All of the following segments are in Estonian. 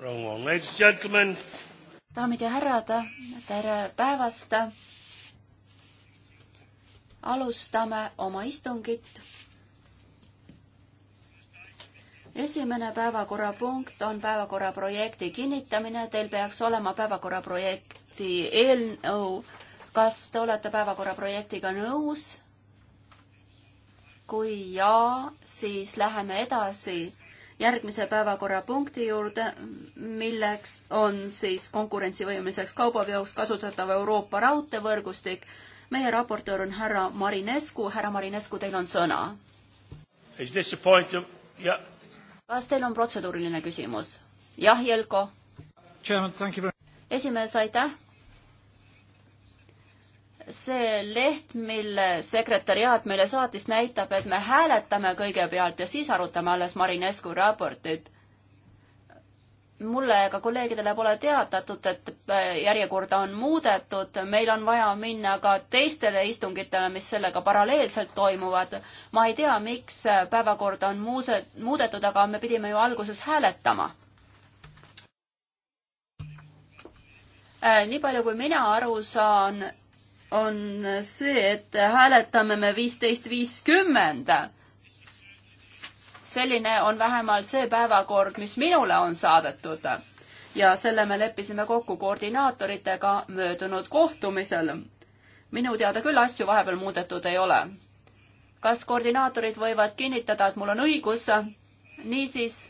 Wrong one. Ladies and gentlemen. daamid ja härrad, tere päevast. alustame oma istungit. esimene päevakorrapunkt on päevakorra projekti kinnitamine. Teil peaks olema päevakorra projekti eelnõu. kas te olete päevakorra projektiga nõus? kui jaa, siis läheme edasi järgmise päevakorrapunkti juurde, milleks on siis konkurentsivõimeliseks kaubaveoks kasutatav Euroopa raudteevõrgustik. meie raportöör on härra Marinescu, härra Marinescu, teil on sõna. Yeah. kas teil on protseduuriline küsimus? jah, Jelko? esimees, aitäh see leht, mille sekretäriaat meile saatis, näitab, et me hääletame kõigepealt ja siis arutame alles Marinescu raportit. mulle ega kolleegidele pole teatatud, et äh, järjekorda on muudetud, meil on vaja minna ka teistele istungitele, mis sellega paralleelselt toimuvad. ma ei tea, miks äh, päevakorda on muuse-, muudetud, aga me pidime ju alguses hääletama äh, nii palju, kui mina aru saan, on see, et hääletame me viisteist viiskümmend. selline on vähemalt see päevakord, mis minule on saadetud ja selle me leppisime kokku koordinaatoritega möödunud kohtumisel. minu teada küll asju vahepeal muudetud ei ole. kas koordinaatorid võivad kinnitada, et mul on õigus? niisiis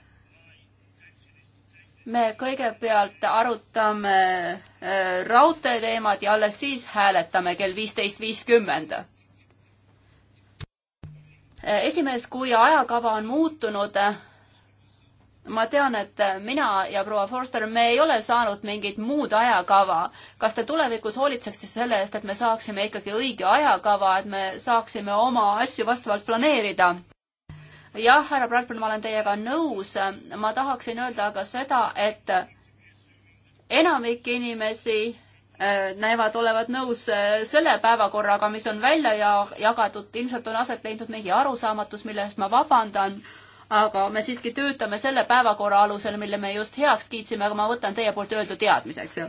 me kõigepealt arutame äh, raudtee teemat ja alles siis hääletame kell viisteist viiskümmend. Äh, esimees, kui ajakava on muutunud, äh, ma tean, et mina ja proua Forster, me ei ole saanud mingit muud ajakava. kas te tulevikus hoolitseksite selle eest, et me saaksime ikkagi õige ajakava, et me saaksime oma asju vastavalt planeerida? jah, härra Bradburn, ma olen teiega nõus, ma tahaksin öelda aga seda, et enamik inimesi äh, näevad olevat nõus äh, selle päevakorraga, mis on välja ja jagatud, ilmselt on aset leidnud mingi arusaamatus, mille eest ma vabandan, aga me siiski töötame selle päevakorra alusel, mille me just heaks kiitsime, aga ma võtan teie poolt öeldu teadmiseks.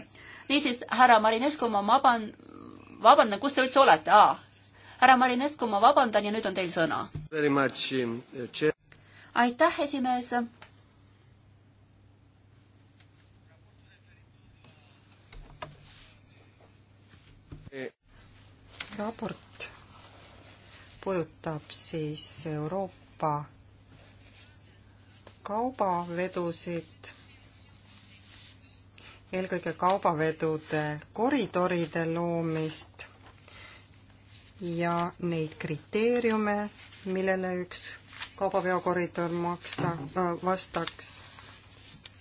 niisiis, härra Marinescu, ma vaban-, vabandan, kus te üldse olete? aa, härra Marinescu, ma vabandan ja nüüd on teil sõna. Eh, aitäh, esimees. raport puudutab siis Euroopa kaubavedusid eelkõige kaubavedude koridoride loomist ja neid kriteeriume, millele üks kaubaveokoridor maksa, äh, vastaks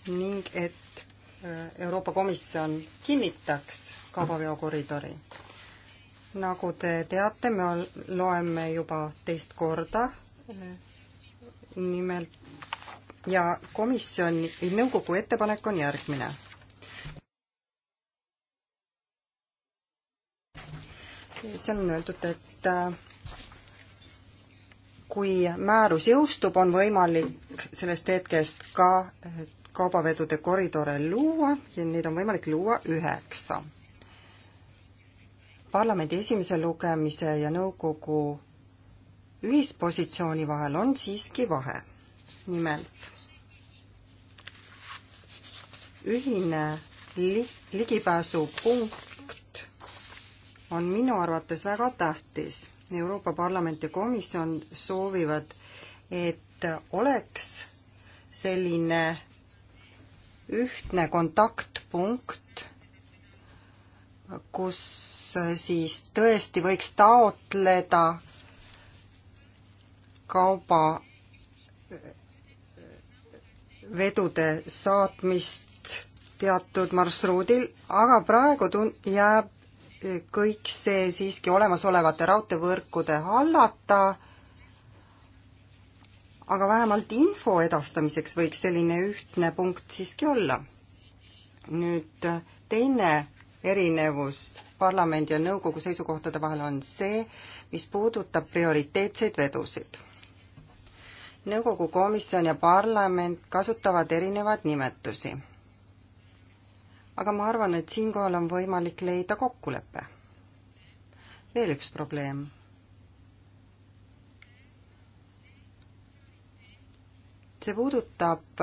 ning et äh, Euroopa Komisjon kinnitaks kaubaveokoridori. nagu te teate, me loeme juba teist korda, nimelt ja komisjoni, nõukogu ettepanek on järgmine seal on öeldud, et äh, kui määrus jõustub, on võimalik sellest hetkest ka äh, kaubavedude koridore luua ja neid on võimalik luua üheksa. parlamendi esimese lugemise ja nõukogu ühispositsiooni vahel on siiski vahe. nimelt ühine li-, ligipääsupunkt on minu arvates väga tähtis. Euroopa Parlament ja komisjon soovivad, et oleks selline ühtne kontaktpunkt, kus siis tõesti võiks taotleda kauba vedude saatmist teatud marsruudil, aga praegu tun-, jääb kõik see siiski olemasolevate raudteevõrkude hallata, aga vähemalt info edastamiseks võiks selline ühtne punkt siiski olla. nüüd teine erinevus parlamendi ja nõukogu seisukohtade vahel on see, mis puudutab prioriteetseid vedusid. nõukogu komisjon ja parlament kasutavad erinevaid nimetusi aga ma arvan, et siinkohal on võimalik leida kokkulepe. veel üks probleem. see puudutab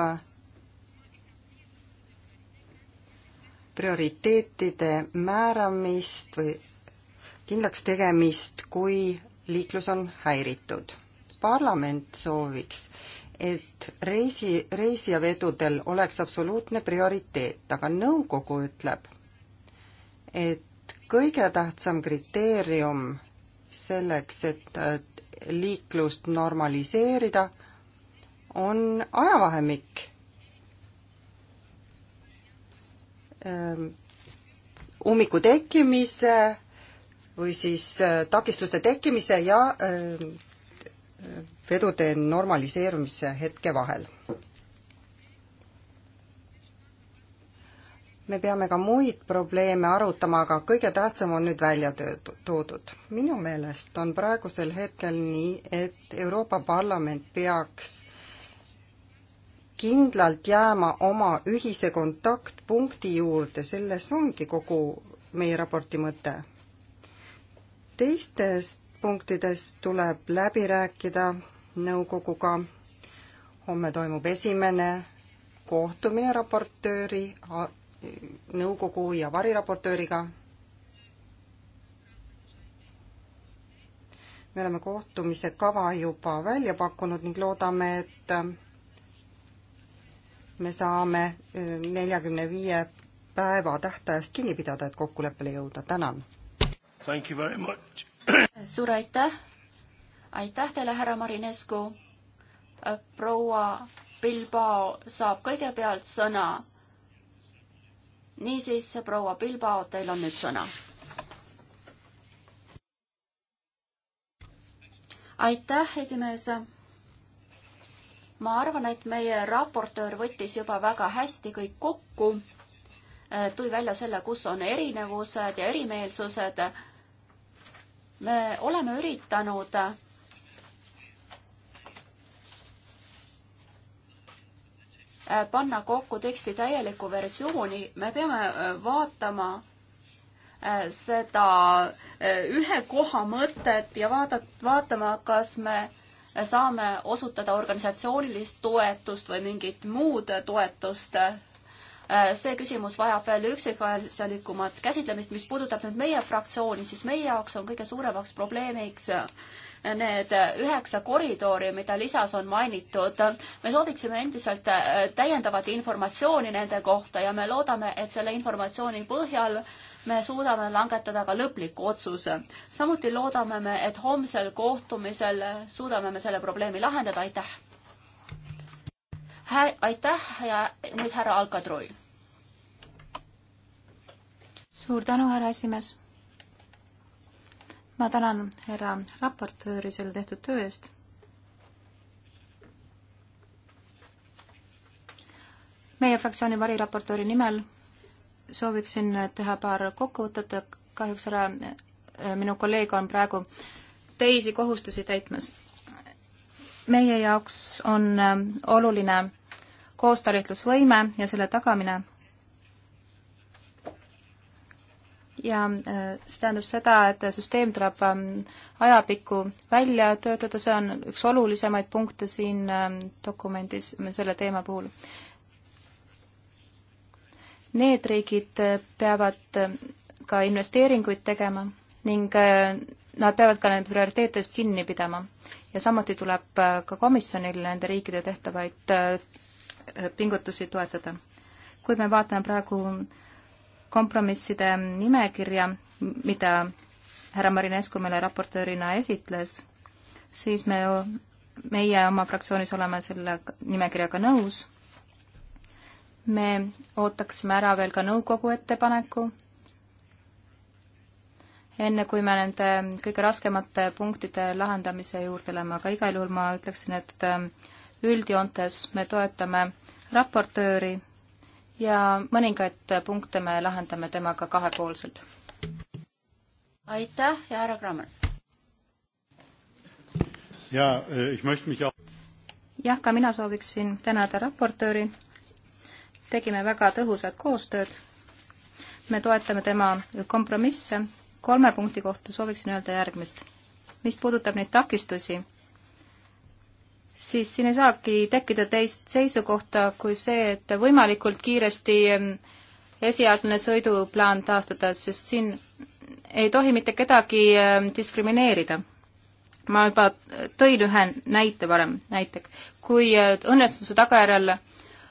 prioriteetide määramist või kindlaks tegemist, kui liiklus on häiritud. parlament sooviks, et reisi, reisijavedudel oleks absoluutne prioriteet, aga nõukogu ütleb, et kõige tähtsam kriteerium selleks, et äh, liiklust normaliseerida, on ajavahemik. Ehm, ummiku tekkimise või siis äh, takistuste tekkimise ja ehm, vedude normaliseerumise hetke vahel. me peame ka muid probleeme arutama, aga kõige tähtsam on nüüd välja toodud. minu meelest on praegusel hetkel nii, et Euroopa Parlament peaks kindlalt jääma oma ühise kontaktpunkti juurde, selles ongi kogu meie raporti mõte. teistest punktidest tuleb läbi rääkida nõukoguga. homme toimub esimene kohtumine raportööri, nõukogu ja variraportööriga. me oleme kohtumise kava juba välja pakkunud ning loodame, et me saame e, neljakümne viie päeva tähtajast kinni pidada, et kokkuleppele jõuda. tänan! suur aitäh! aitäh teile, härra Marinescu. Äh, proua Bilbao saab kõigepealt sõna. niisiis, proua Bilbao, teil on nüüd sõna. aitäh, esimees. ma arvan, et meie raportöör võttis juba väga hästi kõik kokku, äh, tõi välja selle, kus on erinevused ja erimeelsused. me oleme üritanud Äh, panna kokku teksti täieliku versiooni, me peame äh, vaatama äh, seda ühe koha mõtet ja vaadat-, vaatama, kas me saame osutada organisatsioonilist toetust või mingit muud toetust. see küsimus vajab veel üksikasjalikumat käsitlemist, mis puudutab nüüd meie fraktsiooni, siis meie jaoks on kõige suuremaks probleemiks need üheksa koridori, mida lisas on mainitud. me sooviksime endiselt äh, täiendavat informatsiooni nende kohta ja me loodame, et selle informatsiooni põhjal me suudame langetada ka lõpliku otsuse. samuti loodame me, et homsel kohtumisel suudame me selle probleemi lahendada, aitäh! aitäh ja nüüd härra Alkatroi. suur tänu, härra esimees ma tänan härra raportööri selle tehtud töö eest. meie fraktsiooni variraportööri nimel sooviksin teha paar kokkuvõtet, kahjuks härra, äh, minu kolleeg on praegu teisi kohustusi täitmas. meie jaoks on äh, oluline koostalitlusvõime ja selle tagamine ja äh, see tähendab seda, et süsteem tuleb ähm, ajapikku välja töötada, see on üks olulisemaid punkte siin ähm, dokumendis selle teema puhul. Need riigid äh, peavad äh, ka investeeringuid tegema ning nad peavad ka nende prioriteetidest kinni pidama. ja samuti tuleb ka komisjonil nende riikide tehtavaid pingutusi toetada. kui me vaatame praegu äh, kompromisside nimekirja, mida härra Marinescu meile raportöörina esitles, siis me, meie oma fraktsioonis oleme selle nimekirjaga nõus. me ootaksime ära veel ka nõukogu ettepaneku, enne kui me nende kõige raskemate punktide lahendamise juurde läheme, aga igal juhul ma ütleksin, et ähm, üldjoontes me toetame raportööri ja mõningaid punkte me lahendame temaga kahepoolselt. aitäh ja härra Krammer. ja äh, jah, ka mina sooviksin tänada raportööri. tegime väga tõhusat koostööd. me toetame tema kompromisse. kolme punkti kohta sooviksin öelda järgmist. mis puudutab neid takistusi siis siin ei saagi tekkida teist seisukohta kui see, et võimalikult kiiresti esialgne sõiduplaan taastada, sest siin ei tohi mitte kedagi diskrimineerida. ma juba tõin ühe näite varem, näiteks kui eh, õnnestuse tagajärjel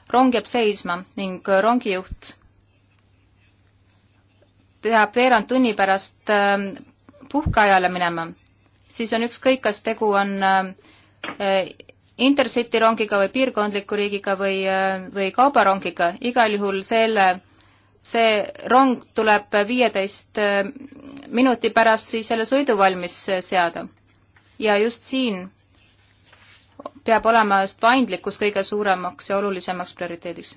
rong jääb seisma ning rongijuht peab veerand tunni pärast puhkeajale minema, siis on ükskõik, kas tegu on eh, Intercity rongiga või piirkondliku riigiga või, äh, või kaubarongiga, igal juhul selle, see rong tuleb viieteist äh, minuti pärast siis selle sõidu valmis äh, seada. ja just siin peab olema just paindlikkus kõige suuremaks ja olulisemaks prioriteediks.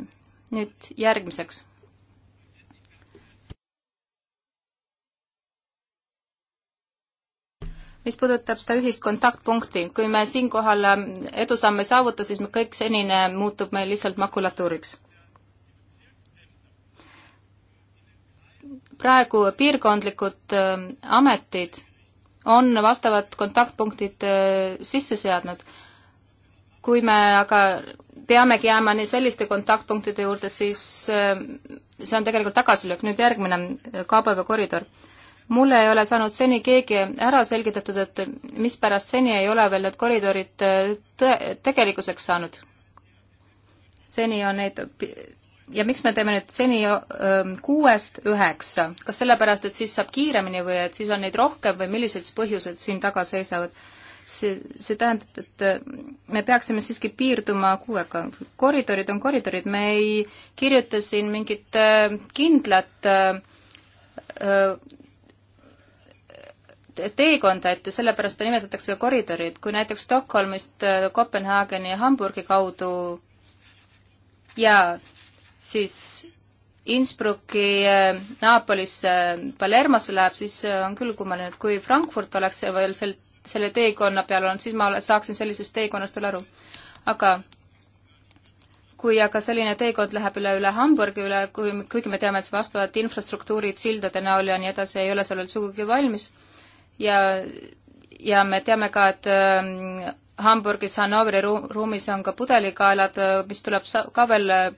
nüüd järgmiseks mis puudutab seda ühist kontaktpunkti, kui me siinkohal ähm, edusamme ei saavuta, siis kõik senine muutub meil lihtsalt makulatuuriks. praegu piirkondlikud ähm, ametid on vastavad kontaktpunktid äh, sisse seadnud. kui me aga peamegi jääma nii selliste kontaktpunktide juurde, siis ähm, see on tegelikult tagasilöök. nüüd järgmine äh, kaubaväekoridor. koridor mulle ei ole saanud seni keegi ära selgitatud, et mispärast seni ei ole veel need koridorid äh, tegelikkuseks saanud. seni on neid ja miks me teeme nüüd seni äh, kuuest üheksa, kas sellepärast, et siis saab kiiremini või et siis on neid rohkem või millised põhjused siin taga seisavad? see, see tähendab, et äh, me peaksime siiski piirduma kuuega. koridorid on koridorid, me ei kirjuta siin mingit kindlat teekonda, et sellepärast ta nimetatakse koridorid. kui näiteks Stockholmist äh, Kopenhaageni ja Hamburgi kaudu ja siis Innsbrucki äh, Naapolisse Palermosse läheb, siis äh, on küll kummaline, et kui Frankfurt oleks veel sel, selle teekonna peal olnud, siis ma saaksin sellisest teekonnast veel aru. aga kui aga selline teekond läheb üle, üle Hamburgi, üle, kui, kuigi me teame, et vastavad infrastruktuurid sildade näol ja nii edasi ei ole sellel sugugi valmis ja, ja me teame ka, et ähm, Hamburgis, Hannoveri ruumis on ka pudelikaelad, äh, mis tuleb ka veel äh,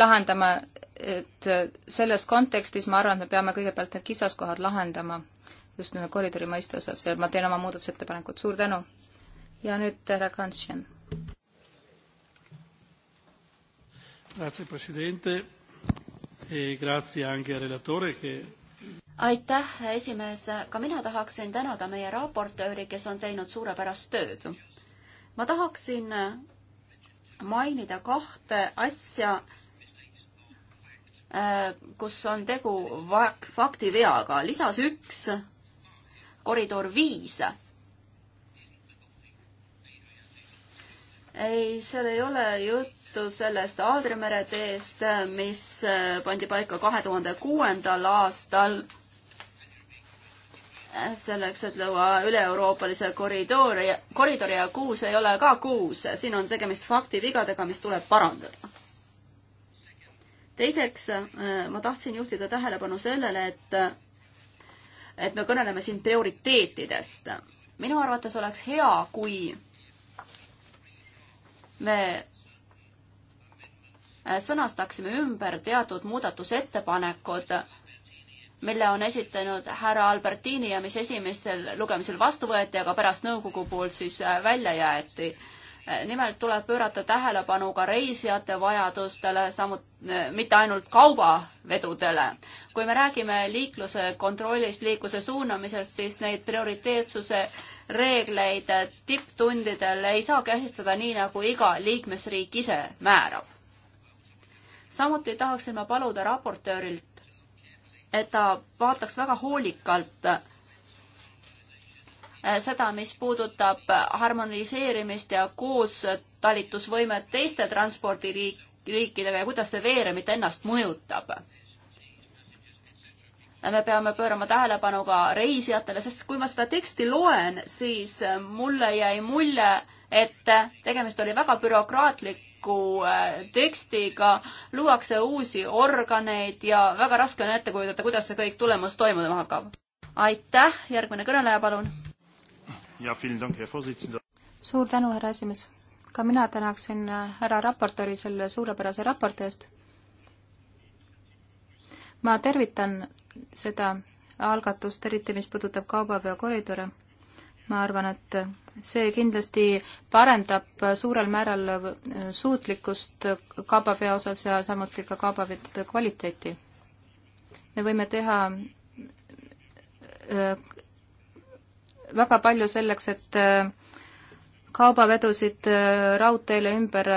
lahendama, et äh, selles kontekstis ma arvan, et me peame kõigepealt need kitsaskohad lahendama just nende koridori mõiste osas ja ma teen oma muudatusettepanekud, suur tänu! ja nüüd härra Kantsjan. Grazie Presidente e grazie anche al relatore che aitäh, esimees, ka mina tahaksin tänada meie raportööri, kes on teinud suurepärast tööd. ma tahaksin mainida kahte asja, äh, kus on tegu faktiveaga. lisas üks, koridor viis. ei, seal ei ole juttu juttu sellest Aadri mere teest, mis äh, pandi paika kahe tuhande kuuendal aastal äh, selleks, et luua üle-euroopalise koridori, koridori ja kuus ei ole ka kuus, siin on tegemist faktivigadega, mis tuleb parandada. teiseks, äh, ma tahtsin juhtida tähelepanu sellele, et, et me kõneleme siin prioriteetidest. minu arvates oleks hea, kui me Äh, sõnastaksime ümber teatud muudatusettepanekud, mille on esitanud härra Albertini ja mis esimesel lugemisel vastu võeti, aga pärast nõukogu poolt siis äh, välja jäeti. Äh, nimelt tuleb pöörata tähelepanu ka reisijate vajadustele, samuti mitte ainult kaubavedudele. kui me räägime liikluse kontrollist, liikluse suunamisest, siis neid prioriteetsuse reegleid tipptundidel ei saa kehtestada nii, nagu iga liikmesriik ise määrab samuti tahaksin ma paluda raportöörilt, et ta vaataks väga hoolikalt äh, seda, mis puudutab harmoniseerimist ja koostalitusvõimet teiste transpordiriikidega ja kuidas see veeremit ennast mõjutab. me peame pöörama tähelepanu ka reisijatele, sest kui ma seda teksti loen, siis mulle jäi mulje, et tegemist oli väga bürokraatlik kokku äh, tekstiga, luuakse uusi organeid ja väga raske on ette kujutada, kuidas see kõik tulemus toimuma hakkab. aitäh, järgmine kõneleja, palun. suur tänu, härra esimees. ka mina tänaksin äh, härra raportööri selle suurepärase raporti eest. ma tervitan seda algatust, eriti mis puudutab kaubaveokoridore ma arvan, et see kindlasti parendab suurel määral äh, suutlikkust kaubaveo osas ja samuti ka kaubavedude kvaliteeti. me võime teha äh, väga palju selleks, et äh, kaubavedusid raudteele ümber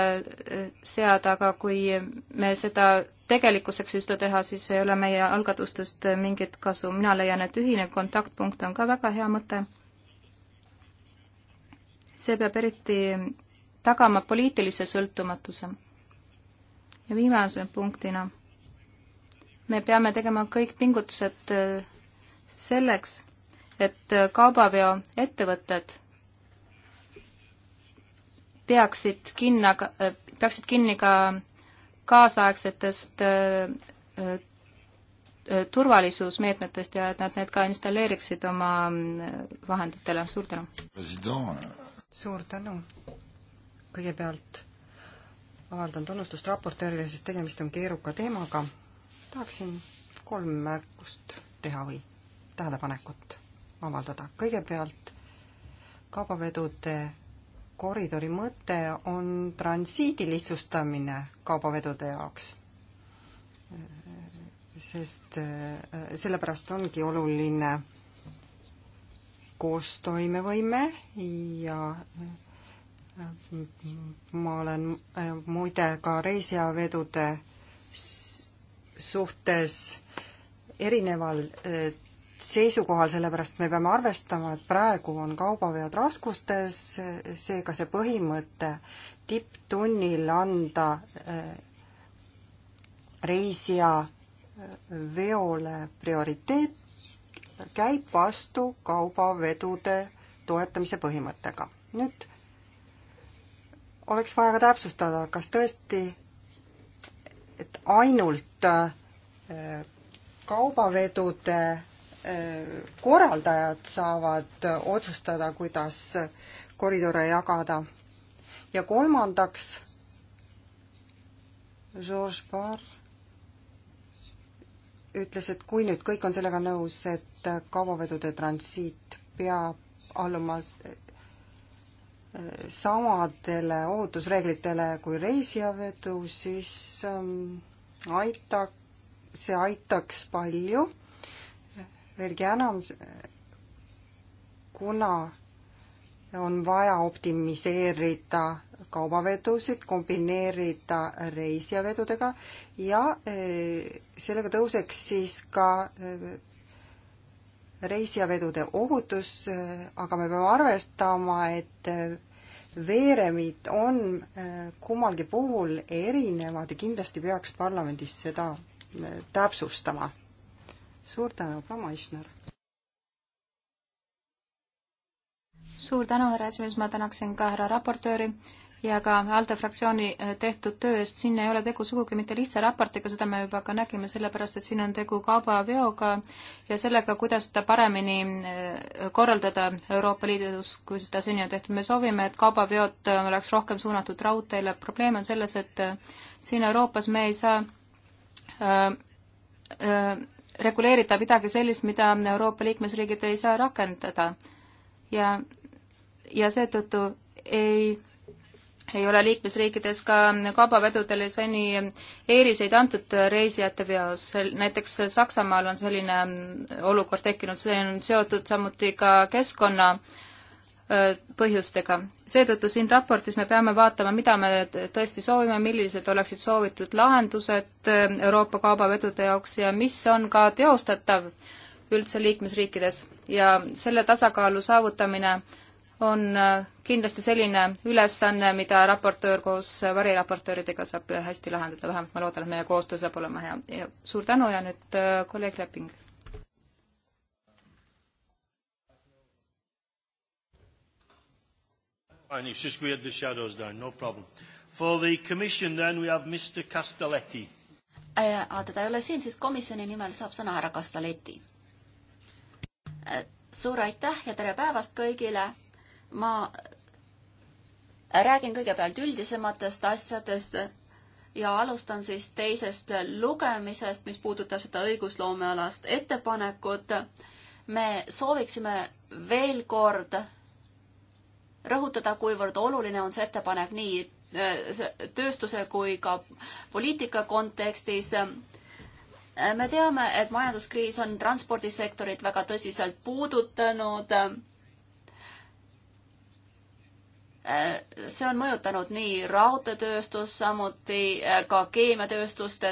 seada, aga kui me seda tegelikkuseks ei seda teha, siis ei ole meie algatustest mingit kasu. mina leian, et ühine kontaktpunkt on ka väga hea mõte see peab eriti tagama poliitilise sõltumatuse. ja viimase punktina, me peame tegema kõik pingutused äh, selleks, et kaubaveoettevõtted peaksid kinna, äh, peaksid kinni ka kaasaegsetest äh, turvalisusmeetmetest ja et nad need ka installeeriksid oma vahenditele. suur tänu! suur tänu. kõigepealt avaldan tunnustust raportöörile, sest tegemist on keeruka teemaga. tahaksin kolm märkust teha või tähelepanekut avaldada. kõigepealt kaubavedude koridori mõte on transiidi lihtsustamine kaubavedude jaoks. sest äh, sellepärast ongi oluline koostoimevõime ja äh, ma olen äh, muide ka reisijavedude suhtes erineval äh, seisukohal, sellepärast me peame arvestama, et praegu on kaubaveod raskustes, seega see põhimõte tipptunnil anda reisija veole prioriteet käib vastu kaubavedude toetamise põhimõttega. nüüd oleks vaja ka täpsustada, kas tõesti, et ainult äh, kaubavedude äh, korraldajad saavad otsustada, kuidas koridore jagada. ja kolmandaks, Georges Barr ütles, et kui nüüd kõik on sellega nõus, et et kaubavedude transiit peab alluma samadele ohutusreeglitele kui reisijavedu, siis ähm, aita, see aitaks palju. veelgi enam, kuna on vaja optimiseerida kaubavedusid, kombineerida reisijavedudega ja äh, sellega tõuseks siis ka äh, reisijavedude ohutus, aga me peame arvestama, et veeremid on äh, kummalgi puhul erinevad ja kindlasti peaks parlamendis seda äh, täpsustama. suur tänu, proua Maisner! suur tänu, härra esimees, ma tänaksin ka härra raportööri ja ka ALDE fraktsiooni äh, tehtud töö eest, siin ei ole tegu sugugi mitte lihtsa raportiga, seda me juba ka nägime, sellepärast et siin on tegu kaubaveoga ja sellega, kuidas seda paremini äh, korraldada Euroopa Liidus, kui seda seni on tehtud. me soovime, et kaubaveod äh, oleks rohkem suunatud raudteele, probleem on selles, et siin Euroopas me ei saa äh, äh, reguleerida midagi sellist, mida Euroopa liikmesriigid ei saa rakendada. ja, ja seetõttu ei ei ole liikmesriikides ka kaubavedudele seni eeliseid antud reisijate veos. näiteks Saksamaal on selline mm, olukord tekkinud, see on seotud samuti ka keskkonna põhjustega. seetõttu siin raportis me peame vaatama, mida me tõesti soovime, millised oleksid soovitud lahendused Euroopa kaubavedude jaoks ja mis on ka teostatav üldse liikmesriikides ja selle tasakaalu saavutamine äh, on äh, kindlasti selline ülesanne, mida raportöör koos äh, variraportööridega saab äh, hästi lahendada, vähemalt ma loodan, et meie koostöö saab olema hea. ja suur tänu ja nüüd kolleeg Leping. Fine, it's just we had the shadows down, no problem. For the commission then we have Mr Castelletti äh,. aga teda ei ole siin, siis komisjoni nimel saab sõna härra Castelletti äh,. suur aitäh ja tere päevast kõigile ma räägin kõigepealt üldisematest asjadest ja alustan siis teisest lugemisest, mis puudutab seda õigusloomealast ettepanekut. me sooviksime veel kord rõhutada, kuivõrd oluline on see ettepanek nii äh, tööstuse kui ka poliitika kontekstis. Äh, me teame, et majanduskriis on transpordisektorit väga tõsiselt puudutanud Äh, see on mõjutanud nii raudteetööstust, samuti äh, ka keemiatööstust,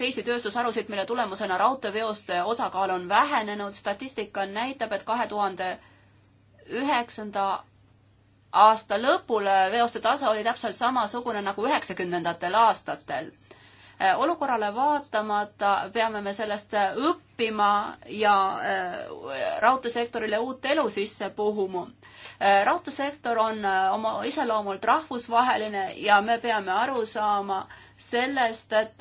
teisi tööstusharusid, mille tulemusena raudteeveoste osakaal on vähenenud. statistika näitab, et kahe tuhande üheksanda aasta lõpul veoste tase oli täpselt samasugune nagu üheksakümnendatel aastatel Eh, olukorrale vaatamata peame me sellest eh, õppima ja eh, raudteesektorile uut elu sisse puhuma. raudteesektor on oma iseloomult rahvusvaheline ja me peame aru saama sellest, et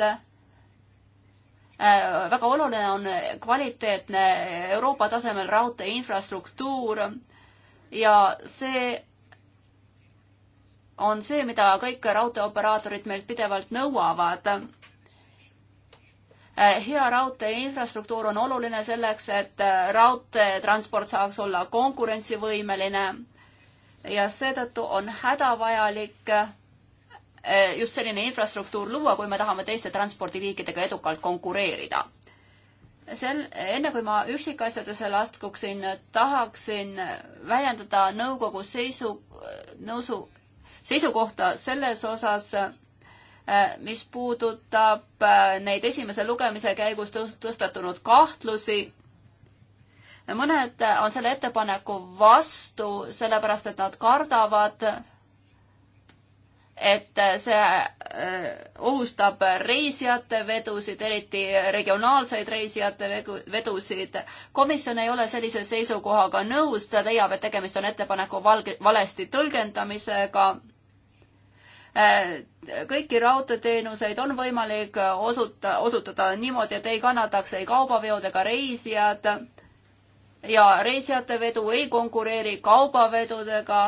väga oluline on kvaliteetne Euroopa tasemel raudtee infrastruktuur ja see on see, mida kõik raudteeoperaatorid meilt pidevalt nõuavad. Äh, hea raudtee infrastruktuur on oluline selleks, et äh, raudteetransport saaks olla konkurentsivõimeline ja seetõttu on hädavajalik äh, just selline infrastruktuur luua, kui me tahame teiste transpordiliikidega edukalt konkureerida. sel, enne kui ma üksikasjadesse laskuksin, tahaksin väljendada nõukogu seisu, nõusu, seisukohta selles osas, Eh, mis puudutab eh, neid esimese lugemise käigus tõstatunud kahtlusi. mõned eh, on selle ettepaneku vastu, sellepärast et nad kardavad, et see ohustab reisijate vedusid, eriti regionaalseid reisijate vedusid. komisjon ei ole sellise seisukohaga nõus, ta leiab, et tegemist on ettepaneku valge, valesti tõlgendamisega Äh, kõiki raudteeteenuseid on võimalik äh, osuta, osutada niimoodi, et ei kannataks ei kaubaveod ega reisijad ja reisijate vedu ei konkureeri kaubavedudega.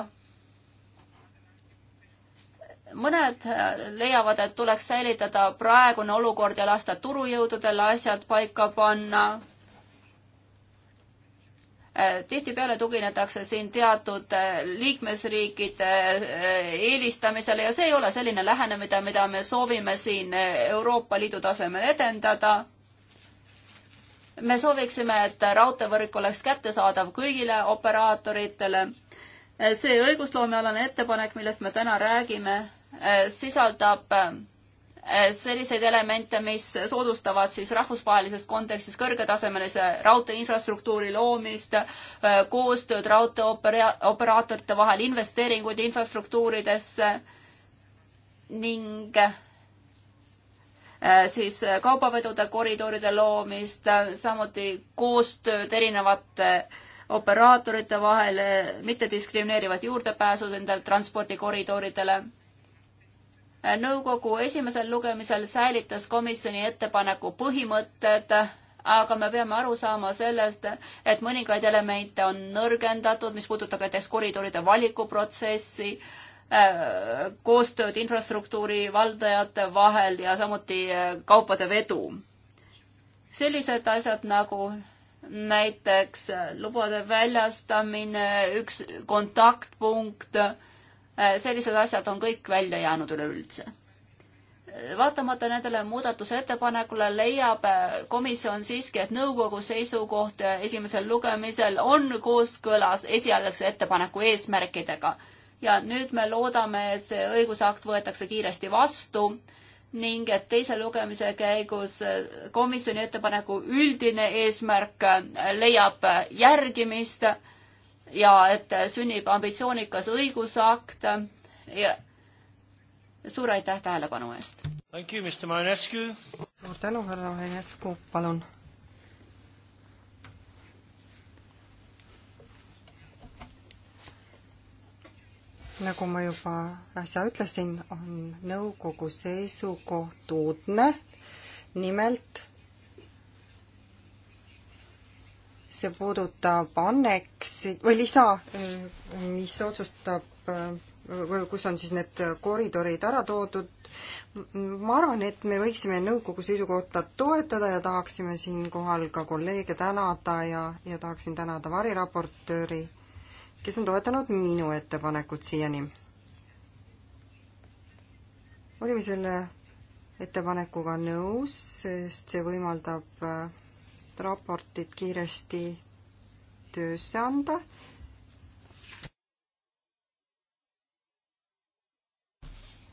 mõned äh, leiavad, et tuleks säilitada praegune olukord ja lasta turujõududel asjad paika panna Äh, tihtipeale tuginetakse siin teatud äh, liikmesriikide äh, eelistamisele ja see ei ole selline lähenemine, mida me soovime siin Euroopa Liidu tasemel edendada. me sooviksime, et raudteevõrk oleks kättesaadav kõigile operaatoritele. see õigusloomealane ettepanek, millest me täna räägime, sisaldab Äh, selliseid elemente, mis soodustavad siis rahvusvahelises kontekstis kõrgetasemelise raudteeinfrastruktuuri loomist, äh, koostööd raudteeoperaatorite vahel, investeeringuid infrastruktuuridesse ning äh, siis kaubavedude koridoride loomist, samuti koostööd erinevate operaatorite vahel, mittediskrimineerivat juurdepääsu nendele transpordikoridoridele nõukogu esimesel lugemisel säilitas komisjoni ettepaneku põhimõtted, aga me peame aru saama sellest, et mõningaid elemente on nõrgendatud, mis puudutab näiteks koridoride valikuprotsessi, koostööd infrastruktuuri valdajate vahel ja samuti äh, kaupade vedu. sellised asjad nagu näiteks lubade väljastamine, üks kontaktpunkt, Äh, sellised asjad on kõik välja jäänud üleüldse vaatamata nendele muudatusettepanekule leiab äh, komisjon siiski, et nõukogu seisukoht äh, esimesel lugemisel on kooskõlas esialgse ettepaneku eesmärkidega. ja nüüd me loodame, et see õigusakt võetakse kiiresti vastu ning et teise lugemise käigus komisjoni ettepaneku üldine eesmärk leiab järgimist ja et sünnib ambitsioonikas õigusakt ja suur aitäh tähelepanu eest! suur tänu, härra Manescu, palun! nagu ma juba äsja ütlesin, on nõukogu seisukoht uudne, nimelt see puudutab anneksi või lisa, mis otsustab, kus on siis need koridorid ära toodud. ma arvan, et me võiksime nõukogu seisukohta toetada ja tahaksime siinkohal ka kolleege tänada ja, ja tahaksin tänada variraportööri, kes on toetanud minu ettepanekut siiani. olime selle ettepanekuga nõus, sest see võimaldab raportit kiiresti töösse anda.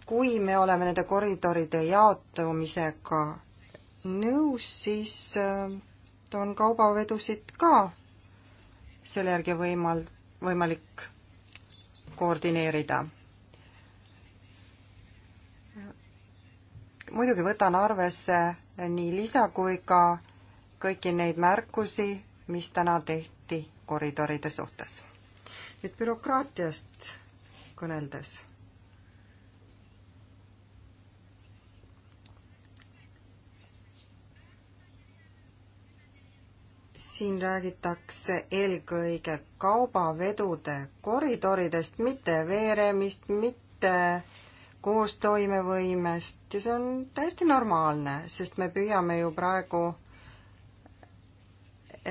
kui me oleme nende koridoride jaotumisega nõus, siis äh, on kaubavedusid ka selle järgi võimal-, võimalik koordineerida muidugi võtan arvesse nii lisa kui ka kõiki neid märkusi, mis täna tehti koridoride suhtes. nüüd bürokraatiast kõneldes. siin räägitakse eelkõige kaubavedude koridoridest, mitte veeremist, mitte koostoimevõimest ja see on täiesti normaalne, sest me püüame ju praegu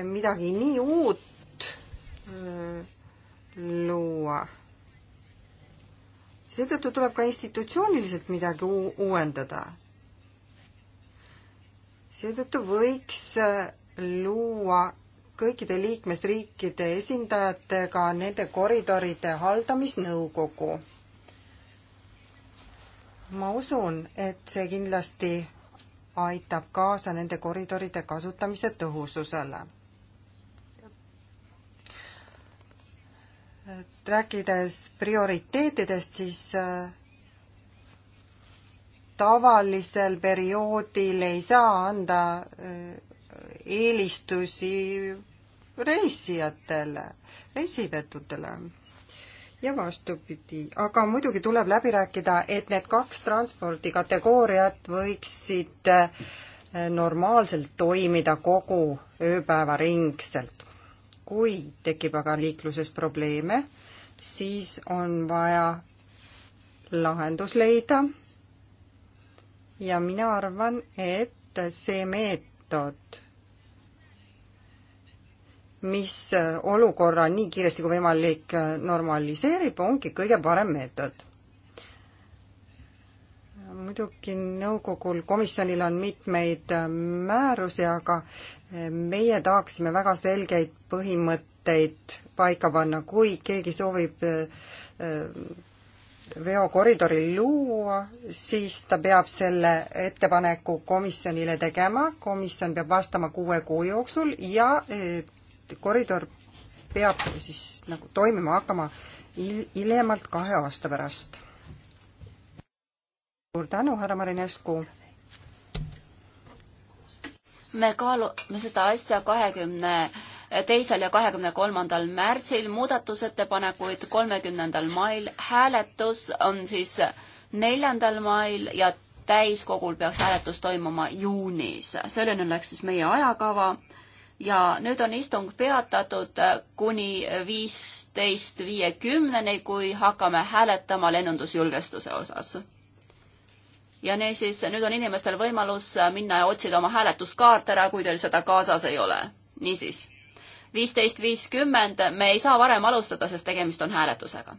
midagi nii uut äh, luua. seetõttu tuleb ka institutsiooniliselt midagi uuendada. seetõttu võiks äh, luua kõikide liikmesriikide esindajatega nende koridoride haldamisnõukogu. ma usun, et see kindlasti aitab kaasa nende koridoride kasutamise tõhususele rääkides prioriteetidest, siis äh, tavalisel perioodil ei saa anda äh, eelistusi reisijatele, reisivedudele ja vastupidi. aga muidugi tuleb läbi rääkida, et need kaks transpordikategooriat võiksid äh, normaalselt toimida kogu ööpäeva ringselt. kui tekib aga liikluses probleeme, siis on vaja lahendus leida. ja mina arvan, et see meetod, mis olukorra nii kiiresti kui võimalik normaliseerib, ongi kõige parem meetod. muidugi nõukogul, komisjonil on mitmeid määrusi, aga meie tahaksime väga selgeid põhimõtteid paika panna, kui keegi soovib äh, äh, veokoridori luua, siis ta peab selle ettepaneku komisjonile tegema, komisjon peab vastama kuue kuu jooksul ja äh, koridor peab siis nagu toimima hakkama hiljemalt kahe aasta pärast. suur tänu, härra Marinescu! me kaalume seda asja kahekümne 20 teisel ja kahekümne kolmandal märtsil, muudatusettepanekuid kolmekümnendal mail, hääletus on siis neljandal mail ja täiskogul peaks hääletus toimuma juunis. selline oleks siis meie ajakava ja nüüd on istung peatatud kuni viisteist viiekümneni, kui hakkame hääletama lennundusjulgestuse osas. ja niisiis, nüüd on inimestel võimalus minna ja otsida oma hääletuskaart ära, kui teil seda kaasas ei ole. niisiis viisteist viiskümmend, me ei saa varem alustada, sest tegemist on hääletusega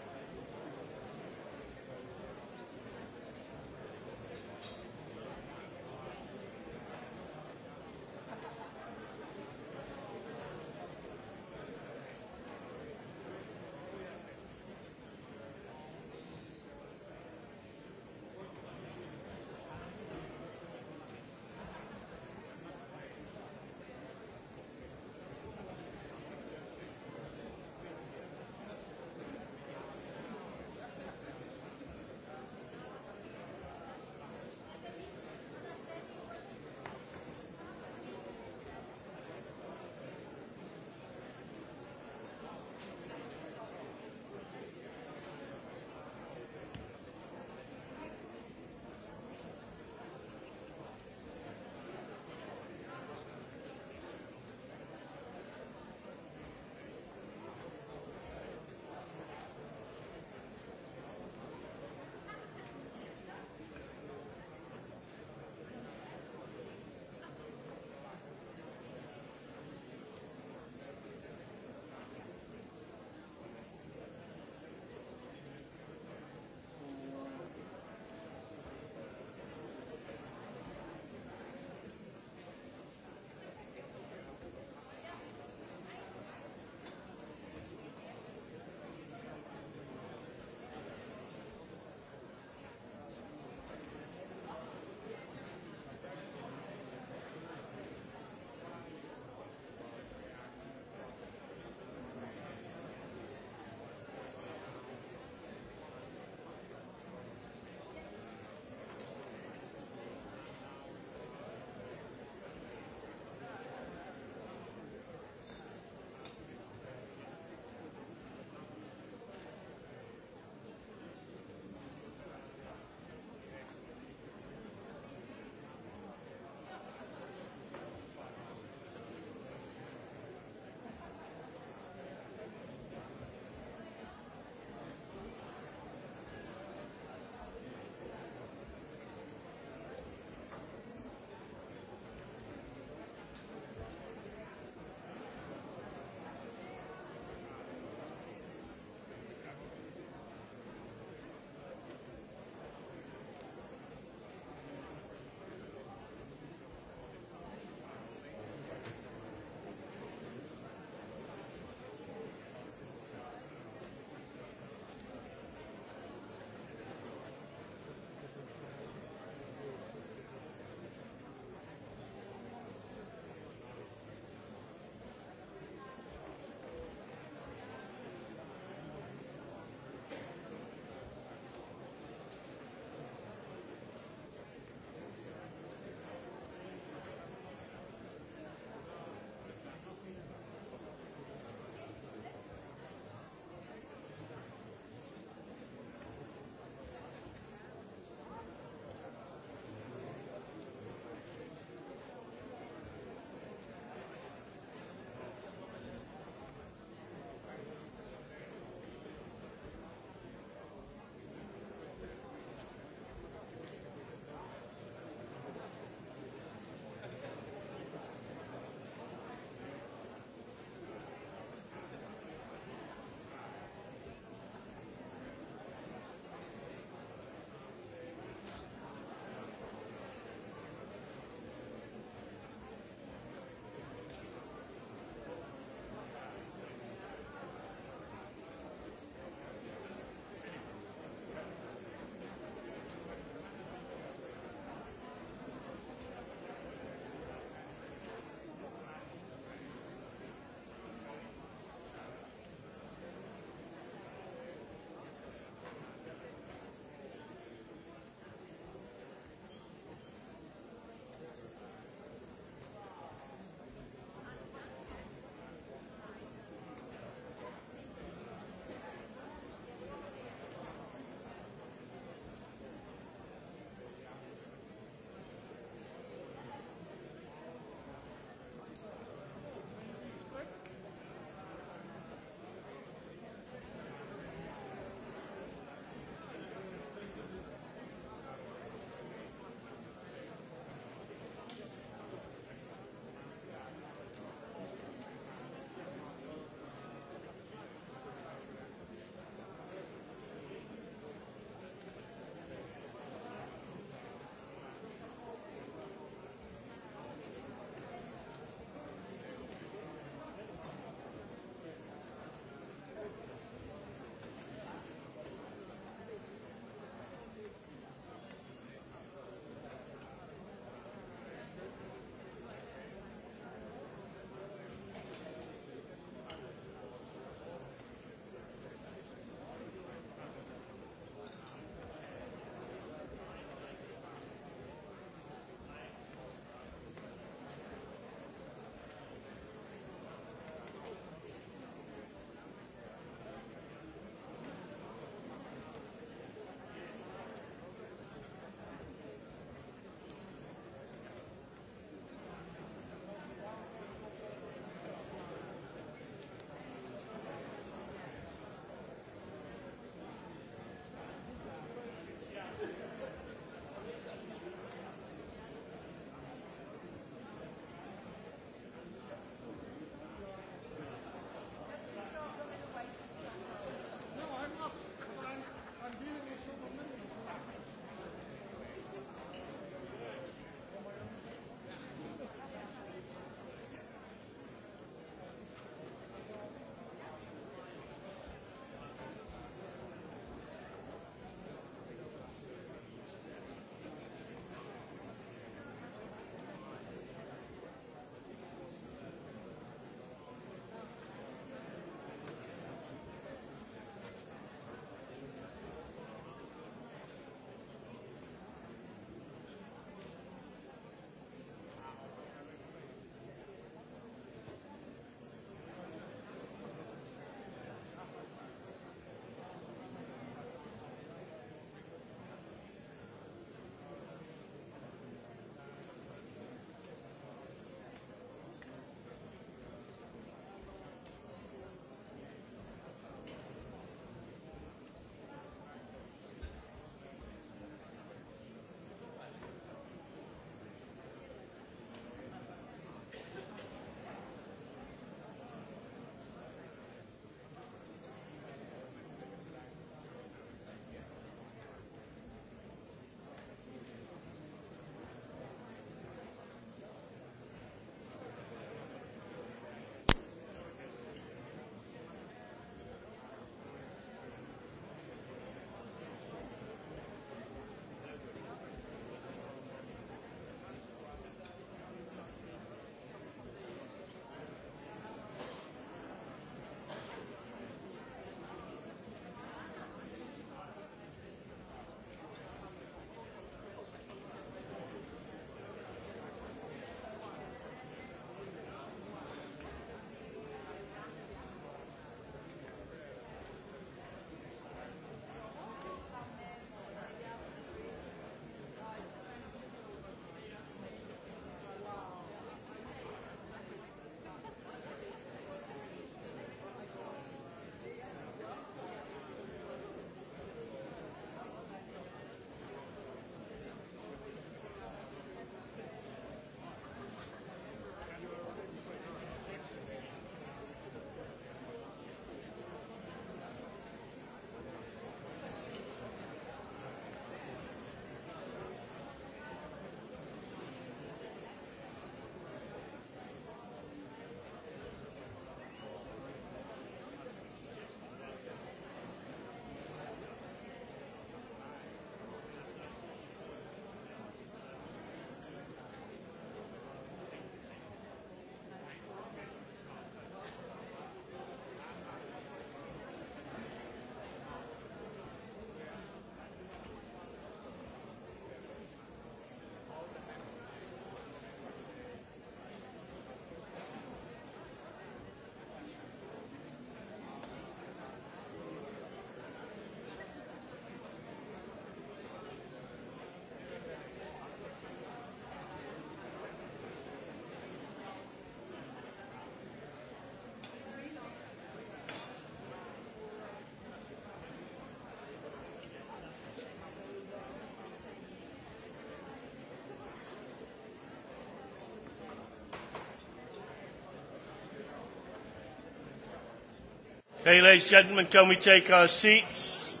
Hey, ladies and gentlemen, can we take our seats?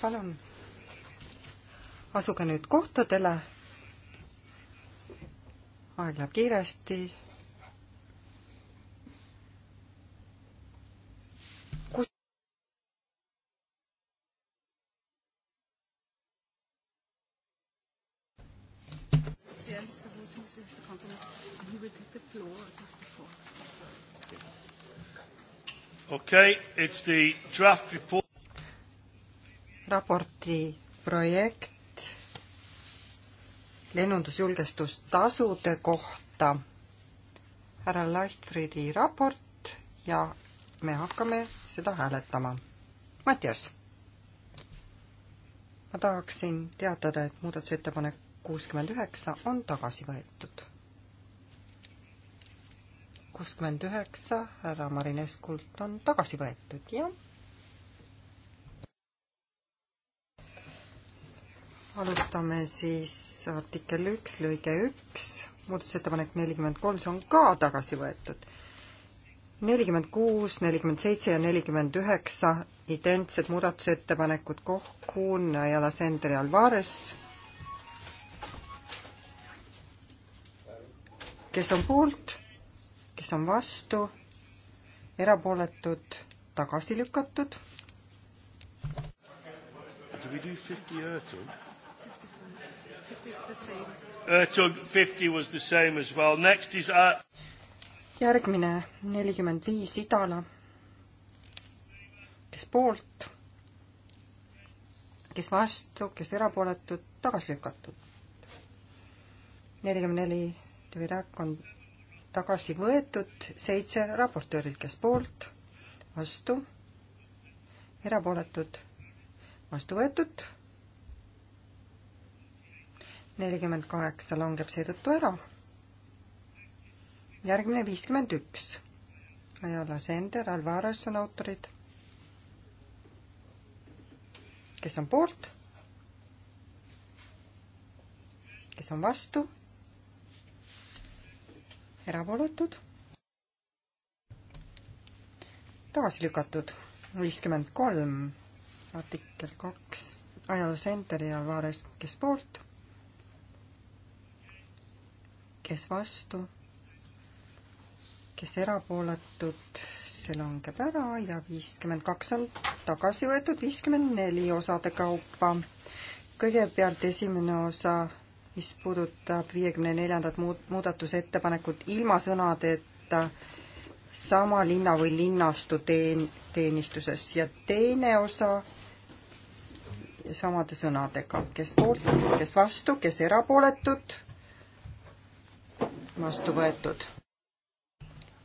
palun asuge nüüd kohtadele. aeg läheb kiiresti okei okay,, it's the draft report. raporti projekt lennundusjulgestustasude kohta. härra Leichtfriedi raport ja me hakkame seda hääletama. Matjas, ma tahaksin teatada, et muudatusettepanek kuuskümmend üheksa on tagasi võetud kuuskümmend üheksa härra Marineskult on tagasi võetud, jah. alustame siis artikkel üks, lõige üks, muudatusettepanek nelikümmend kolm, see on ka tagasi võetud. nelikümmend kuus, nelikümmend seitse ja nelikümmend üheksa identsed muudatusettepanekud Kohkun ja Lasendri Alvares kes on poolt, kes on vastu, erapooletud, tagasi lükatud. Uh, järgmine nelikümmend viis Idala, kes poolt, kes vastu, kes erapooletud, tagasi lükatud. nelikümmend neli Dirac on tagasi võetud, seitse raportöörilt, kes poolt, vastu, erapooletud, vastu võetud, nelikümmend kaheksa langeb seetõttu ära, järgmine viiskümmend üks, Ajala Sender, Alvares on autorid, kes on poolt, kes on vastu erapooletud, tagasi lükatud, viiskümmend kolm, artikkel kaks, Ajala Center ja Alvarez, kes poolt, kes vastu, kes erapooletud, see langeb ära ja viiskümmend kaks on tagasi võetud, viiskümmend neli osade kaupa. kõigepealt esimene osa mis puudutab viiekümne neljandat muud, muudatusettepanekut ilma sõnadeta sama linna või linnastu teen-, teenistuses ja teine osa samade sõnadega, kes poolt, kes vastu, kes erapooletud, vastu võetud.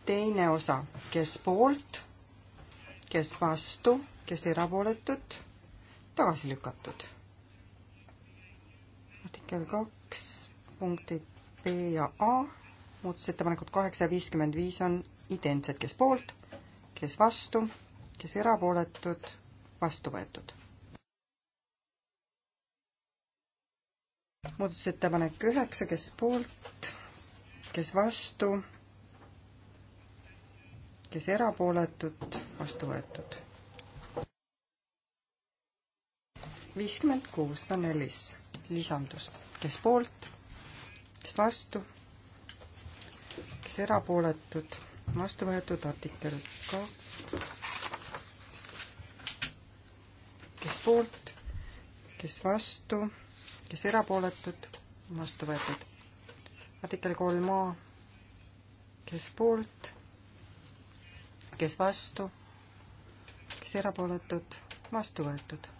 teine osa, kes poolt, kes vastu, kes erapooletud, tagasi lükatud artikkel kaks punktid B ja A, muudatusettepanekud kaheksa ja viiskümmend viis on identsed, kes poolt, kes vastu, kes erapooletud, vastu võetud. muudatusettepanek üheksa, kes poolt, kes vastu, kes erapooletud, vastu võetud. viiskümmend kuus, Danelis, lisandus kes poolt, kes vastu, kes erapooletud, vastu võetud artikkel kaks, kes poolt, kes vastu, kes erapooletud, vastu võetud. artikkel kolm A, kes poolt, kes vastu, kes erapooletud, vastu võetud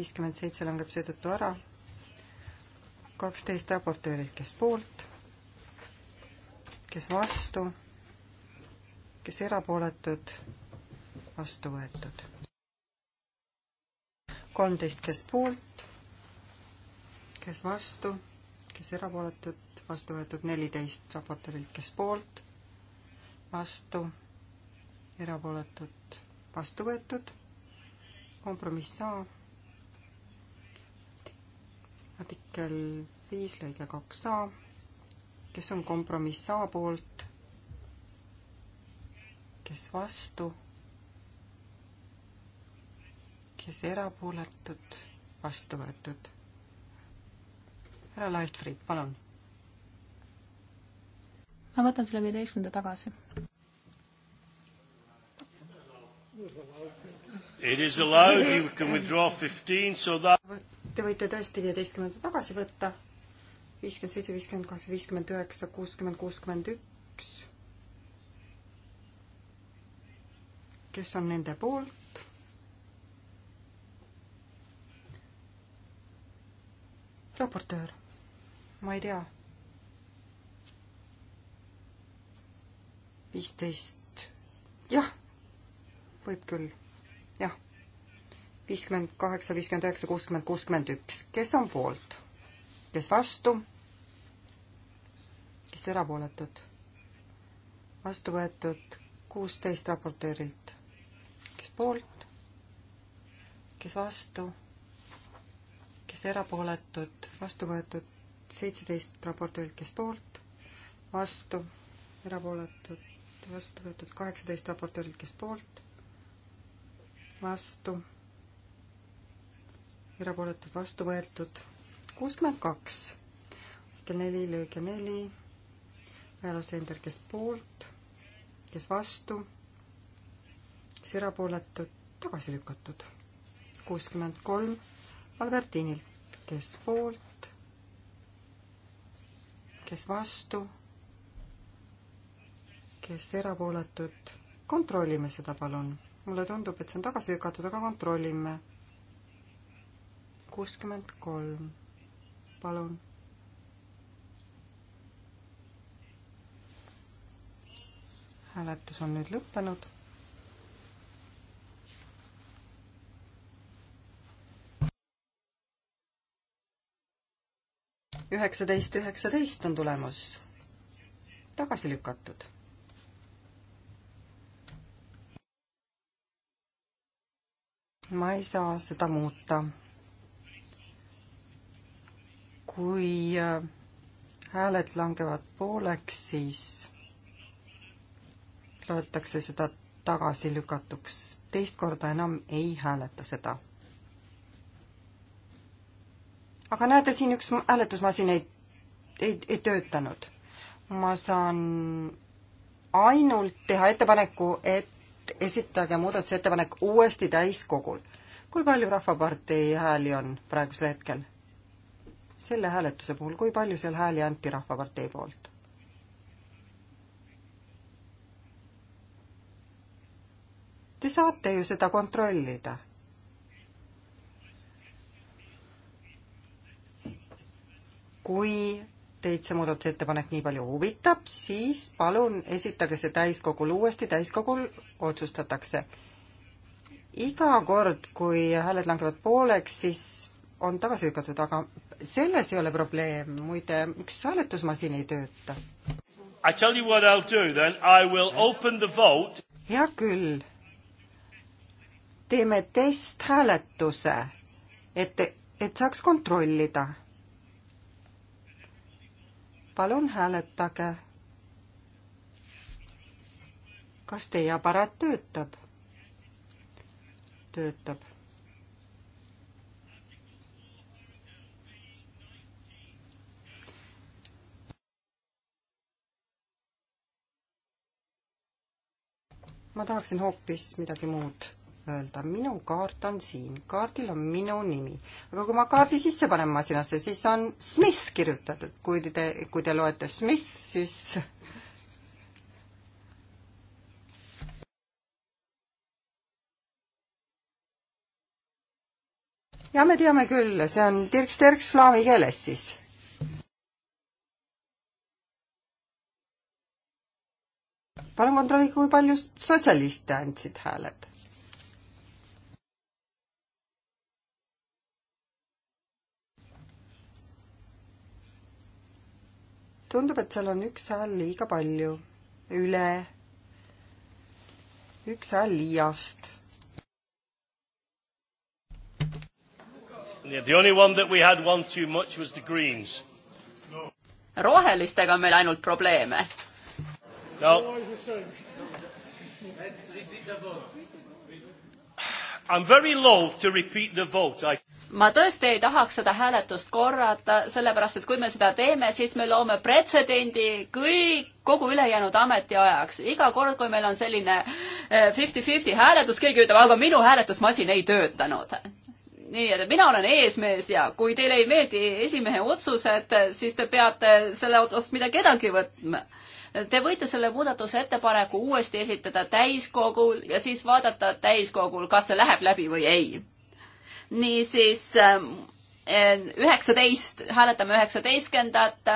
viiskümmend seitse langeb seetõttu ära. kaksteist raportöörilt, kes poolt, kes vastu, kes erapooletud, vastu võetud. kolmteist, kes poolt, kes vastu, kes erapooletud, vastu võetud, neliteist raportöörilt, kes poolt, vastu, erapooletud, vastu võetud kompromiss A artikkel viis lõige kaks A, kes on kompromiss A poolt, kes vastu, kes erapooletud, vastu võetud. härra Leichtfried, palun. ma võtan selle viieteistkümnenda tagasi. It is allowed, you can withdraw 15, so that Te võite tõesti viieteistkümnenda tagasi võtta. viiskümmend seitse, viiskümmend kaheksa, viiskümmend üheksa, kuuskümmend, kuuskümmend üks. kes on nende poolt? raportöör, ma ei tea. viisteist, jah, võib küll viiskümmend kaheksa, viiskümmend üheksa, kuuskümmend, kuuskümmend üks. kes on poolt? kes vastu? kes erapooletud? vastu võetud kuusteist raportöörilt. kes poolt? kes vastu? kes erapooletud? vastu võetud seitseteist raportöörilt, kes poolt? vastu? erapooletud? vastu võetud kaheksateist raportöörilt, kes poolt? vastu? erapooletud vastu võetud kuuskümmend kaks, lõige neli, lõige neli, väelasender, kes poolt, kes vastu, kes erapooletud, tagasi lükatud. kuuskümmend kolm Albertinilt, kes poolt, kes vastu, kes erapooletud, kontrollime seda palun. mulle tundub, et see on tagasi lükatud, aga kontrollime kuuskümmend kolm, palun. hääletus on nüüd lõppenud. üheksateist, üheksateist on tulemus tagasi lükatud ma ei saa seda muuta kui äh, hääled langevad pooleks, siis loetakse seda tagasi lükatuks. teist korda enam ei hääleta seda. aga näete, siin üks hääletusmasin ei, ei, ei töötanud. ma saan ainult teha ettepaneku, et esitage muudatusettepanek uuesti täiskogul. kui palju Rahvapartei hääli on praegusel hetkel? selle hääletuse puhul, kui palju seal hääli anti Rahvapartei poolt? Te saate ju seda kontrollida. kui teid see muudatusettepanek nii palju huvitab, siis palun esitage see täiskogul uuesti, täiskogul otsustatakse. iga kord, kui hääled langevad pooleks, siis on tagasi lükatud, aga selles ei ole probleem, muide, miks hääletusmasin ei tööta? I tell you what I will do then, I will open the vote. hea küll. teeme testhääletuse, et, et saaks kontrollida. palun hääletage. kas teie aparaat töötab? töötab ma tahaksin hoopis midagi muud öelda, minu kaart on siin, kaardil on minu nimi. aga kui ma kaardi sisse panen masinasse, siis on Smith kirjutatud, kui te, kui te loete Smith, siis ja me teame küll, see on Dirk Sterks flaami keeles siis palun kontrollige, kui palju sotsialiste andsid hääled. tundub, et seal on üks hääl liiga palju, üle, üks hääl liiast Yeah, the only one that we had one too much was the Greens. rohelistega on meil ainult probleeme No. I am very loath to repeat the vote I ma tõesti ei tahaks seda hääletust korrata, sellepärast et kui me seda teeme, siis me loome pretsedendi kõik, kogu ülejäänud ametiajaks. iga kord, kui meil on selline eh, fifty-fifty hääletus, keegi ütleb, aga minu hääletusmasin ei töötanud. nii et mina olen eesmees ja kui teile ei meeldi esimehe otsused, siis te peate selle otsast midagi edasi võtma Te võite selle muudatusettepaneku uuesti esitada täiskogul ja siis vaadata täiskogul, kas see läheb läbi või ei. niisiis ähm, üheksateist, hääletame üheksateistkümnendat.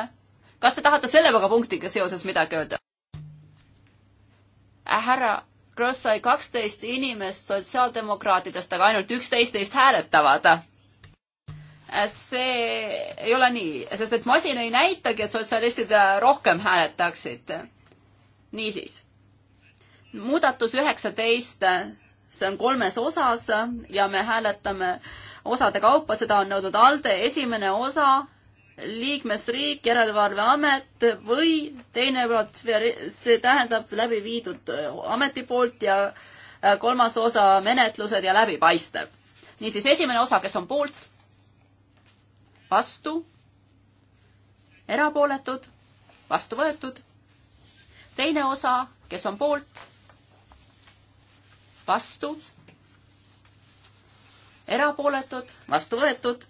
kas te tahate selle punktiga seoses midagi öelda? Äh, härra Gross sai kaksteist inimest sotsiaaldemokraatidest, aga ainult üksteist neist hääletavad see ei ole nii, sest et masin ei näitagi, et sotsialistid rohkem hääletaksid. niisiis, muudatus üheksateist, see on kolmes osas ja me hääletame osade kaupa, seda on nõudnud ALDE esimene osa, liikmesriik, Järelevalveamet või teine poolt, see tähendab läbi viidud ameti poolt ja kolmas osa menetlused ja läbipaistev. niisiis, esimene osa, kes on poolt vastu, erapooletud, vastu võetud. teine osa, kes on poolt, vastu, erapooletud, vastu võetud.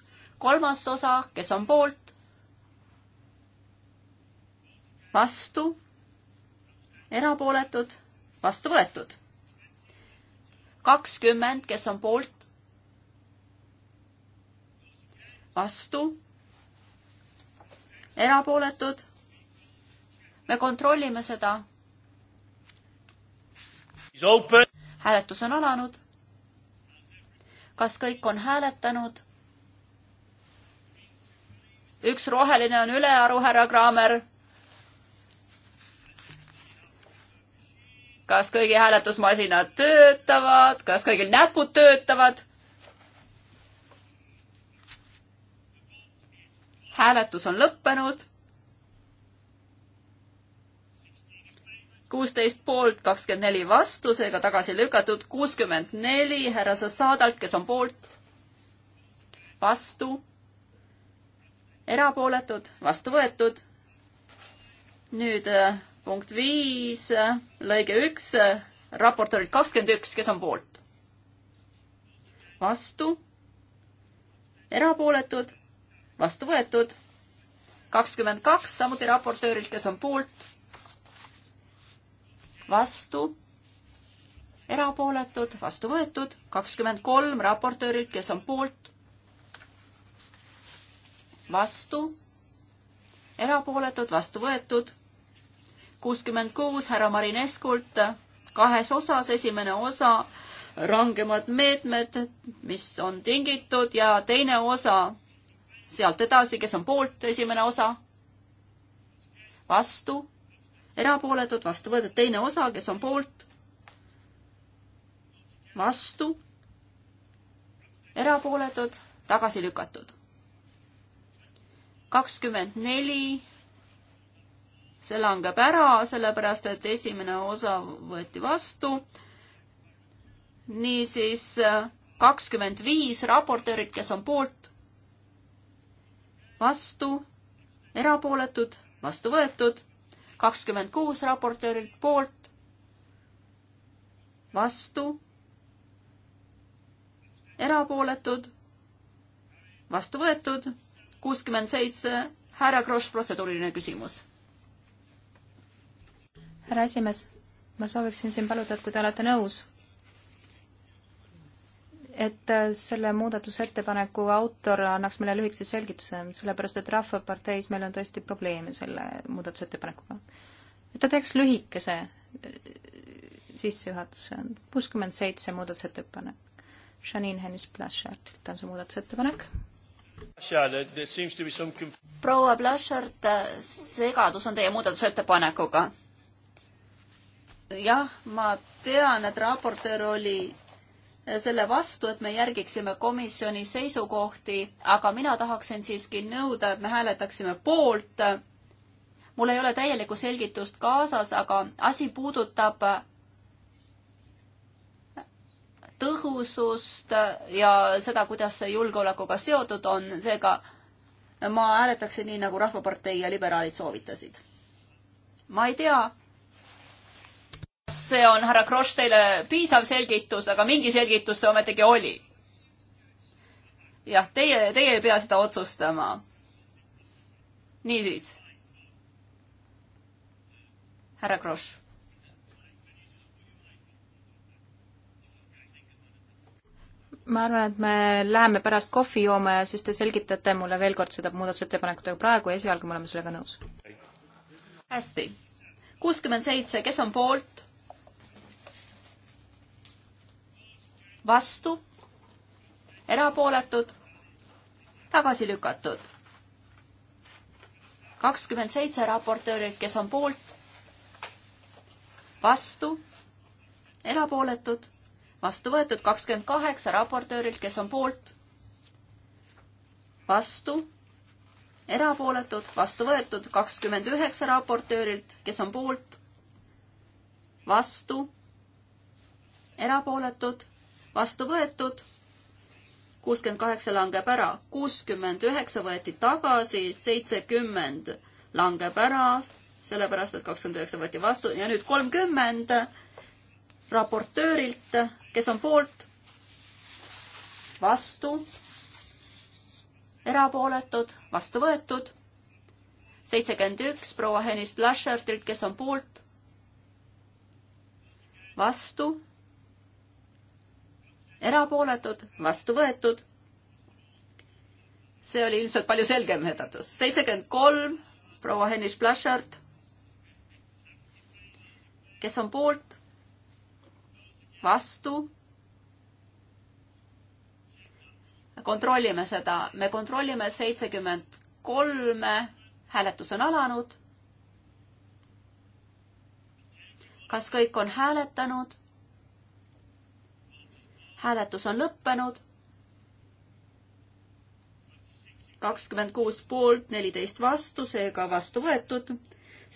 kolmas osa, kes on poolt, vastu, erapooletud, vastu võetud. kakskümmend, kes on poolt, vastu, erapooletud. me kontrollime seda. hääletus on alanud. kas kõik on hääletanud? üks roheline on ülearu, härra Kraamer. kas kõigi hääletusmasinad töötavad, kas kõigil näpud töötavad? hääletus on lõppenud. kuusteist poolt, kakskümmend neli vastu, seega tagasi lükatud, kuuskümmend neli härra Sassadalt, kes on poolt, vastu, erapooletud, vastu võetud. nüüd äh, punkt viis, äh, lõige üks, äh, raportöörid kakskümmend üks, kes on poolt? vastu, erapooletud vastu võetud. kakskümmend kaks, samuti raportöörilt, kes on poolt, vastu, erapooletud, vastu võetud. kakskümmend kolm raportöörilt, kes on poolt, vastu, erapooletud, vastu võetud. kuuskümmend kuus härra Marineskult kahes osas, esimene osa rangemad meetmed, mis on tingitud ja teine osa sealt edasi, kes on poolt, esimene osa, vastu, erapooletud, vastu võetud, teine osa, kes on poolt, vastu, erapooletud, tagasi lükatud. kakskümmend neli, see langeb ära, sellepärast et esimene osa võeti vastu. niisiis kakskümmend viis raportöörid, kes on poolt vastu, erapooletud, vastu võetud, kakskümmend kuus raportöörilt poolt, vastu, erapooletud, vastu võetud, kuuskümmend seitse, härra Kross, protseduuriline küsimus. härra esimees, ma sooviksin siin paluda, et kui te olete nõus et äh, selle muudatusettepaneku autor annaks meile lühikese selgituse, sellepärast et Rahvaparteis meil on tõesti probleeme selle muudatusettepanekuga. et ta teeks lühikese äh, sissejuhatuse, on kuuskümmend seitse muudatusettepanek. Janine Hennis-Plashartilt on see muudatusettepanek. proua Plashart, äh, segadus on teie muudatusettepanekuga. jah, ma tean, et raportöör oli selle vastu, et me järgiksime komisjoni seisukohti, aga mina tahaksin siiski nõuda, et me hääletaksime poolt. mul ei ole täielikku selgitust kaasas, aga asi puudutab tõhusust ja seda, kuidas see julgeolekuga seotud on, seega ma hääletaksin nii, nagu Rahvapartei ja liberaalid soovitasid. ma ei tea see on, härra Kross, teile piisav selgitus, aga mingi selgitus see ometigi oli. jah, teie, teie ei pea seda otsustama. niisiis. härra Kross. ma arvan, et me läheme pärast kohvi jooma ja siis te selgitate mulle veel kord seda muudatusettepanekut, aga praegu esialgu me oleme sellega nõus. hästi. kuuskümmend seitse, kes on poolt? vastu, erapooletud, tagasi lükatud. kakskümmend seitse raportöörid, kes on poolt, vastu, erapooletud, vastu võetud, kakskümmend kaheksa raportöörilt, kes on poolt, vastu, erapooletud, vastu võetud, kakskümmend üheksa raportöörilt, kes on poolt, vastu, erapooletud, vastu võetud, kuuskümmend kaheksa langeb ära, kuuskümmend üheksa võeti tagasi, seitsekümmend langeb ära, sellepärast et kakskümmend üheksa võeti vastu ja nüüd kolmkümmend raportöörilt, kes on poolt, vastu, erapooletud, vastu võetud, seitsekümmend üks proua Hennis Blaschertilt, kes on poolt, vastu erapooletud, vastu võetud. see oli ilmselt palju selgem menetlus. seitsekümmend kolm, proua Hennis Plaschert. kes on poolt? vastu? kontrollime seda, me kontrollime seitsekümmend kolme, hääletus on alanud. kas kõik on hääletanud? hääletus on lõppenud. kakskümmend kuus poolt, neliteist vastu, seega vastu võetud.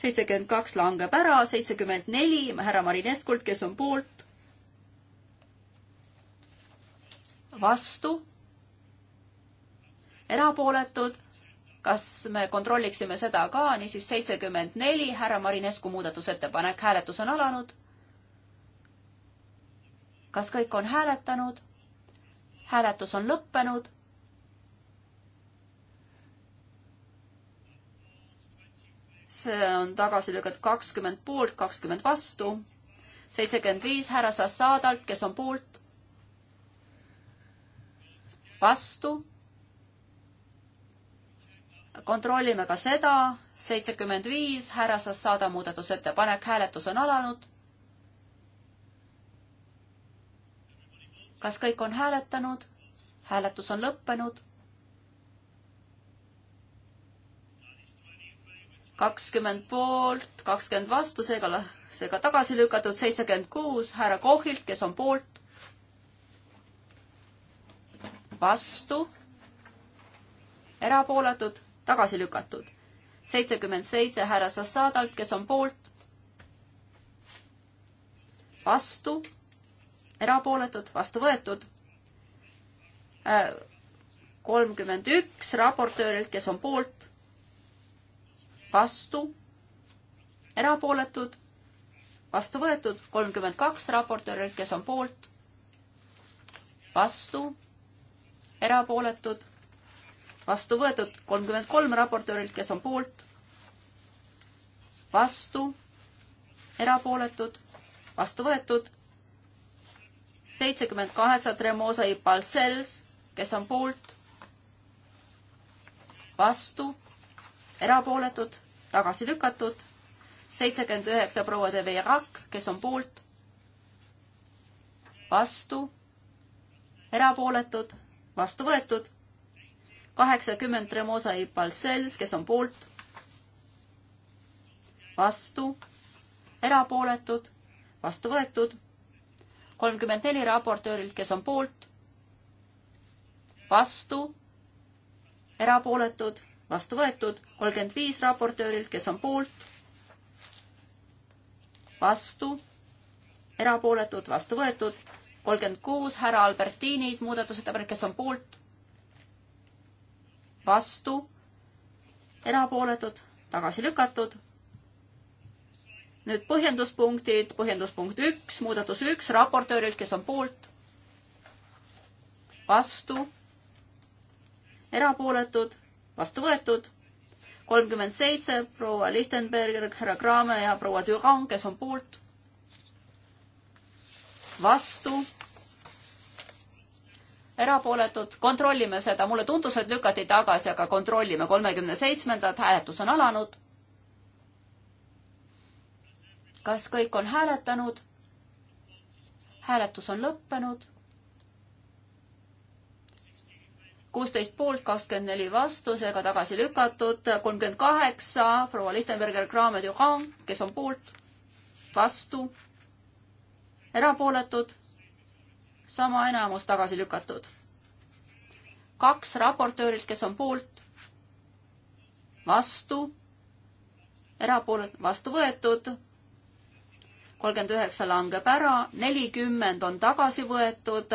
seitsekümmend kaks langeb ära, seitsekümmend neli härra Marineskult, kes on poolt. vastu. erapooletud. kas me kontrolliksime seda ka, niisiis seitsekümmend neli, härra Marinescu muudatusettepanek, hääletus on alanud kas kõik on hääletanud? hääletus on lõppenud. see on tagasi lükatud kakskümmend poolt, kakskümmend vastu, seitsekümmend viis härra Sassadalt, kes on poolt, vastu. kontrollime ka seda, seitsekümmend viis härra Sassada muudatusettepanek, hääletus on alanud kas kõik on hääletanud? hääletus on lõppenud. kakskümmend poolt, kakskümmend vastu, seega, seega tagasi lükatud seitsekümmend kuus härra Kohilt, kes on poolt. vastu, erapooletud, tagasi lükatud. seitsekümmend seitse härra Sassadalt, kes on poolt. vastu erapooletud, vastu võetud. Äh, kolmkümmend üks raportöörilt, kes on poolt, vastu, erapooletud, vastu võetud, kolmkümmend kaks raportöörilt, kes on poolt, vastu, erapooletud, vastu võetud, kolmkümmend kolm raportöörilt, kes on poolt, vastu, erapooletud, vastu võetud seitsekümmend kaheksa Tremosa i Balcells, kes on poolt, vastu, erapooletud, tagasi lükatud. seitsekümmend üheksa proua de Veyrac, kes on poolt, vastu, erapooletud, vastu võetud. kaheksakümmend Tremosa i Balcells, kes on poolt, vastu, erapooletud, vastu võetud kolmkümmend neli raportöörilt, kes on poolt, vastu, erapooletud, vastu võetud, kolmkümmend viis raportöörilt, kes on poolt, vastu, erapooletud, vastu võetud, kolmkümmend kuus härra Albertini muudatusettepanek, kes on poolt, vastu, erapooletud, tagasi lükatud nüüd põhjenduspunktid, põhjenduspunkt üks, muudatus üks raportöörilt, kes on poolt, vastu, erapooletud, vastu võetud, kolmkümmend seitse, proua Lichtenberger, härra Kraame ja proua Düran, kes on poolt, vastu, erapooletud, kontrollime seda, mulle tundus, et lükati tagasi, aga kontrollime, kolmekümne seitsmendat, hääletus on alanud kas kõik on hääletanud? hääletus on lõppenud. kuusteist poolt, kakskümmend neli vastu, seega tagasi lükatud, kolmkümmend kaheksa, proua Lichtenberger, Kraamer, Johan, kes on poolt, vastu, erapooletud, sama enamus tagasi lükatud. kaks raportöörilt, kes on poolt, vastu, erapoolet-, vastu võetud kolmkümmend üheksa langeb ära, nelikümmend on tagasi võetud,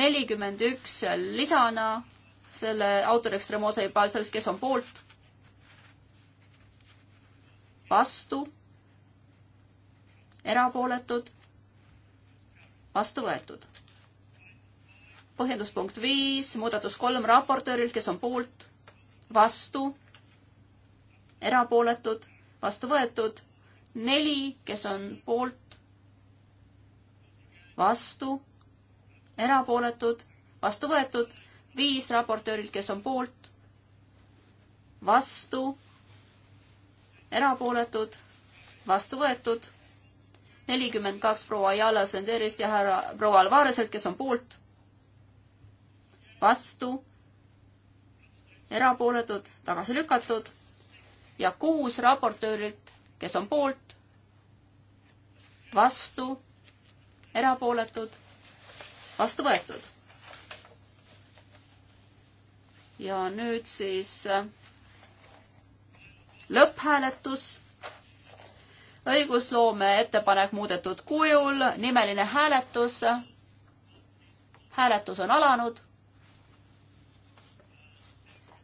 nelikümmend üks lisana, selle autoriks Remose Balsals, kes on poolt, vastu, erapooletud, vastu võetud. põhjenduspunkt viis, muudatus kolm raportöörilt, kes on poolt, vastu, erapooletud, vastu võetud neli, kes on poolt, vastu, erapooletud, vastu võetud, viis raportöörilt, kes on poolt, vastu, erapooletud, vastu võetud, nelikümmend kaks proua Ayala Senderist ja härra proua Alvareselt, kes on poolt, vastu, erapooletud, tagasi lükatud ja kuus raportöörilt kes on poolt, vastu, erapooletud, vastu võetud. ja nüüd siis äh, lõpphääletus. õigusloome ettepanek muudetud kujul, nimeline hääletus. hääletus on alanud.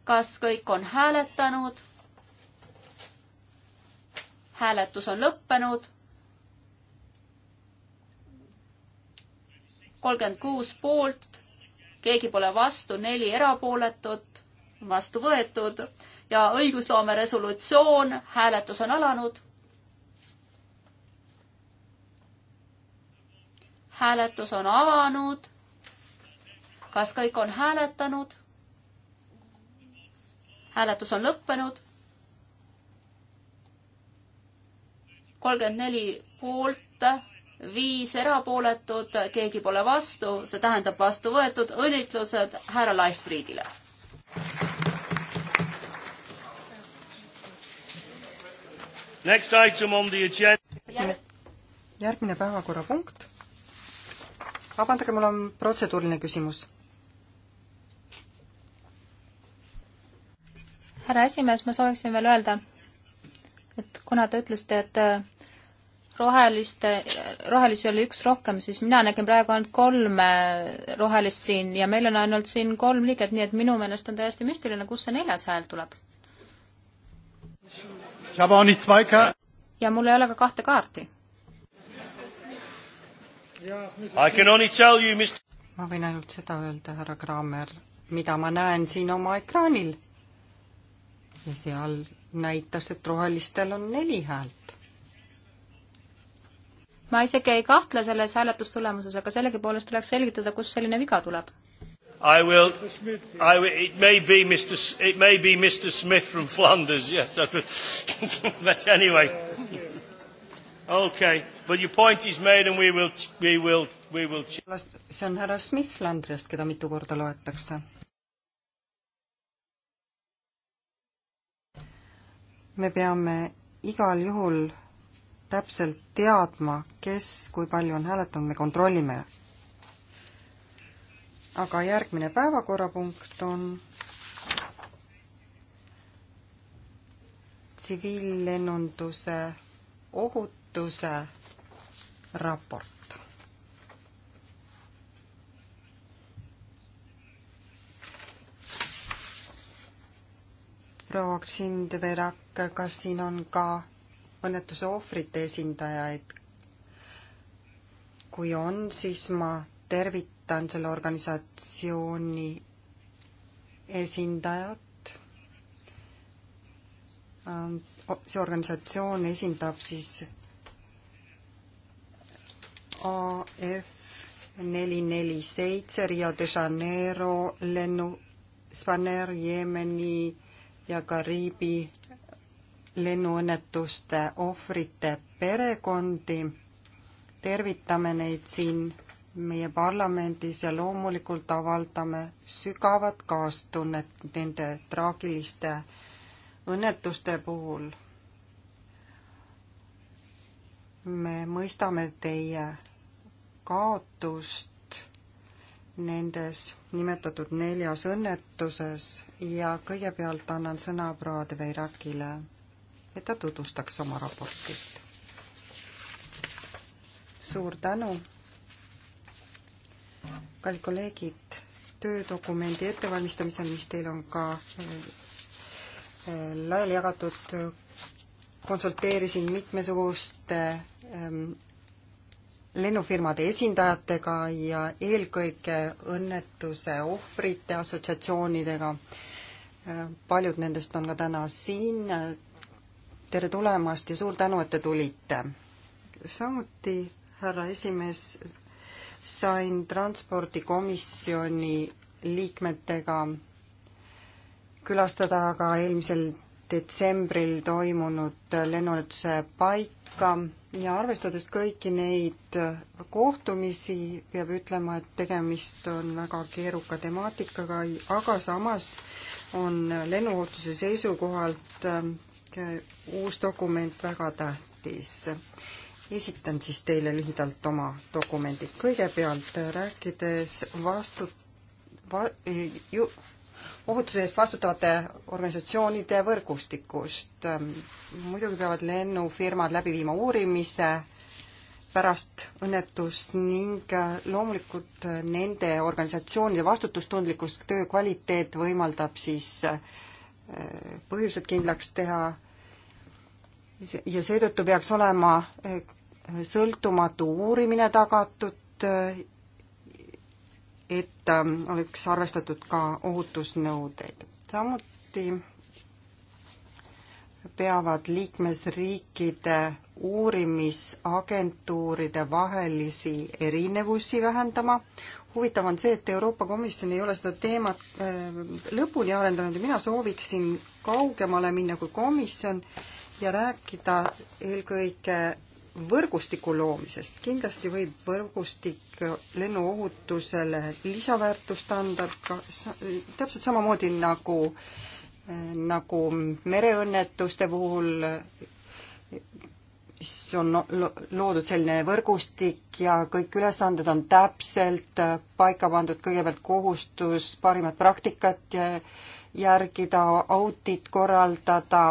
kas kõik on hääletanud? hääletus on lõppenud. kolmkümmend kuus poolt, keegi pole vastu, neli erapooletut, vastu võetud ja õigusloome resolutsioon, hääletus on alanud. hääletus on avanud. kas kõik on hääletanud? hääletus on lõppenud kolmkümmend neli poolt, viis erapooletut, keegi pole vastu, see tähendab vastu võetud, õnnitlused härra Leifridile. järgmine päevakorrapunkt. vabandage, mul on protseduuriline küsimus. härra esimees, ma sooviksin veel öelda, et kuna te ütlesite, et roheliste, rohelisi oli üks rohkem, siis mina nägin praegu ainult kolme rohelist siin ja meil on ainult siin kolm liiget, nii et minu meelest on täiesti müstiline, kust see neljas hääl tuleb. ja mul ei ole ka kahte kaarti. ma võin ainult seda öelda, härra Kraamer, mida ma näen siin oma ekraanil. ja seal näitas, et rohelistel on neli häält ma isegi ei kahtle selles hääletustulemuses, aga sellegipoolest tuleks selgitada, kust selline viga tuleb. I will, I will, it may be Mr, it may be Mr Smith from Flanders, yes, but anyway. Okay, but your point is made and we will, we will, we will. see on härra Smith Flandriast, keda mitu korda loetakse. me peame igal juhul täpselt teadma, kes kui palju on hääletanud, me kontrollime. aga järgmine päevakorrapunkt on tsiviillennunduse ohutuse raport. proua Ksindverak, kas siin on ka õnnetuse ohvrite esindajaid. kui on, siis ma tervitan selle organisatsiooni esindajat. Ähm, see organisatsioon esindab siis AF neli neli seitse Rio de Janeiro lennu Spanair Jeemeni ja Kariibi lennuõnnetuste ohvrite perekondi. tervitame neid siin meie parlamendis ja loomulikult avaldame sügavat kaastunnet nende traagiliste õnnetuste puhul. me mõistame teie kaotust nendes nimetatud neljas õnnetuses ja kõigepealt annan sõna proua De Veirakile et ta tutvustaks oma raportit. suur tänu, kallid kolleegid, töödokumendi ettevalmistamisel, mis teil on ka eh, eh, laiali jagatud, konsulteerisin mitmesuguste ehm, lennufirmade esindajatega ja eelkõige õnnetuse ohvrite assotsiatsioonidega. Eh, paljud nendest on ka täna siin, tere tulemast ja suur tänu, et te tulite. samuti, härra esimees, sain transpordikomisjoni liikmetega külastada ka eelmisel detsembril toimunud lennuõnnetuse paika ja arvestades kõiki neid kohtumisi, peab ütlema, et tegemist on väga keeruka temaatikaga, aga samas on lennuohutuse seisukohalt uus dokument väga tähtis. esitan siis teile lühidalt oma dokumendid. kõigepealt rääkides vastu va,, ju, ohutuse eest vastutavate organisatsioonide võrgustikust. muidugi peavad lennufirmad läbi viima uurimise pärast õnnetust ning loomulikult nende organisatsioonide vastutustundlikkus, töö kvaliteet võimaldab siis äh, põhjused kindlaks teha ja seetõttu peaks olema eh, sõltumatu uurimine tagatud, eh, et ähm, oleks arvestatud ka ohutusnõudeid. samuti peavad liikmesriikide uurimisagentuuride vahelisi erinevusi vähendama. huvitav on see, et Euroopa Komisjon ei ole seda teemat äh, lõpuni arendanud ja mina sooviksin kaugemale minna kui komisjon ja rääkida eelkõige võrgustiku loomisest. kindlasti võib võrgustik lennuohutusele lisaväärtust anda, täpselt samamoodi nagu äh, nagu mereõnnetuste puhul siis on loodud selline võrgustik ja kõik ülesanded on täpselt paika pandud, kõigepealt kohustus parimat praktikat järgida, audit korraldada,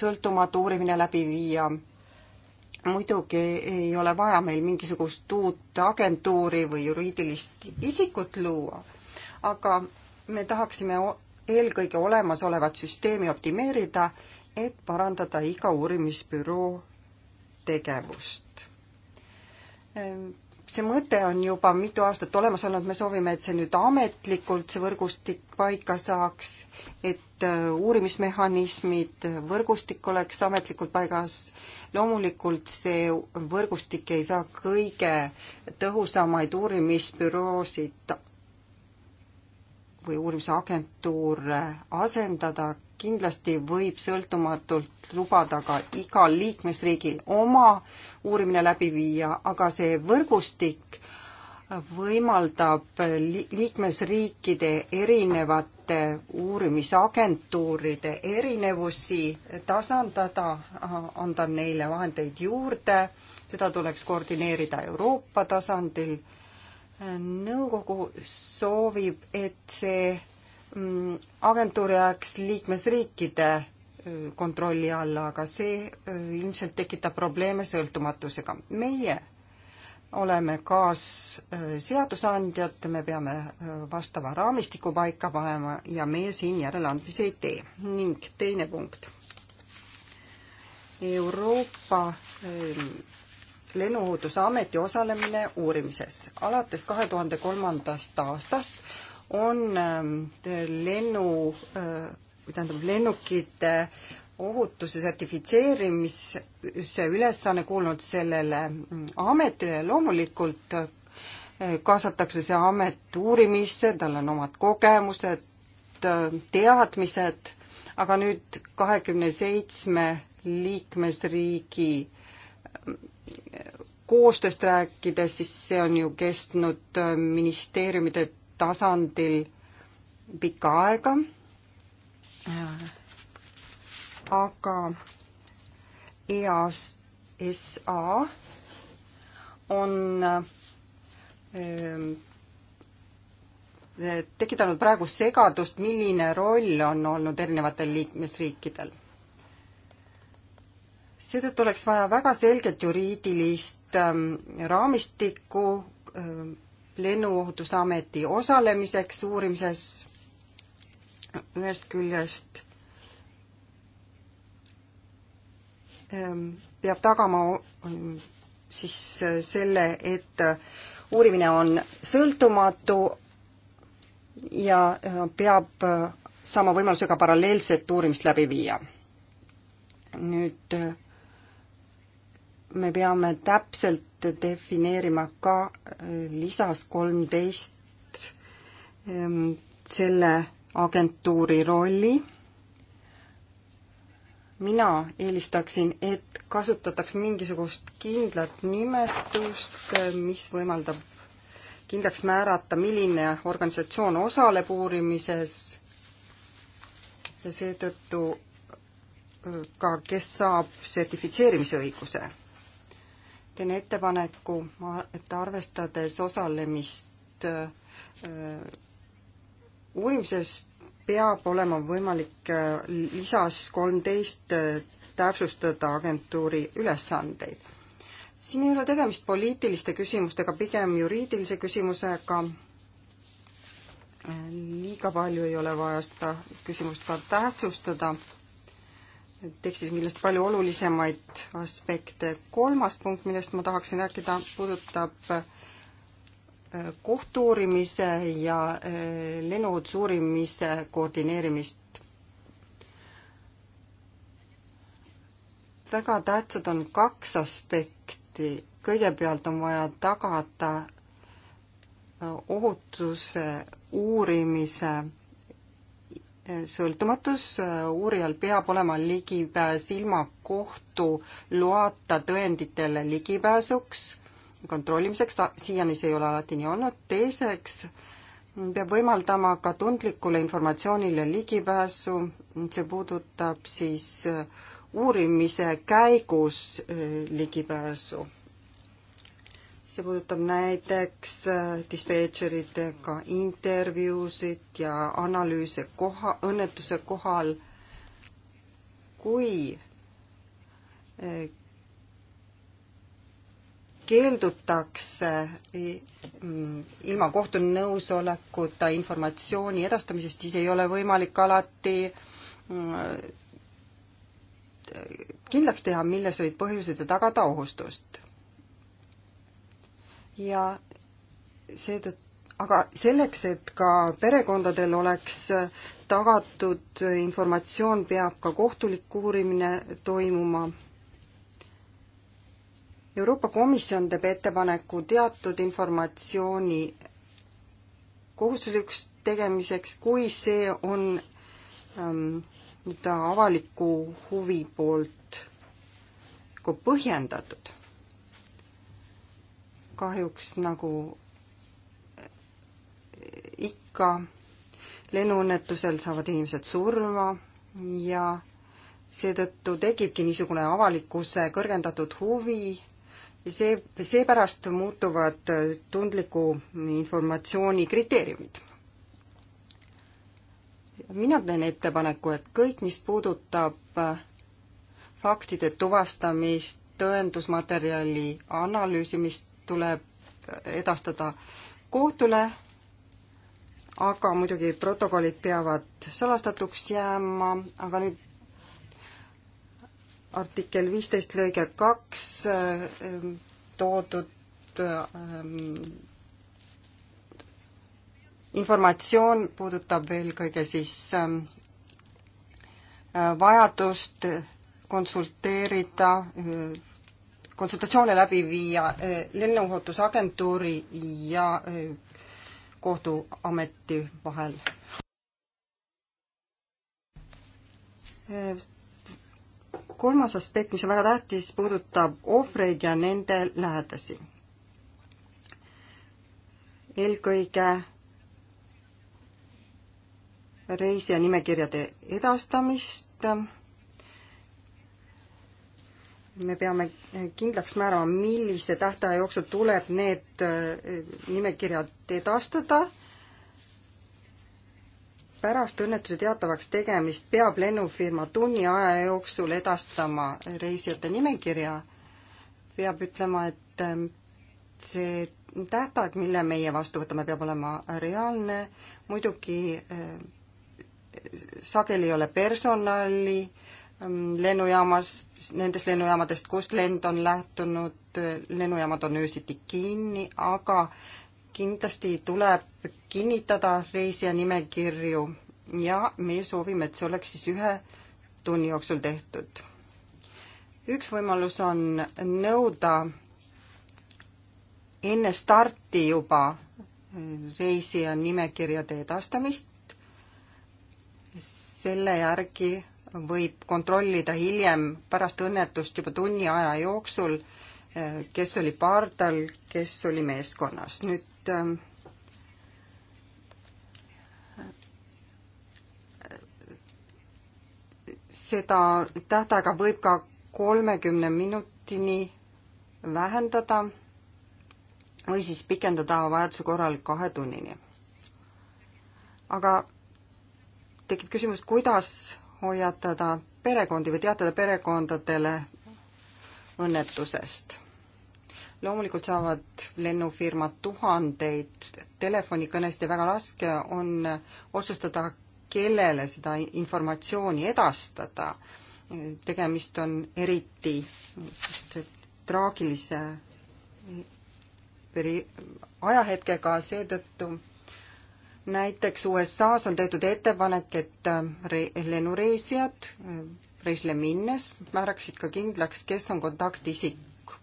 sõltumatu uurimine läbi viia. muidugi ei ole vaja meil mingisugust uut agentuuri või juriidilist isikut luua, aga me tahaksime eelkõige olemasolevat süsteemi optimeerida, et parandada iga uurimisbüroo tegevust. Ehm, see mõte on juba mitu aastat olemas olnud, me soovime, et see nüüd ametlikult, see võrgustik paika saaks, et äh, uurimismehhanismid, äh, võrgustik oleks ametlikult paigas. loomulikult see võrgustik ei saa kõige tõhusamaid uurimisbüroosid või uurimisagentuur asendada, kindlasti võib sõltumatult lubada ka igal liikmesriigil oma uurimine läbi viia, aga see võrgustik võimaldab liikmesriikide erinevate uurimisagentuuride erinevusi tasandada, anda neile vahendeid juurde, seda tuleks koordineerida Euroopa tasandil nõukogu soovib, et see mm, agentuur jääks liikmesriikide kontrolli alla, aga see ilmselt tekitab probleeme sõltumatusega. meie oleme kaasseadusandjad, me peame vastava raamistiku paika panema ja meie siin järeleandmisi ei tee. ning teine punkt. Euroopa Lennuohutusameti osalemine uurimises. alates kahe tuhande kolmandast aastast on ähm, lennu, äh, tähendab lennukite ohutuse sertifitseerimise ülesanne kuulnud sellele mm, ametile, loomulikult äh, kaasatakse see amet uurimisse, tal on omad kogemused, äh, teadmised, aga nüüd kahekümne seitsme liikmesriigi koostööst rääkides, siis see on ju kestnud äh, ministeeriumide tasandil pikka aega. aga EASA on ähm, tekitanud praegu segadust, milline roll on olnud erinevatel liikmesriikidel seetõttu oleks vaja väga selget juriidilist ähm, raamistikku ähm, lennuohutusameti osalemiseks uurimises ühest küljest ähm, peab tagama siis äh, selle, et äh, uurimine on sõltumatu ja äh, peab saama võimalusega paralleelset uurimist läbi viia. nüüd me peame täpselt defineerima ka äh, lisas kolmteist ähm, selle agentuuri rolli. mina eelistaksin, et kasutataks mingisugust kindlat nimestust, äh, mis võimaldab kindlaks määrata, milline organisatsioon osaleb uurimises ja seetõttu äh, ka, kes saab sertifitseerimise õiguse teen ettepaneku, et arvestades osalemist äh, uurimises, peab olema võimalik äh, lisas kolmteist äh, täpsustada agentuuri ülesandeid. siin ei ole tegemist poliitiliste küsimustega, pigem juriidilise küsimusega, liiga palju ei ole vaja seda küsimust ka tähtsustada tekstis, millest palju olulisemaid aspekte. kolmas punkt, millest ma tahaksin rääkida, puudutab äh, kohtu-uurimise ja äh, lennuohutusuurimise koordineerimist. väga tähtsad on kaks aspekti. kõigepealt on vaja tagada äh, ohutuse uurimise sõltumatus, uurijal peab olema ligipääs ilma kohtu loata tõenditele ligipääsuks, kontrollimiseks, siiani see ei ole alati nii olnud, teiseks peab võimaldama ka tundlikule informatsioonile ligipääsu, see puudutab siis uurimise käigus eh, ligipääsu see puudutab näiteks äh, dispetšeritega intervjuusid ja analüüse koha, õnnetuse kohal. kui äh, keeldutakse mm, ilma kohtu nõusolekuta informatsiooni edastamisest, siis ei ole võimalik alati mm, kindlaks teha, milles olid põhjused ja tagada ohustust ja seetõttu aga selleks, et ka perekondadel oleks äh, tagatud informatsioon, peab ka kohtulik uurimine toimuma. Euroopa Komisjon teeb ettepaneku teatud informatsiooni kohustuslikuks tegemiseks, kui see on ähm, nii-öelda avaliku huvi poolt nagu põhjendatud kahjuks nagu ikka lennuõnnetusel saavad inimesed surma ja seetõttu tekibki niisugune avalikkuse kõrgendatud huvi ja see, seepärast muutuvad tundliku informatsiooni kriteeriumid. mina teen ettepaneku, et kõik, mis puudutab faktide tuvastamist, tõendusmaterjali analüüsimist, tuleb edastada kohtule, aga muidugi protokollid peavad salastatuks jääma, aga nüüd artikkel viisteist lõige kaks ähm, toodud ähm, informatsioon puudutab eelkõige siis ähm, äh, vajadust konsulteerida äh, konsultatsioone läbi viia eh, lennuohutusagentuuri ja eh, kohtuameti vahel. Eh, kolmas aspekt, mis on väga tähtis, puudutab ohvreid ja nende lähedasi. eelkõige reisija nimekirjade edastamist me peame kindlaks määrama, millise tähtaja jooksul tuleb need äh, nimekirjad edastada. pärast õnnetuse teatavaks tegemist peab lennufirma tunni aja jooksul edastama reisijate nimekirja. peab ütlema, et ähm, see tähtaeg, mille meie vastu võtame, peab olema reaalne, muidugi äh, sageli ei ole personali äh, Ähm, lennujaamas, nendest lennujaamadest, kust lend on lähtunud, lennujaamad on öösiti kinni, aga kindlasti tuleb kinnitada reisija nimekirju ja me soovime, et see oleks siis ühe tunni jooksul tehtud. üks võimalus on nõuda enne starti juba reisija nimekirjade edastamist, selle järgi võib kontrollida hiljem pärast õnnetust juba tunni aja jooksul, kes oli pardal, kes oli meeskonnas. nüüd ähm, seda tähtaega võib ka kolmekümne minutini vähendada või siis pikendada vajaduse korral kahe tunnini. aga tekib küsimus, kuidas hoiatada perekondi või teatada perekondadele õnnetusest. loomulikult saavad lennufirmad tuhandeid telefonikõnesid ja väga raske on otsustada, kellele seda informatsiooni edastada. tegemist on eriti traagilise peri-, ajahetkega, seetõttu näiteks USA-s on tehtud ettepanek, et äh, re-, lennureisijad äh, reisile minnes määraksid ka kindlaks, kes on kontaktisik,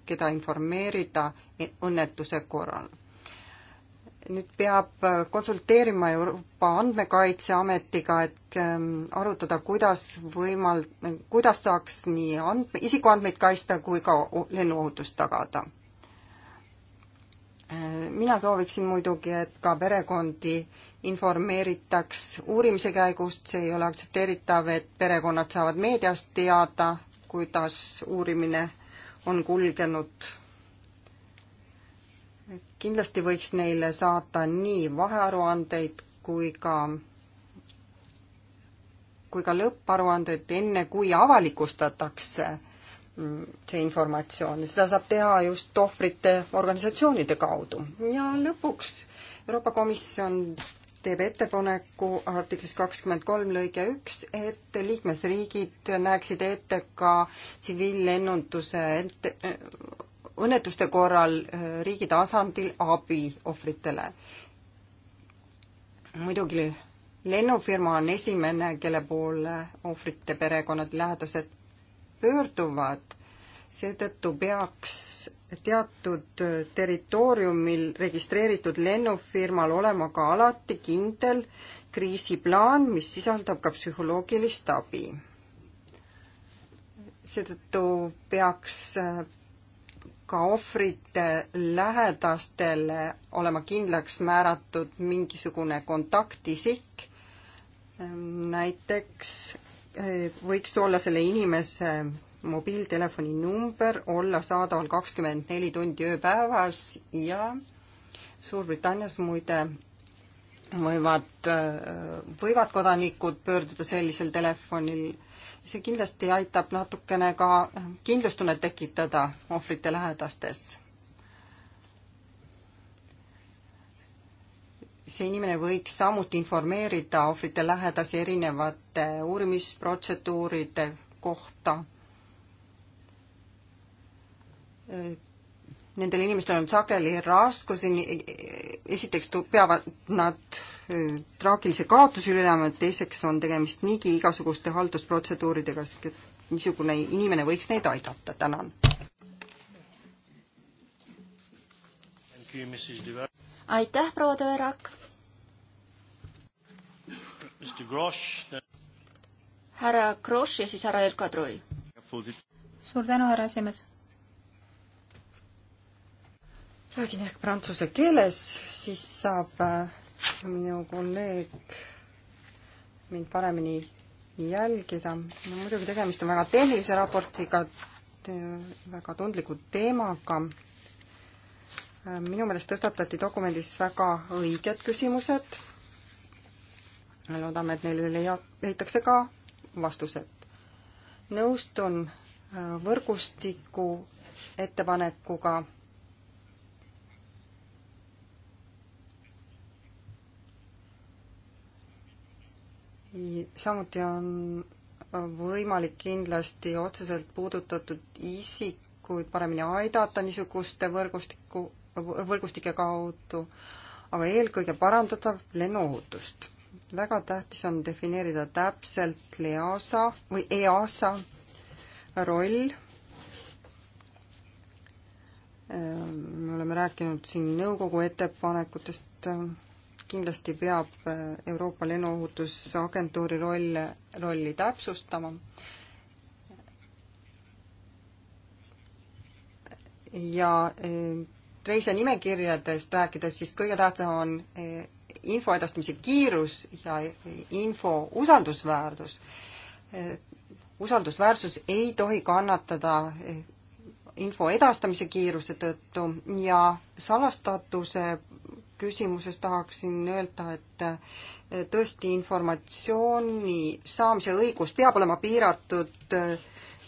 keda informeerida e-, õnnetuse korral. nüüd peab äh, konsulteerima Euroopa Andmekaitseametiga, et ähm, arutada, kuidas võimal-, kuidas saaks nii and-, isikuandmeid kaitsta kui ka lennuohutust tagada mina sooviksin muidugi, et ka perekondi informeeritaks uurimise käigust, see ei ole aktsepteeritav, et perekonnad saavad meediast teada, kuidas uurimine on kulgenud. kindlasti võiks neile saata nii vahearuandeid kui ka, kui ka lõpparuandeid, enne kui avalikustatakse see informatsioon ja seda saab teha just ohvrite organisatsioonide kaudu. ja lõpuks Euroopa Komisjon teeb ettepaneku artiklis kakskümmend kolm lõige üks, et liikmesriigid näeksid ette ka tsiviillennunduse ette, õnnetuste korral äh, riigi tasandil abi ohvritele. muidugi lennufirma on esimene, kelle poole ohvrite perekonnad, lähedased pöörduvad, seetõttu peaks teatud äh, territooriumil registreeritud lennufirmal olema ka alati kindel kriisiplaan, mis sisaldab ka psühholoogilist abi. seetõttu peaks äh, ka ohvrite lähedastele olema kindlaks määratud mingisugune kontaktisik, äh, näiteks võiks olla selle inimese mobiiltelefoni number olla saadaval kakskümmend neli tundi ööpäevas ja Suurbritannias muide võivad, võivad kodanikud pöörduda sellisel telefonil. see kindlasti aitab natukene ka kindlustunnet tekitada ohvrite lähedastes. see inimene võiks samuti informeerida ohvrite lähedasi erinevate uurimisprotseduuride kohta nendel inimestel on sageli raskusi, esiteks peavad nad traagilise kaotuse üle elama, teiseks on tegemist niigi igasuguste haldusprotseduuridega, niisugune inimene võiks neid aidata, tänan. aitäh, proua Tõerak. härra Grosch ja siis härra Elka Troi. suur tänu, härra esimees räägin ehk prantsuse keeles, siis saab äh, minu kolleeg mind paremini jälgida. no muidugi tegemist on väga tehnilise raportiga, väga tundliku teemaga. Äh, minu meelest tõstatati dokumendis väga õiged küsimused. loodame, et neile leia-, leitakse ka vastused. nõustun äh, võrgustiku ettepanekuga samuti on võimalik kindlasti otseselt puudutatud isikuid paremini aidata niisuguste võrgustiku, võrgustike kaudu, aga eelkõige parandada lennuohutust. väga tähtis on defineerida täpselt EASA või EASA roll. Ehm, me oleme rääkinud siin nõukogu ettepanekutest ehm, kindlasti peab äh, Euroopa Lennuohutusagentuuri roll, rolli täpsustama. ja äh, reisinimekirjadest rääkides, siis kõige tähtsam on äh, info edastamise kiirus ja info usaldusväärsus. usaldusväärsus ei tohi kannatada info edastamise kiiruse tõttu ja salastatuse küsimuses tahaksin öelda, et tõesti informatsiooni saamise õigus peab olema piiratud äh,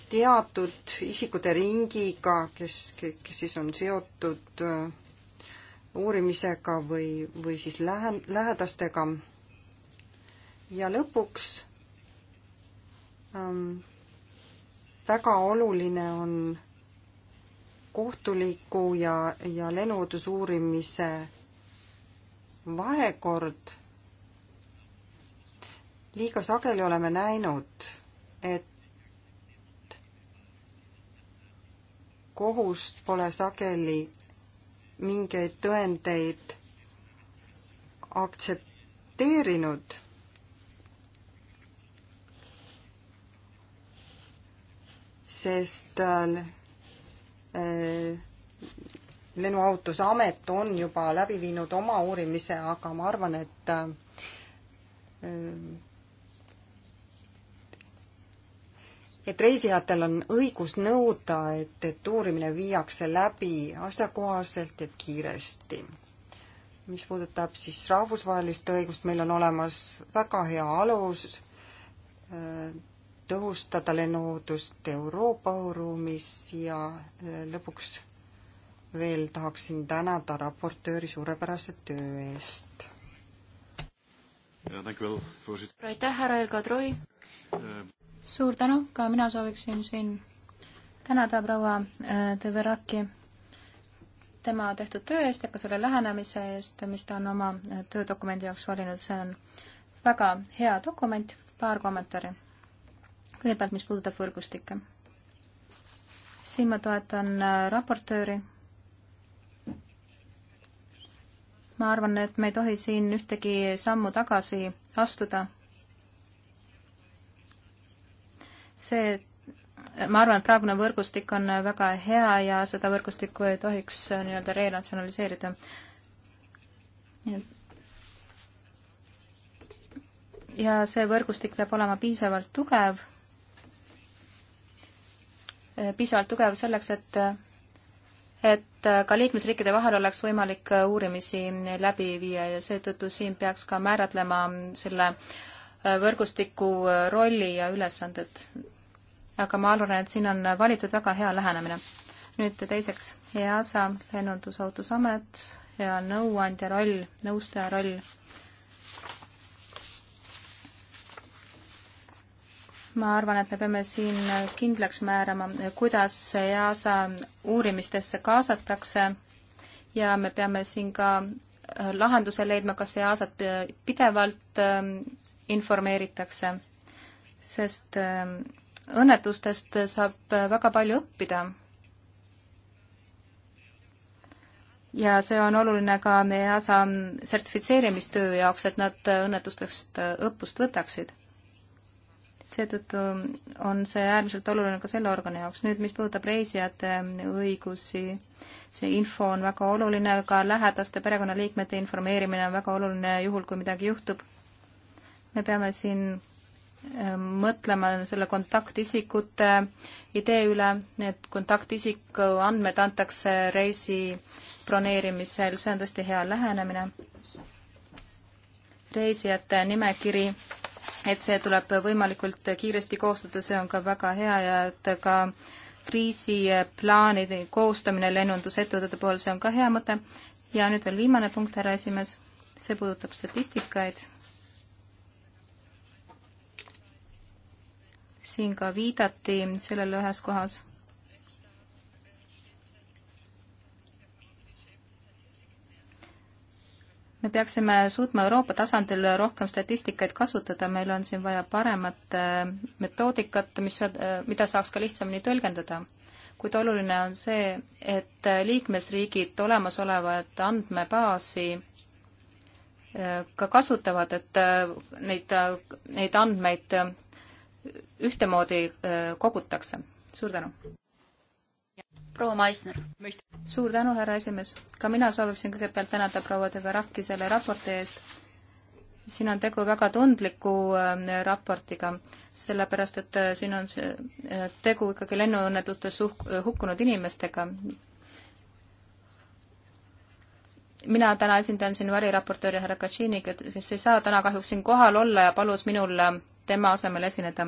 teatud isikute ringiga, kes, kes siis on seotud äh, uurimisega või, või siis lähe, lähedastega. ja lõpuks ähm, väga oluline on kohtuliku ja, ja lennuohutusuurimise vahekord. liiga sageli oleme näinud, et kohust pole sageli mingeid tõendeid aktsepteerinud sest tal äh, lennuohutusamet on juba läbi viinud oma uurimise, aga ma arvan, et äh, et reisijatel on õigus nõuda, et, et uurimine viiakse läbi asjakohaselt ja kiiresti. mis puudutab siis rahvusvahelist õigust, meil on olemas väga hea alus äh, tõhustada lennuohutust Euroopa õhuruumis ja äh, lõpuks veel tahaksin tänada raportööri suurepärase töö eest. aitäh, härra Elka Troi! suur tänu, ka mina sooviksin siin tänada proua Deveraki eh, tema tehtud töö eest ja ka selle lähenemise eest, mis ta on oma eh, töödokumendi jaoks valinud, see on väga hea dokument, paar kommentaari. kõigepealt, mis puudutab võrgustikke. siin ma toetan eh, raportööri ma arvan, et me ei tohi siin ühtegi sammu tagasi astuda. see, ma arvan, et praegune võrgustik on väga hea ja seda võrgustikku ei tohiks äh, nii-öelda renatsionaliseerida. ja see võrgustik peab olema piisavalt tugev, äh, piisavalt tugev selleks, et äh, et äh, ka liikmesriikide vahel oleks võimalik äh, uurimisi äh, läbi viia ja seetõttu siin peaks ka määratlema mm, selle võrgustiku rolli ja ülesanded. aga ma arvan, et siin on valitud väga hea lähenemine. nüüd teiseks, EASA, Lennundusohutusamet ja nõuandja roll, nõustaja roll ma arvan, et me peame siin kindlaks määrama, kuidas EASA uurimistesse kaasatakse ja me peame siin ka lahenduse leidma, kas EASA-t pidevalt ähm, informeeritakse, sest ähm, õnnetustest saab väga palju õppida. ja see on oluline ka EASA sertifitseerimistöö jaoks, et nad õnnetustest õppust võtaksid seetõttu on see äärmiselt oluline ka selle organi jaoks. nüüd, mis puudutab reisijate õigusi, see info on väga oluline, ka lähedaste perekonnaliikmete informeerimine on väga oluline juhul, kui midagi juhtub. me peame siin äh, mõtlema selle kontaktisikute idee üle, need kontaktisiku andmed antakse reisi broneerimisel, see on tõesti hea lähenemine. reisijate nimekiri et see tuleb võimalikult kiiresti koostada, see on ka väga hea ja et ka kriisiplaanide koostamine lennundusettevõtete puhul, see on ka hea mõte. ja nüüd veel viimane punkt, härra esimees, see puudutab statistikaid. siin ka viidati sellele ühes kohas me peaksime suutma Euroopa tasandil rohkem statistikaid kasutada, meil on siin vaja paremat äh, metoodikat, mis, äh, mida saaks ka lihtsamini tõlgendada. kuid oluline on see, et äh, liikmesriigid olemasolevat andmebaasi ka kasutavad, et neid, neid andmeid ühtemoodi kogutakse. suur tänu! proua Maisner. suur tänu, härra esimees. ka mina sooviksin kõigepealt tänada proua Deveraki selle raporti eest. siin on tegu väga tundliku ähm, raportiga, sellepärast et äh, siin on äh, tegu ikkagi lennuõnnetustes äh, hukkunud inimestega. mina täna esindan siin variraportööri härra Kaczyni, kes ei saa täna kahjuks siin kohal olla ja palus minul tema asemel esineda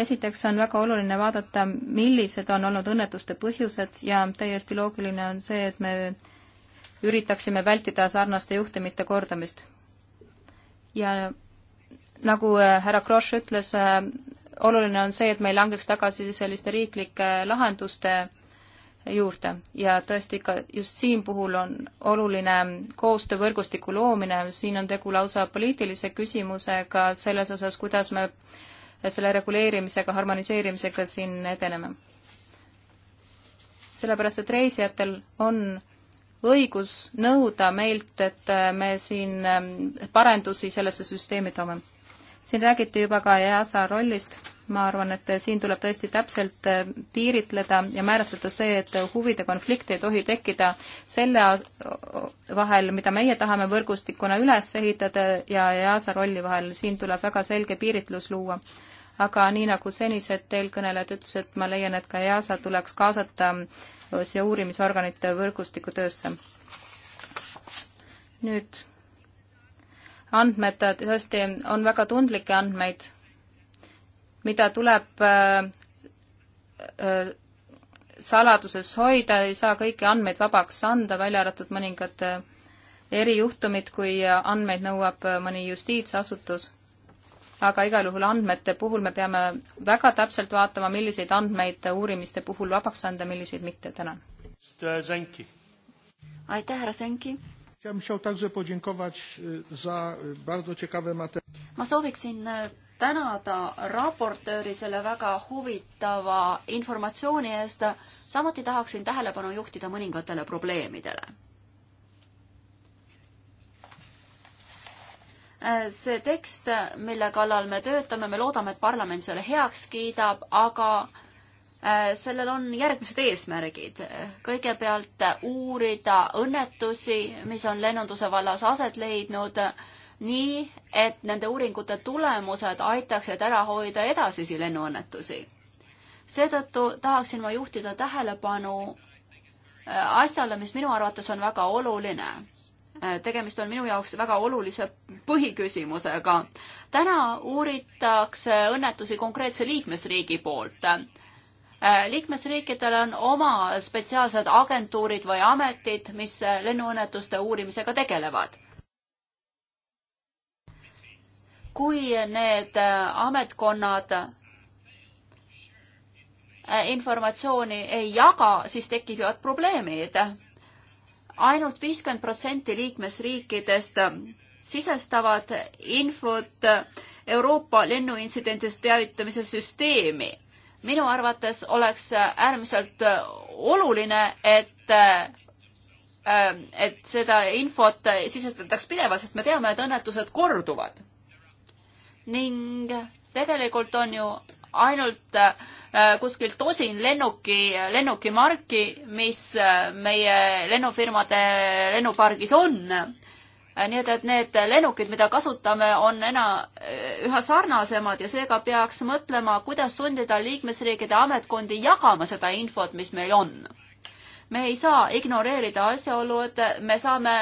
esiteks on väga oluline vaadata, millised on olnud õnnetuste põhjused ja täiesti loogiline on see, et me üritaksime vältida sarnaste juhtumite kordamist. ja nagu äh, härra Kross ütles, äh, oluline on see, et me ei langeks tagasi selliste riiklike äh, lahenduste juurde ja tõesti ka just siin puhul on oluline koostöövõrgustiku loomine, siin on tegu lausa poliitilise küsimusega selles osas, kuidas me selle reguleerimisega, harmoniseerimisega siin edeneme. sellepärast, et reisijatel on õigus nõuda meilt, et äh, me siin ähm, parendusi sellesse süsteemi toome. siin räägiti juba ka EASA rollist, ma arvan, et äh, siin tuleb tõesti täpselt äh, piiritleda ja määratleda see, et huvide konflikti ei tohi tekkida selle vahel, mida meie tahame võrgustikuna üles ehitada ja EASA rolli vahel, siin tuleb väga selge piiritlus luua aga nii nagu senised eelkõnelejad ütlesid, ma leian, et ka EASA tuleks kaasata siia uurimisorganite võrgustiku töösse. nüüd, andmed tõesti on väga tundlikke andmeid, mida tuleb äh, äh, saladuses hoida, ei saa kõiki andmeid vabaks anda, välja arvatud mõningad äh, erijuhtumid, kui andmeid nõuab mõni justiitsasutus aga igal juhul andmete puhul me peame väga täpselt vaatama, milliseid andmeid uurimiste puhul vabaks anda, milliseid mitte, tänan. aitäh, härra Senki! E, e, ma sooviksin e, tänada raportööri selle väga huvitava informatsiooni eest, samuti tahaksin tähelepanu juhtida mõningatele probleemidele Äh, see tekst, mille kallal me töötame, me loodame, et parlament selle heaks kiidab, aga äh, sellel on järgmised eesmärgid. kõigepealt uurida õnnetusi, mis on lennunduse vallas aset leidnud, nii et nende uuringute tulemused aitaksid ära hoida edasisi lennuõnnetusi. seetõttu tahaksin ma juhtida tähelepanu äh, asjale, mis minu arvates on väga oluline Äh, tegemist on minu jaoks väga olulise põhiküsimusega. täna uuritakse õnnetusi konkreetse liikmesriigi poolt. Äh, liikmesriikidel on oma spetsiaalsed agentuurid või ametid, mis lennuõnnetuste uurimisega tegelevad. kui need äh, ametkonnad informatsiooni ei jaga, siis tekivad probleemid ainult viiskümmend protsenti liikmesriikidest sisestavad infot Euroopa lennuintsidentidest teavitamise süsteemi. minu arvates oleks äärmiselt oluline, et ähm, et seda infot sisestatakse pidevalt, sest me teame, et õnnetused korduvad. ning tegelikult on ju ainult äh, kuskil tosin lennuki, lennukimarki, mis äh, meie lennufirmade lennupargis on. Äh, nii et, et need lennukid, mida kasutame, on ena-, üha sarnasemad ja seega peaks mõtlema, kuidas sundida liikmesriikide ametkondi jagama seda infot, mis meil on me ei saa ignoreerida asjaolu, et me saame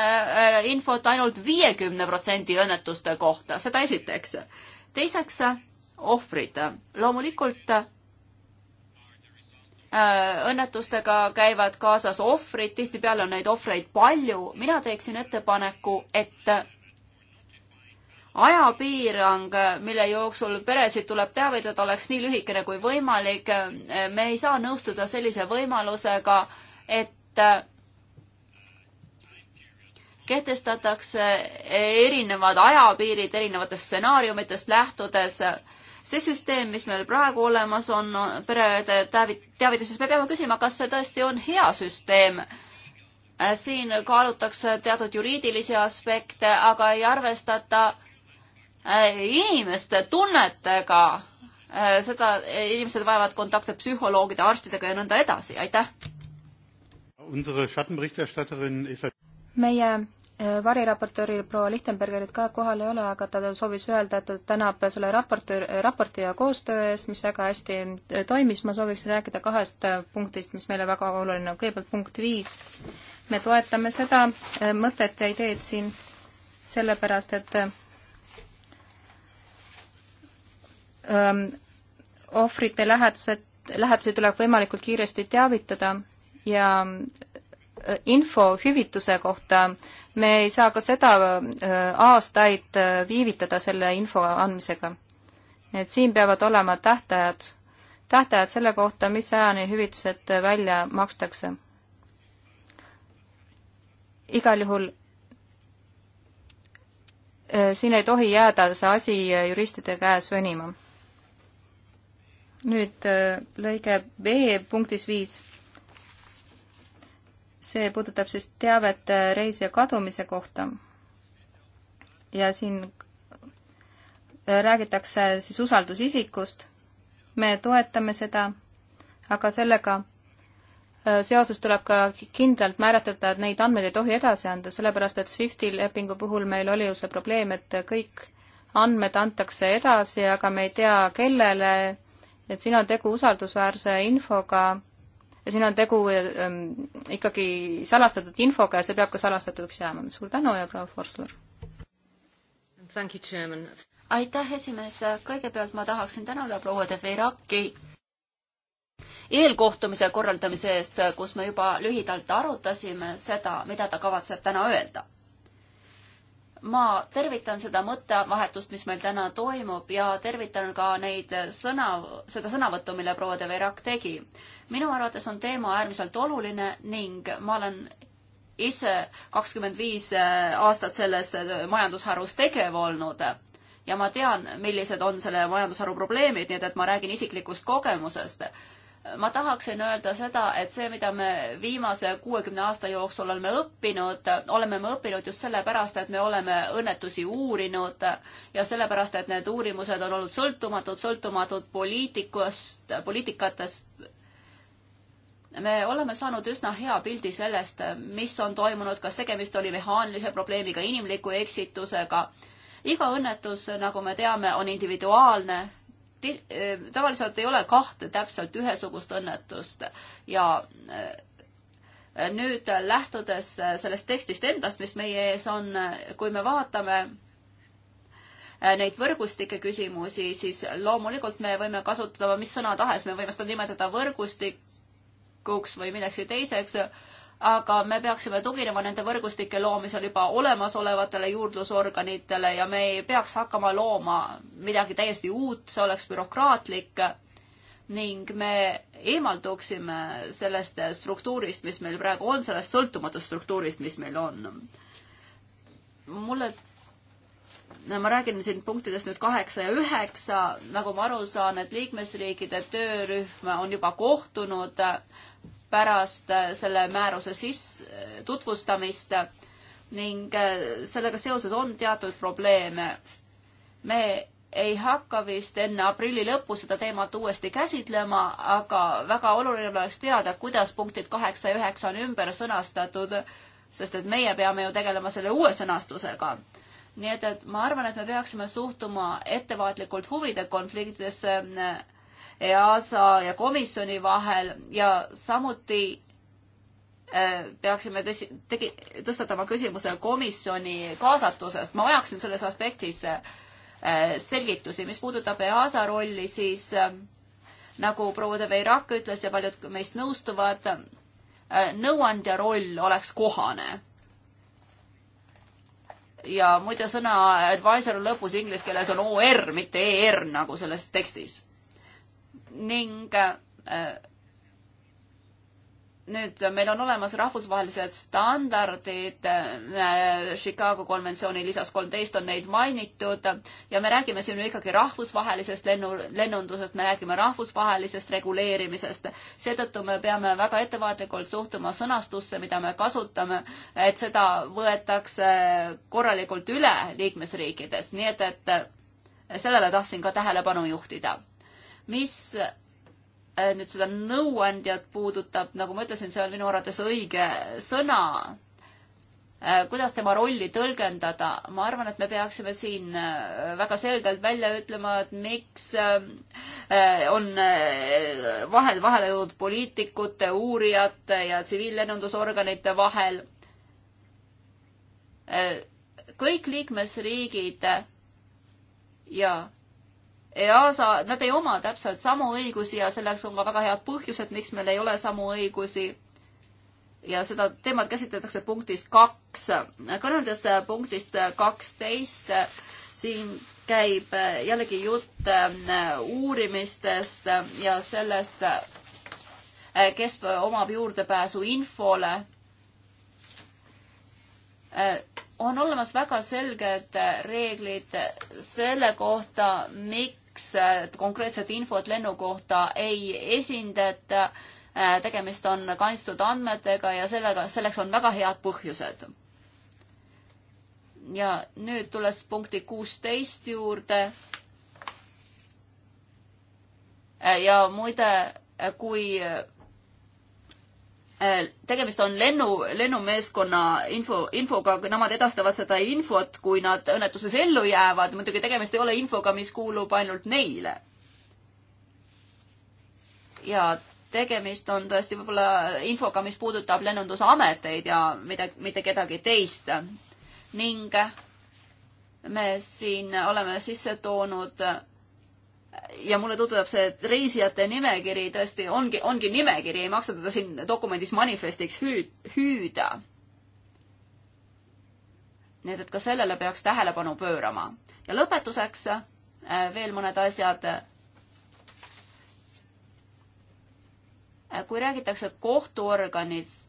infot ainult viiekümne protsendi õnnetuste kohta, seda esiteks. teiseks ohvrid. loomulikult äh, õnnetustega käivad kaasas ohvrid, tihtipeale on neid ohvreid palju. mina teeksin ettepaneku, et ajapiirang, mille jooksul peresid tuleb teavitada, oleks nii lühikene kui võimalik. me ei saa nõustuda sellise võimalusega, et kehtestatakse erinevad ajapiirid erinevatest stsenaariumitest lähtudes see süsteem, mis meil praegu olemas on, perede teavituses, me peame küsima, kas see tõesti on hea süsteem. Äh, siin kaalutakse teatud juriidilisi aspekte, aga ei arvestata äh, inimeste tunnetega. Äh, seda, inimesed vajavad kontakte psühholoogide, arstidega ja nõnda edasi, aitäh. meie Äh, variraportööril proua Lichtenbergerit ka kohal ei ole, aga ta soovis öelda, et ta tänab selle raportöör, äh, raporti ja koostöö eest, mis väga hästi äh, toimis. ma sooviksin rääkida kahest punktist, mis meile väga oluline on. kõigepealt punkt viis. me toetame seda mõtet ja ideed siin sellepärast, et öö, ähm, ohvrite lähedased, lähedasi tuleb võimalikult kiiresti teavitada ja Äh, info hüvituse kohta, me ei saa ka seda äh, aastaid äh, viivitada selle info andmisega. et siin peavad olema tähtajad, tähtajad selle kohta, mis ajani hüvitised välja makstakse. igal juhul siin ei tohi jääda see asi juristide käes venima. nüüd lõige B punktis viis see puudutab siis teavet äh, reisija kadumise kohta. ja siin äh, räägitakse äh, siis usaldusisikust. me toetame seda, aga sellega seoses tuleb ka kindlalt määratleda, et neid andmeid ei tohi edasi anda, sellepärast et SWIFTi lepingu puhul meil oli ju see probleem, et kõik andmed antakse edasi, aga me ei tea, kellele, et siin on tegu usaldusväärse infoga ja siin on tegu ähm, ikkagi salastatud infoga ja see peab ka salastatuks jääma. suur tänu ja proua Forsler! aitäh, esimees, kõigepealt ma tahaksin tänada proua de Veraki eelkohtumise korraldamise eest, kus me juba lühidalt arutasime seda, mida ta kavatseb täna öelda ma tervitan seda mõttevahetust, mis meil täna toimub ja tervitan ka neid sõna, seda sõnavõttu, mille proua de Verac tegi. minu arvates on teema äärmiselt oluline ning ma olen ise kakskümmend viis äh, aastat selles äh, majandusharus tegev olnud ja ma tean, millised on selle majandusharu probleemid, nii et, et ma räägin isiklikust kogemusest ma tahaksin öelda seda, et see, mida me viimase kuuekümne aasta jooksul oleme õppinud, oleme me õppinud just sellepärast, et me oleme õnnetusi uurinud ja sellepärast, et need uurimused on olnud sõltumatud, sõltumatud poliitikust, poliitikatest. me oleme saanud üsna hea pildi sellest, mis on toimunud, kas tegemist oli mehaanilise probleemiga, inimliku eksitusega. iga õnnetus, nagu me teame, on individuaalne Eh, tavaliselt ei ole kahte täpselt ühesugust õnnetust ja eh, nüüd lähtudes eh, sellest tekstist endast, mis meie ees on, kui me vaatame neid võrgustike küsimusi, siis loomulikult me võime kasutada mis sõna tahes, me võime seda nimetada võrgustikuks või millekski teiseks, aga me peaksime tuginema nende võrgustike loomisel juba olemasolevatele juurdlusorganitele ja me ei peaks hakkama looma midagi täiesti uut, see oleks bürokraatlik ning me eemalduksime sellest struktuurist, mis meil praegu on, sellest sõltumatust struktuurist, mis meil on. mulle no ma räägin siin punktidest nüüd kaheksa ja üheksa, nagu ma aru saan, et liikmesriikide töörühm on juba kohtunud äh, pärast äh, selle määruse siis tutvustamist ning äh, sellega seoses on teatud probleeme. me ei hakka vist enne aprilli lõppu seda teemat uuesti käsitlema, aga väga oluline oleks teada, kuidas punktid kaheksa ja üheksa on ümber sõnastatud, sest et meie peame ju tegelema selle uue sõnastusega. nii et, et ma arvan, et me peaksime suhtuma ettevaatlikult huvide konfliktidesse äh, EASA ja komisjoni vahel ja samuti äh, peaksime tõsi, tegi, tõstatama küsimuse komisjoni kaasatusest. ma vajaksin selles aspektis äh, selgitusi. mis puudutab EASA rolli, siis äh, nagu proua De Veirak ütles ja paljud meist nõustuvad, nõuandja roll oleks kohane. ja muide, sõna advisor lõpus inglise keeles on OR, mitte ER nagu selles tekstis ning äh, nüüd meil on olemas rahvusvahelised standardid, äh, Chicago konventsiooni lisas kolmteist on neid mainitud ja me räägime siin ju ikkagi rahvusvahelisest lennu, lennundusest, me räägime rahvusvahelisest reguleerimisest. seetõttu me peame väga ettevaatlikult suhtuma sõnastusse, mida me kasutame, et seda võetakse korralikult üle liikmesriikides, nii et, et sellele tahtsin ka tähelepanu juhtida mis äh, nüüd seda nõuandjat puudutab, nagu ma ütlesin, see on minu arvates õige sõna. Äh, kuidas tema rolli tõlgendada, ma arvan, et me peaksime siin äh, väga selgelt välja ütlema, et miks on vahel, vahele jõudnud poliitikute, uurijate ja tsiviillennundusorganite vahel. kõik liikmesriigid ja EASA, nad ei oma täpselt samu õigusi ja selleks on ka väga head põhjused, miks meil ei ole samu õigusi. ja seda teemat käsitletakse punktis kaks. kõneldes punktist kaksteist, siin käib jällegi jutt äh, uurimistest ja sellest, äh, kes omab juurdepääsu infole. Äh, on olemas väga selged reeglid selle kohta, miks miks konkreetset infot lennu kohta ei esindata. Äh, tegemist on kaitstud andmetega ja sellega, selleks on väga head põhjused. ja nüüd tulles punkti kuusteist juurde. Äh, ja muide, kui Äh, tegemist on lennu, lennumeeskonna info, infoga, nemad edastavad seda infot, kui nad õnnetuses ellu jäävad, muidugi tegemist ei ole infoga, mis kuulub ainult neile. ja tegemist on tõesti võib-olla infoga, mis puudutab lennundusameteid ja mida, mitte kedagi teist. ning me siin oleme sisse toonud ja mulle tutvab see reisijate nimekiri tõesti ongi, ongi nimekiri, ei maksa teda siin dokumendis manifestiks hüüd, hüüda. nii et, et ka sellele peaks tähelepanu pöörama. ja lõpetuseks äh, veel mõned asjad. Äh, kui räägitakse kohtuorganist,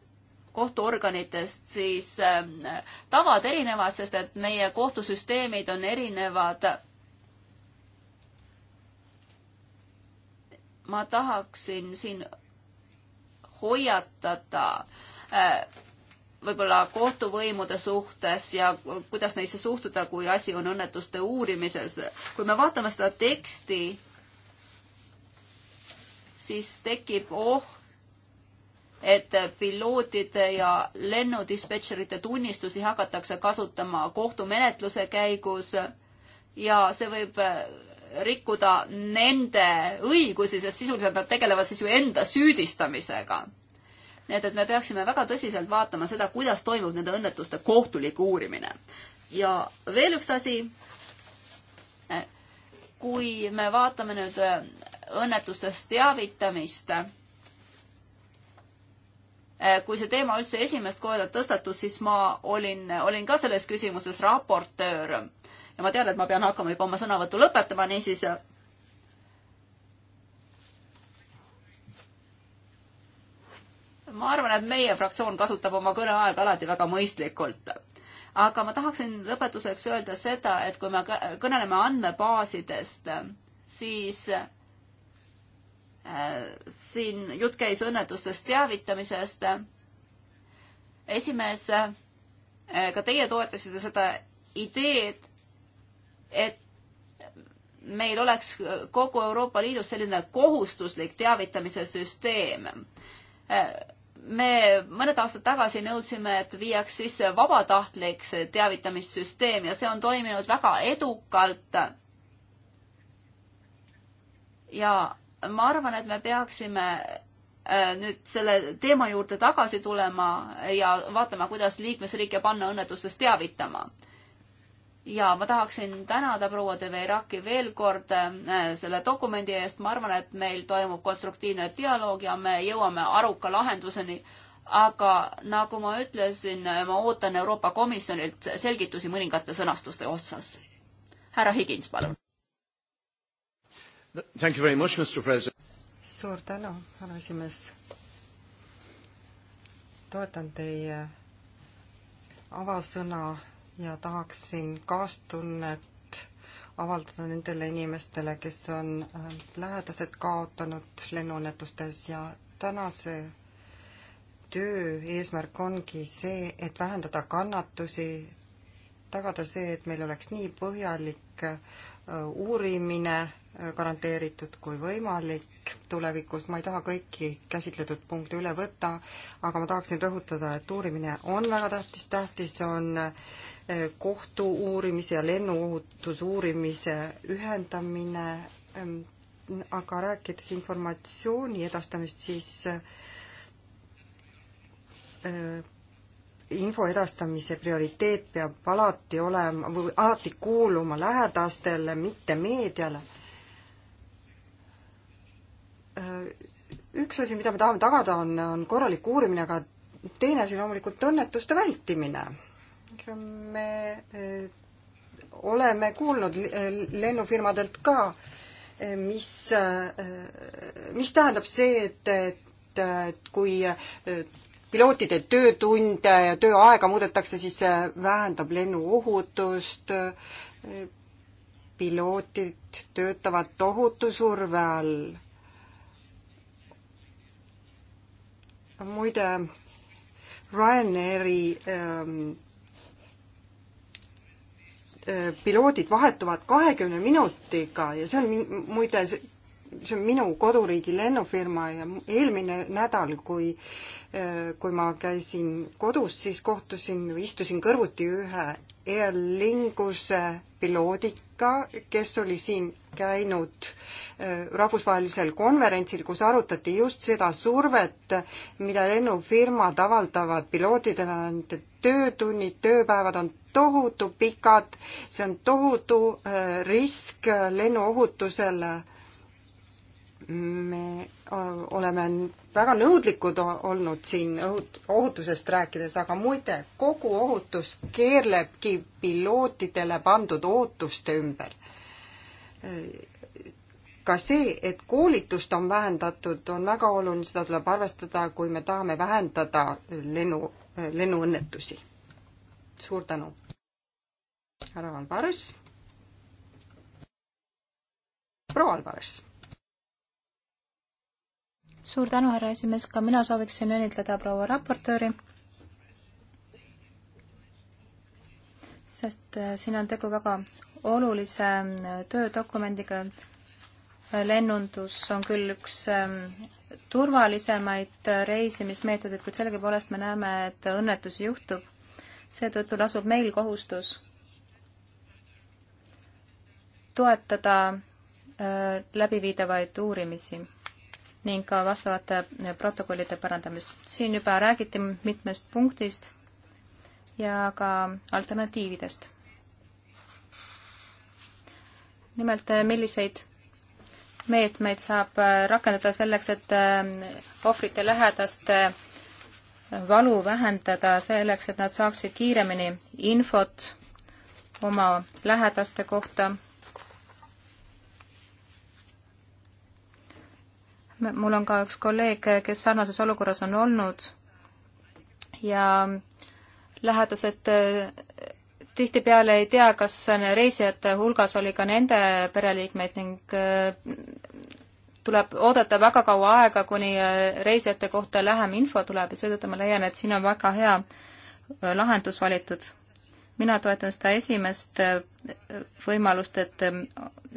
kohtuorganitest, siis äh, tavad erinevad, sest et meie kohtusüsteemid on erinevad ma tahaksin siin hoiatada äh, võib-olla kohtuvõimude suhtes ja kuidas neisse suhtuda, kui asi on õnnetuste uurimises. kui me vaatame seda teksti, siis tekib oht, et pilootide ja lennudispetšerite tunnistusi hakatakse kasutama kohtumenetluse käigus ja see võib rikkuda nende õigusi, sest sisuliselt nad tegelevad siis ju enda süüdistamisega. nii et, et me peaksime väga tõsiselt vaatama seda, kuidas toimub nende õnnetuste kohtulik uurimine. ja veel üks asi, kui me vaatame nüüd õnnetustest teavitamist, kui see teema üldse esimest korda tõstatus, siis ma olin, olin ka selles küsimuses raportöör ja ma tean, et ma pean hakkama juba oma sõnavõttu lõpetama, niisiis ma arvan, et meie fraktsioon kasutab oma kõneaega alati väga mõistlikult. aga ma tahaksin lõpetuseks öelda seda, et kui me kõneleme andmebaasidest, siis äh, siin jutt käis õnnetustest teavitamisest. esimees, äh, ka teie toetasite seda ideed, et meil oleks kogu Euroopa Liidus selline kohustuslik teavitamise süsteem. me mõned aastad tagasi nõudsime, et viiaks sisse vabatahtlik see teavitamissüsteem ja see on toiminud väga edukalt. ja ma arvan, et me peaksime äh, nüüd selle teema juurde tagasi tulema ja vaatama, kuidas liikmesriike panna õnnetustest teavitama ja ma tahaksin tänada proua de Veiraki veel kord äh, selle dokumendi eest, ma arvan, et meil toimub konstruktiivne dialoog ja me jõuame aruka lahenduseni, aga nagu ma ütlesin, ma ootan Euroopa Komisjonilt selgitusi mõningate sõnastuste osas. härra Higins, palun. suur tänu, härra esimees. toetan teie avasõna ja tahaksin kaastunnet avaldada nendele inimestele, kes on äh, lähedased kaotanud lennuõnnetustes ja tänase töö eesmärk ongi see, et vähendada kannatusi, tagada see, et meil oleks nii põhjalik äh, uurimine äh, garanteeritud kui võimalik tulevikus. ma ei taha kõiki käsitletud punkte üle võtta, aga ma tahaksin rõhutada, et uurimine on väga tähtis, tähtis on äh, kohtu uurimise ja lennuohutuse uurimise ühendamine, ehm, aga rääkides informatsiooni edastamist, siis ehm, info edastamise prioriteet peab alati olema, alati kuuluma lähedastele, mitte meediale. Ehm, üks asi, mida me tahame tagada, on, on korralik uurimine, aga teine asi loomulikult õnnetuste vältimine me eh, oleme kuulnud eh, lennufirmadelt ka, eh, mis, mis tähendab see, et, et, et kui pilootide töötunde ja tööaega muudetakse, siis see vähendab lennuohutust, pilootid töötavad tohutu surve all. muide, Ryanairi ähm, piloodid vahetuvad kahekümne minutiga ja see on muide, see on minu koduriigi lennufirma ja eelmine nädal, kui kui ma käisin kodus, siis kohtusin, istusin kõrvuti ühe Air Linguse piloodiga, kes oli siin käinud äh, rahvusvahelisel konverentsil, kus arutati just seda survet, mida lennufirmad avaldavad pilootidele, nende töötunnid, tööpäevad on tohutu pikad, see on tohutu äh, risk äh, lennuohutusele. me äh, oleme väga nõudlikud olnud siin õhut-, ohutusest rääkides, aga muide, kogu ohutus keerlebki pilootidele pandud ootuste ümber. ka see, et koolitust on vähendatud, on väga oluline, seda tuleb arvestada, kui me tahame vähendada lennu, lennuõnnetusi suur tänu. härra Alvarez. proua Alvarez. suur tänu, härra esimees, ka mina sooviksin õnnitleda proua raportööri. sest äh, siin on tegu väga olulise äh, töödokumendiga. lennundus on küll üks ähm, turvalisemaid äh, reisimismeetodeid, kuid sellegipoolest me näeme, et õnnetusi juhtub seetõttu lasub meil kohustus toetada äh, läbiviidavaid uurimisi ning ka vastavate äh, protokollide parandamist. siin juba räägiti mitmest punktist ja ka alternatiividest. nimelt, äh, milliseid meetmeid saab rakendada selleks, et ohvrite lähedaste valu vähendada selleks, et nad saaksid kiiremini infot oma lähedaste kohta. mul on ka üks kolleeg, kes sarnases olukorras on olnud ja lähedased äh, tihtipeale ei tea, kas reisijate hulgas oli ka nende pereliikmeid ning äh, tuleb oodata väga kaua aega, kuni äh, reisijate kohta lähem info tuleb ja seetõttu ma leian, et siin on väga hea äh, lahendus valitud. mina toetan seda esimest äh, võimalust, et,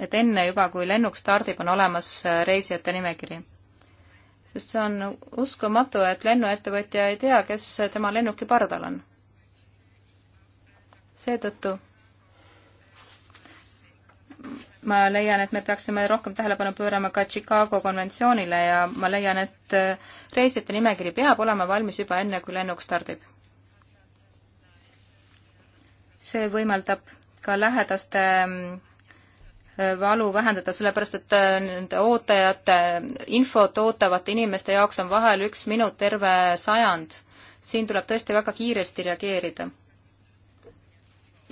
et enne juba, kui lennuk stardib, on olemas reisijate nimekiri. sest see on uskumatu, et lennuettevõtja ei tea, kes tema lennuki pardal on. seetõttu ma leian, et me peaksime rohkem tähelepanu pöörama ka Chicago konventsioonile ja ma leian, et äh, reisijate nimekiri peab olema valmis juba enne, kui lennuk stardib. see võimaldab ka lähedaste mm, äh, valu vähendada, sellepärast et äh, nende ootajate, infot ootavate inimeste jaoks on vahel üks minut terve sajand. siin tuleb tõesti väga kiiresti reageerida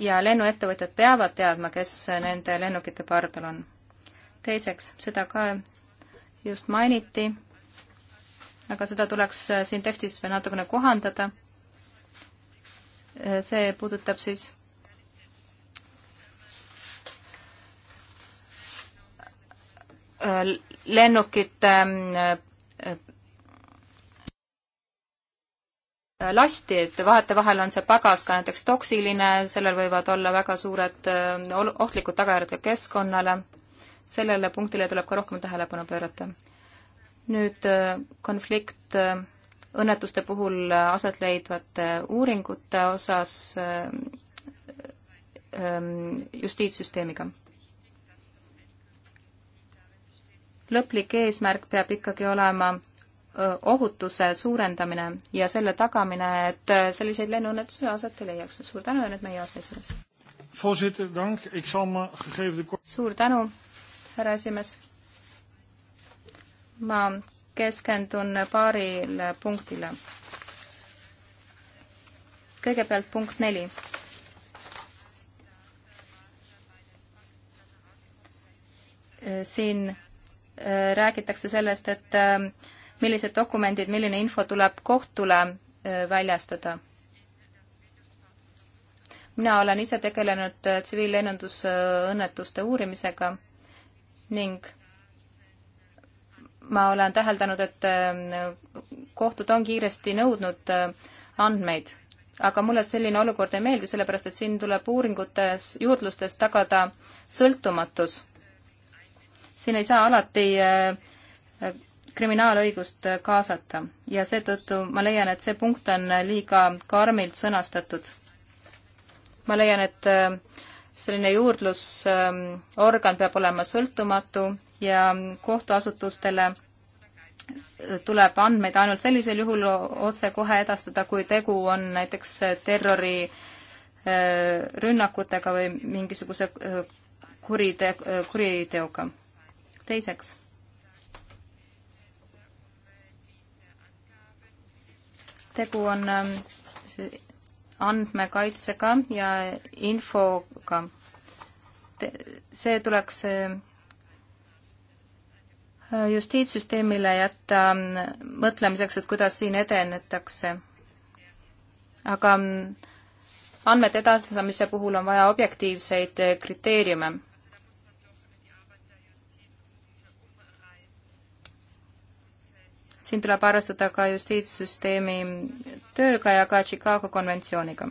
ja lennuettevõtjad peavad teadma, kes nende lennukite pardal on. teiseks, seda ka just mainiti, aga seda tuleks siin tekstis veel natukene kohandada. see puudutab siis lennukite Äh, lasti, et vahetevahel on see pagas ka näiteks toksiline, sellel võivad olla väga suured äh, ohtlikud tagajärjed ka keskkonnale. sellele punktile tuleb ka rohkem tähelepanu pöörata. nüüd äh, konflikt õnnetuste puhul aset leidvate uuringute osas justiitssüsteemiga. lõplik eesmärk peab ikkagi olema ohutuse suurendamine ja selle tagamine, et selliseid lennuõnnetusi aset ei leiaks. suur tänu ja nüüd meie aseesimees. suur tänu, härra esimees. ma keskendun paarile punktile. kõigepealt punkt neli. siin räägitakse sellest, et millised dokumendid, milline info tuleb kohtule äh, väljastada. mina olen ise tegelenud äh, tsiviillennundusõnnetuste uurimisega ning ma olen täheldanud, et äh, kohtud on kiiresti nõudnud andmeid, aga mulle selline olukord ei meeldi, sellepärast et siin tuleb uuringutes, juurdlustes tagada sõltumatus. siin ei saa alati kriminaalõigust kaasata ja seetõttu ma leian, et see punkt on liiga karmilt sõnastatud. ma leian, et äh, selline juurdlusorgan ähm, peab olema sõltumatu ja kohtuasutustele äh, tuleb andmeid ainult sellisel juhul otsekohe edastada, kui tegu on näiteks äh, terrori rünnakutega või mingisuguse kurite-, kuriteoga. teiseks tegu on ähm, andmekaitsega ja infoga. see tuleks äh, justiitssüsteemile jätta ähm, mõtlemiseks, et kuidas siin edenetakse. aga ähm, andmete edastamise puhul on vaja objektiivseid äh, kriteeriume siin tuleb arvestada ka justiitssüsteemi tööga ja ka Chicago konventsiooniga.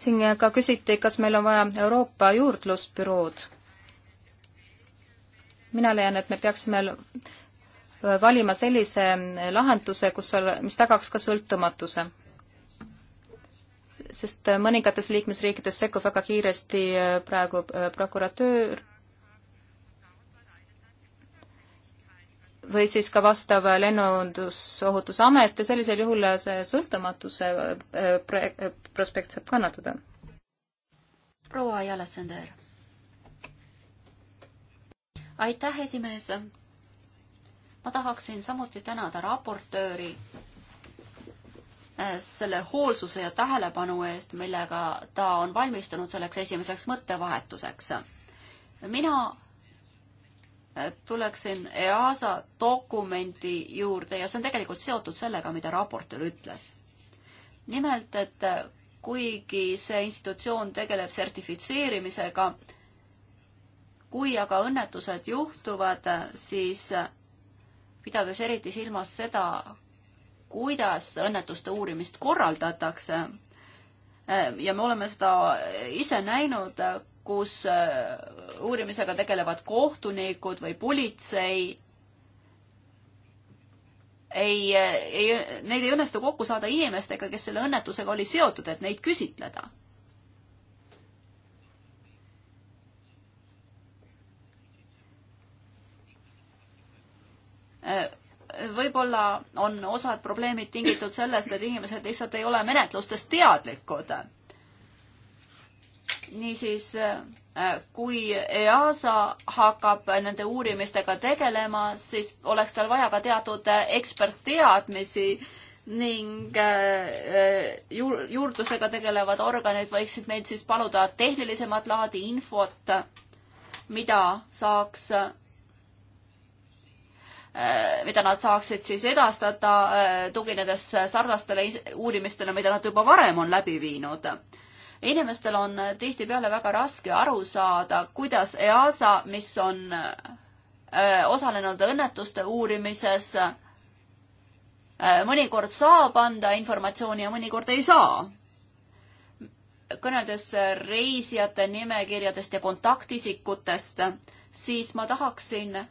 siin ka küsiti, kas meil on vaja Euroopa juurdlusbürood. mina leian, et me peaksime valima sellise lahenduse, kus, mis tagaks ka sõltumatuse. sest mõningates liikmesriikides sekkub väga kiiresti praegu äh, prokuratöör või siis ka vastav lennundusohutusamet ja sellisel juhul see sõltumatuse äh, prospekt saab kannatada. proua Ajala Sander. aitäh, esimees. ma tahaksin samuti tänada raportööri äh, selle hoolsuse ja tähelepanu eest, millega ta on valmistunud selleks esimeseks mõttevahetuseks. mina tuleksin EASA dokumendi juurde ja see on tegelikult seotud sellega, mida raportöör ütles. nimelt, et kuigi see institutsioon tegeleb sertifitseerimisega, kui aga õnnetused juhtuvad, siis pidades eriti silmas seda, kuidas õnnetuste uurimist korraldatakse, ja me oleme seda ise näinud, kus äh, uurimisega tegelevad kohtunikud või politsei ei, ei, neil ei õnnestu kokku saada inimestega, kes selle õnnetusega oli seotud, et neid küsitleda. Äh, võib-olla on osad probleemid tingitud sellest, et inimesed lihtsalt ei ole menetlustest teadlikud niisiis, äh, kui EASA hakkab nende uurimistega tegelema, siis oleks tal vaja ka teatud äh, ekspertteadmisi ning äh, juur-, juurdlusega tegelevad organid võiksid neid siis paluda tehnilisemat laadi infot, mida saaks, mida nad saaksid siis edastada, tuginedes sarnastele uurimistele, mida nad juba varem on läbi viinud inimestel on tihtipeale väga raske aru saada, kuidas EASA, mis on äh, osalenud õnnetuste uurimises, äh, mõnikord saab anda informatsiooni ja mõnikord ei saa. kõneldes reisijate nimekirjadest ja kontaktisikutest, siis ma tahaksin äh,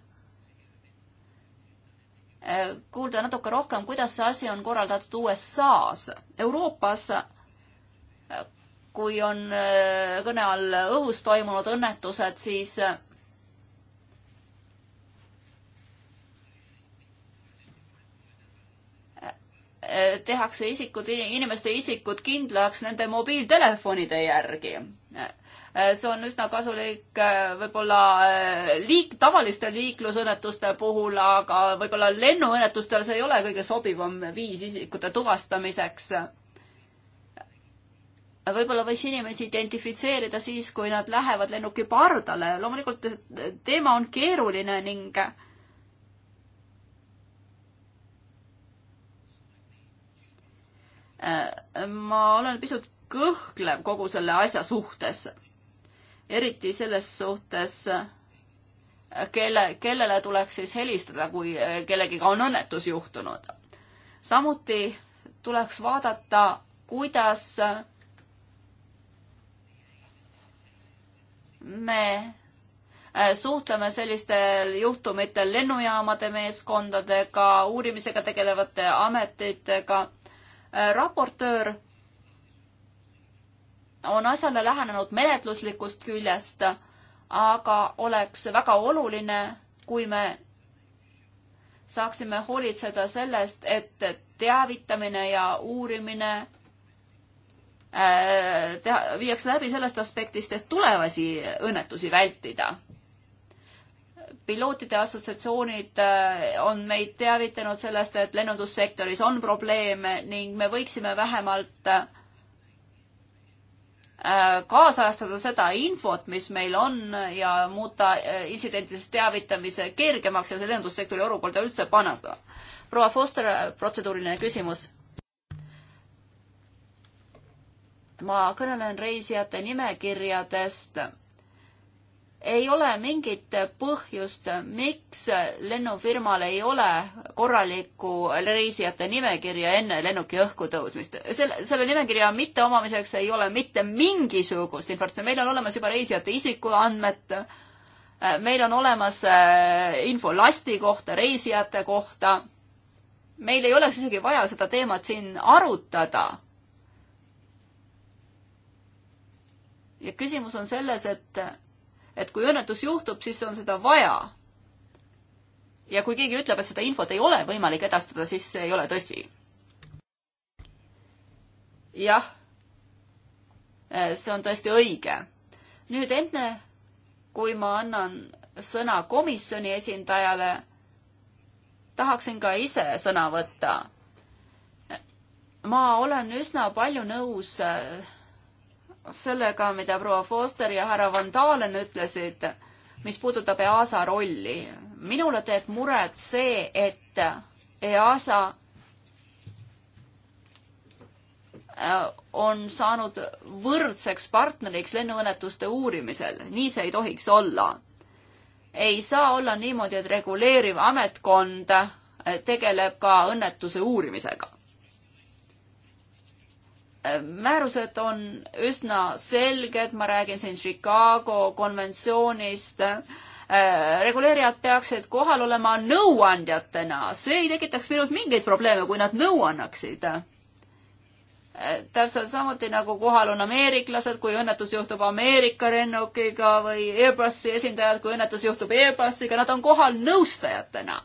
kuulda natuke rohkem, kuidas see asi on korraldatud USA-s. Euroopas kui on äh, kõne all õhus toimunud õnnetused, siis äh, äh, tehakse isikud, inimeste isikud kindlaks nende mobiiltelefonide järgi. see on üsna kasulik võib-olla liik-, tavaliste liiklusõnnetuste puhul, aga võib-olla lennuõnnetustel see ei ole kõige sobivam viis isikute tuvastamiseks võib-olla võiks inimesi identifitseerida siis, kui nad lähevad lennuki pardale. loomulikult teema on keeruline ning äh, ma olen pisut kõhklev kogu selle asja suhtes. eriti selles suhtes, kelle, kellele tuleks siis helistada, kui äh, kellegiga on õnnetus juhtunud. samuti tuleks vaadata, kuidas äh, me äh, suhtleme sellistel juhtumitel lennujaamade meeskondadega, uurimisega tegelevate ametitega. Äh, raportöör on asjale lähenenud menetluslikust küljest, aga oleks väga oluline, kui me saaksime hoolitseda sellest, et teavitamine ja uurimine Äh, teha, viiakse läbi sellest aspektist, et tulevasi õnnetusi vältida. pilootide assotsiatsioonid äh, on meid teavitanud sellest, et lennundussektoris on probleeme ning me võiksime vähemalt äh, kaasajastada seda infot, mis meil on ja muuta intsidentidest teavitamise kergemaks ja see lennundussektori olukorda üldse panastada. proua Foster, protseduuriline küsimus ma kõnelen reisijate nimekirjadest. ei ole mingit põhjust, miks lennufirmal ei ole korralikku reisijate nimekirja enne lennuki õhku tõusmist. selle, selle nimekirja mitteomamiseks ei ole mitte mingisugust informatsiooni, meil on olemas juba reisijate isikuandmed, meil on olemas äh, info lasti kohta, reisijate kohta, meil ei oleks isegi vaja seda teemat siin arutada ja küsimus on selles, et, et kui õnnetus juhtub, siis on seda vaja. ja kui keegi ütleb, et seda infot ei ole võimalik edastada, siis see ei ole tõsi. jah, see on tõesti õige. nüüd enne, kui ma annan sõna komisjoni esindajale, tahaksin ka ise sõna võtta. ma olen üsna palju nõus sellega, mida proua Foster ja härra Van Dalen ütlesid, mis puudutab EASA rolli. minule teeb muret see, et EASA äh, on saanud võrdseks partneriks lennuõnnetuste uurimisel. nii see ei tohiks olla. ei saa olla niimoodi, et reguleeriv ametkond tegeleb ka õnnetuse uurimisega määrused on üsna selged, ma räägin siin Chicago konventsioonist, äh, reguleerijad peaksid kohal olema nõuandjatena, see ei tekitaks minult mingeid probleeme, kui nad nõu annaksid äh, täpselt samuti nagu kohal on ameeriklased, kui õnnetus juhtub Ameerika lennukiga või Airbusi esindajad, kui õnnetus juhtub Airbusiga, nad on kohal nõustajatena,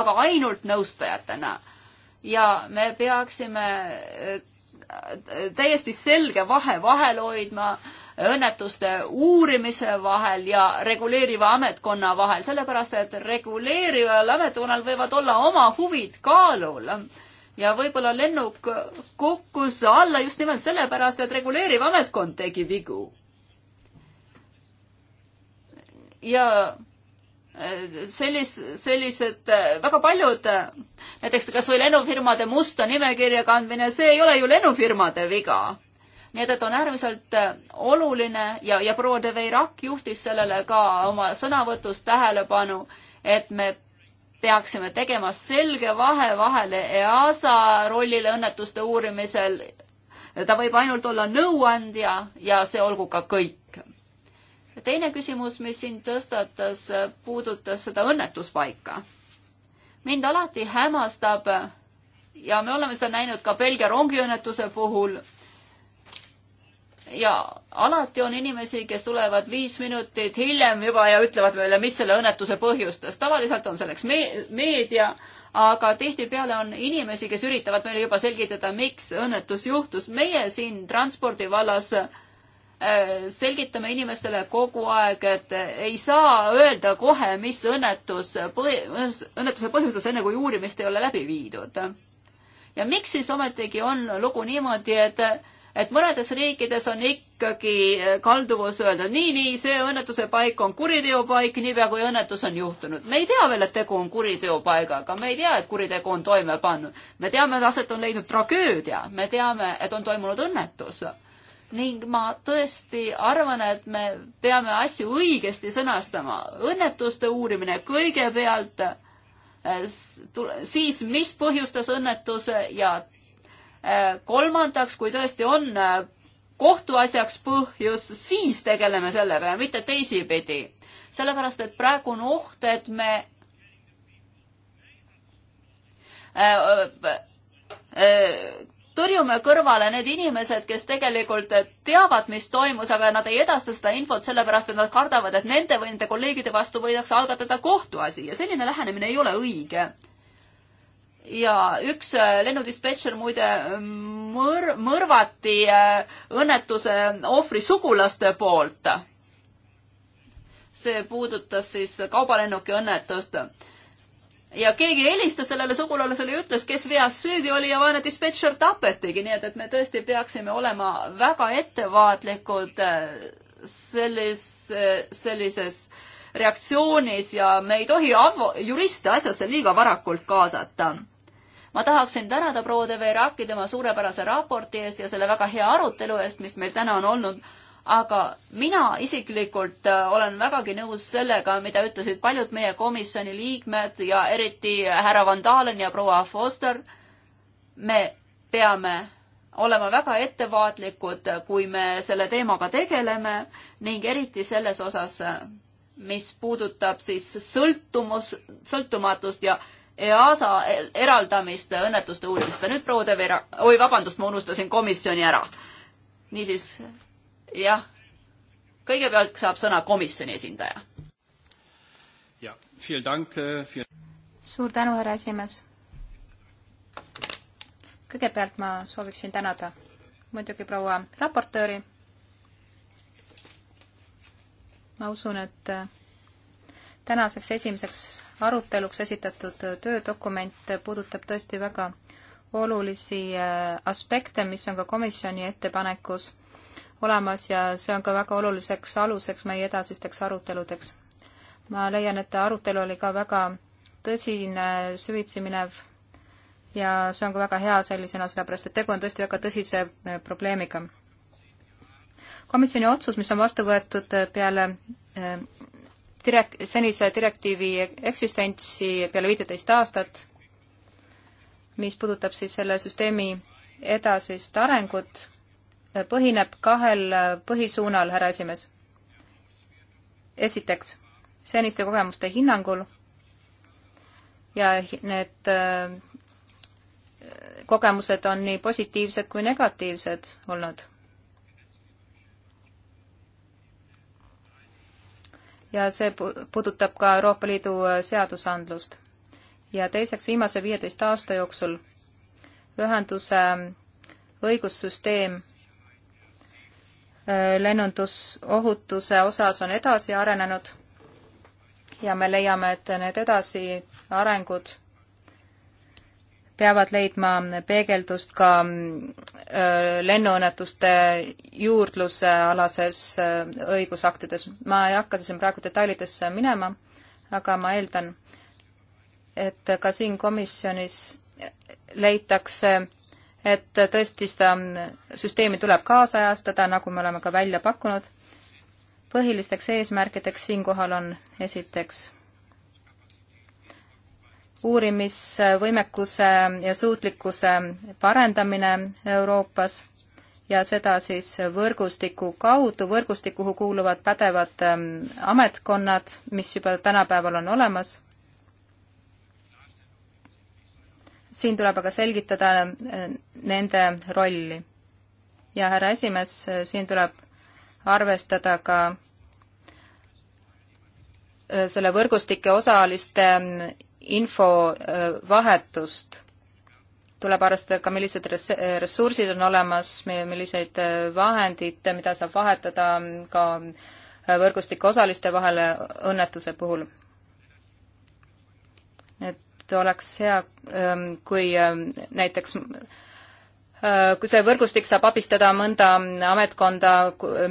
aga ainult nõustajatena. ja me peaksime täiesti selge vahe vahel hoidma õnnetuste uurimise vahel ja reguleeriva ametkonna vahel, sellepärast et reguleerival ametkonnal võivad olla oma huvid kaalul. ja võib-olla lennuk kukkus alla just nimelt sellepärast, et reguleeriv ametkond tegi vigu. ja sellis, sellised väga paljud, näiteks kas või lennufirmade musta nimekirja kandmine, see ei ole ju lennufirmade viga. nii et, et on äärmiselt oluline ja, ja proua de Veyrac juhtis sellele ka oma sõnavõtus tähelepanu, et me peaksime tegema selge vahe vahele EASA rollile õnnetuste uurimisel. ta võib ainult olla nõuandja ja see olgu ka kõik teine küsimus, mis siin tõstatas, puudutas seda õnnetuspaika. mind alati hämmastab ja me oleme seda näinud ka Belgia rongiõnnetuse puhul. ja alati on inimesi, kes tulevad viis minutit hiljem juba ja ütlevad meile, mis selle õnnetuse põhjustas. tavaliselt on selleks me meedia, aga tihtipeale on inimesi, kes üritavad meile juba selgitada, miks õnnetus juhtus. meie siin transpordi vallas äh, Äh, selgitame inimestele kogu aeg, et ei saa öelda kohe, mis õnnetus, õnnetuse põhjustas, enne kui uurimist ei ole läbi viidud. ja miks siis ometigi on lugu niimoodi, et, et mõnedes riikides on ikkagi äh, kalduvus öelda nii, nii, see õnnetuse paik on kuriteopaik, niipea kui õnnetus on juhtunud. me ei tea veel, et tegu on kuriteopaigaga, me ei tea, et kuritegu on toime pannud. me teame, et aset on leidnud tragöödia, me teame, et on toimunud õnnetus ning ma tõesti arvan, et me peame asju õigesti sõnastama. õnnetuste uurimine kõigepealt, eh, siis mis põhjustas õnnetuse ja eh, kolmandaks, kui tõesti on eh, kohtuasjaks põhjus, siis tegeleme sellega ja mitte teisipidi. sellepärast, et praegu on oht, et me tõrjume kõrvale need inimesed, kes tegelikult teavad, mis toimus, aga nad ei edasta seda infot sellepärast, et nad kardavad, et nende või nende kolleegide vastu võidakse algatada kohtuasi ja selline lähenemine ei ole õige. ja üks äh, lennudispetšer muide äh, mõr-, mõrvati äh, õnnetuse ohvri sugulaste poolt. see puudutas siis kaubalennuki õnnetust ja keegi ei helista sellele sugulasele ja ütles, kes veas süüdi oli ja vaene dispetšer tapetigi, nii et, et me tõesti peaksime olema väga ettevaatlikud äh, sellis, äh, sellises reaktsioonis ja me ei tohi advo-, juriste asjasse liiga varakult kaasata. ma tahaksin tänada proua De Veraki tema suurepärase raporti eest ja selle väga hea arutelu eest, mis meil täna on olnud aga mina isiklikult äh, olen vägagi nõus sellega, mida ütlesid paljud meie komisjoni liikmed ja eriti härra Van Dalen ja proua Foster. me peame olema väga ettevaatlikud, kui me selle teemaga tegeleme ning eriti selles osas, mis puudutab siis sõltumus, sõltumatust ja EASA eraldamist õnnetuste uurimisest. nüüd proua Devera, oi vabandust, ma unustasin komisjoni ära. niisiis jah, kõigepealt saab sõna komisjoni esindaja. Äh, suur tänu, härra esimees. kõigepealt ma sooviksin tänada muidugi proua raportööri. ma usun, et tänaseks esimeseks aruteluks esitatud töödokument puudutab tõesti väga olulisi äh, aspekte, mis on ka komisjoni ettepanekus olemas ja see on ka väga oluliseks aluseks meie edasisteks aruteludeks. ma leian, et arutelu oli ka väga tõsine, süvitsi minev ja see on ka väga hea sellisena, sellepärast et tegu on tõesti väga tõsise eh, probleemiga. komisjoni otsus, mis on vastu võetud eh, peale eh, direk-, senise direktiivi eksistentsi peale viiteist aastat, mis puudutab siis selle süsteemi edasist arengut põhineb kahel põhisuunal, härra esimees. esiteks, seniste kogemuste hinnangul ja need äh, kogemused on nii positiivsed kui negatiivsed olnud. ja see puudutab ka Euroopa Liidu äh, seadusandlust. ja teiseks, viimase viieteist aasta jooksul ühenduse äh, õigussüsteem lennundusohutuse osas on edasi arenenud ja me leiame, et need edasiarengud peavad leidma peegeldust ka lennuõnnetuste juurdluse alases õigusaktides. ma ei hakka siin praegu detailidesse minema, aga ma eeldan, et ka siin komisjonis leitakse et tõesti seda süsteemi tuleb kaasajastada, nagu me oleme ka välja pakkunud. põhilisteks eesmärkideks siinkohal on esiteks uurimisvõimekuse ja suutlikkuse parendamine Euroopas ja seda siis võrgustiku kaudu, võrgustiku kuhu kuuluvad pädevad ähm, ametkonnad, mis juba tänapäeval on olemas siin tuleb aga selgitada äh, nende rolli. ja härra esimees, äh, siin tuleb arvestada ka äh, selle võrgustike osaliste infovahetust. tuleb arvestada ka, millised res-, ressursid on olemas, milliseid vahendid, mida saab vahetada mm, ka võrgustike osaliste vahel õnnetuse puhul. et projekt oleks hea, ähm, kui ähm, näiteks äh, kui see võrgustik saab abistada mõnda ametkonda,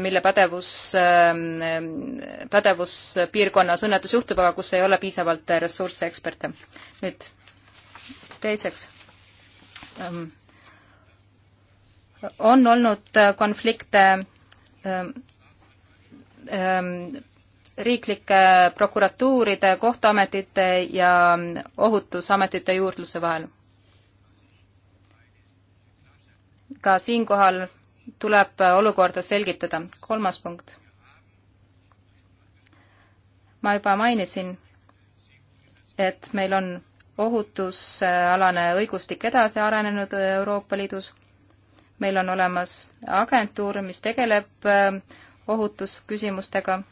mille pädevus, ähm, pädevuspiirkonnas õnnetus juhtub, aga kus ei ole piisavalt ressursse, eksperte. nüüd teiseks. on olnud äh, konflikte riiklike prokuratuuride, kohtuametite ja ohutusametite juurdluse vahel. ka siinkohal tuleb olukorda selgitada. kolmas punkt. ma juba mainisin, et meil on ohutusalane õigustik edasi arenenud Euroopa Liidus. meil on olemas agentuur, mis tegeleb ohutusküsimustega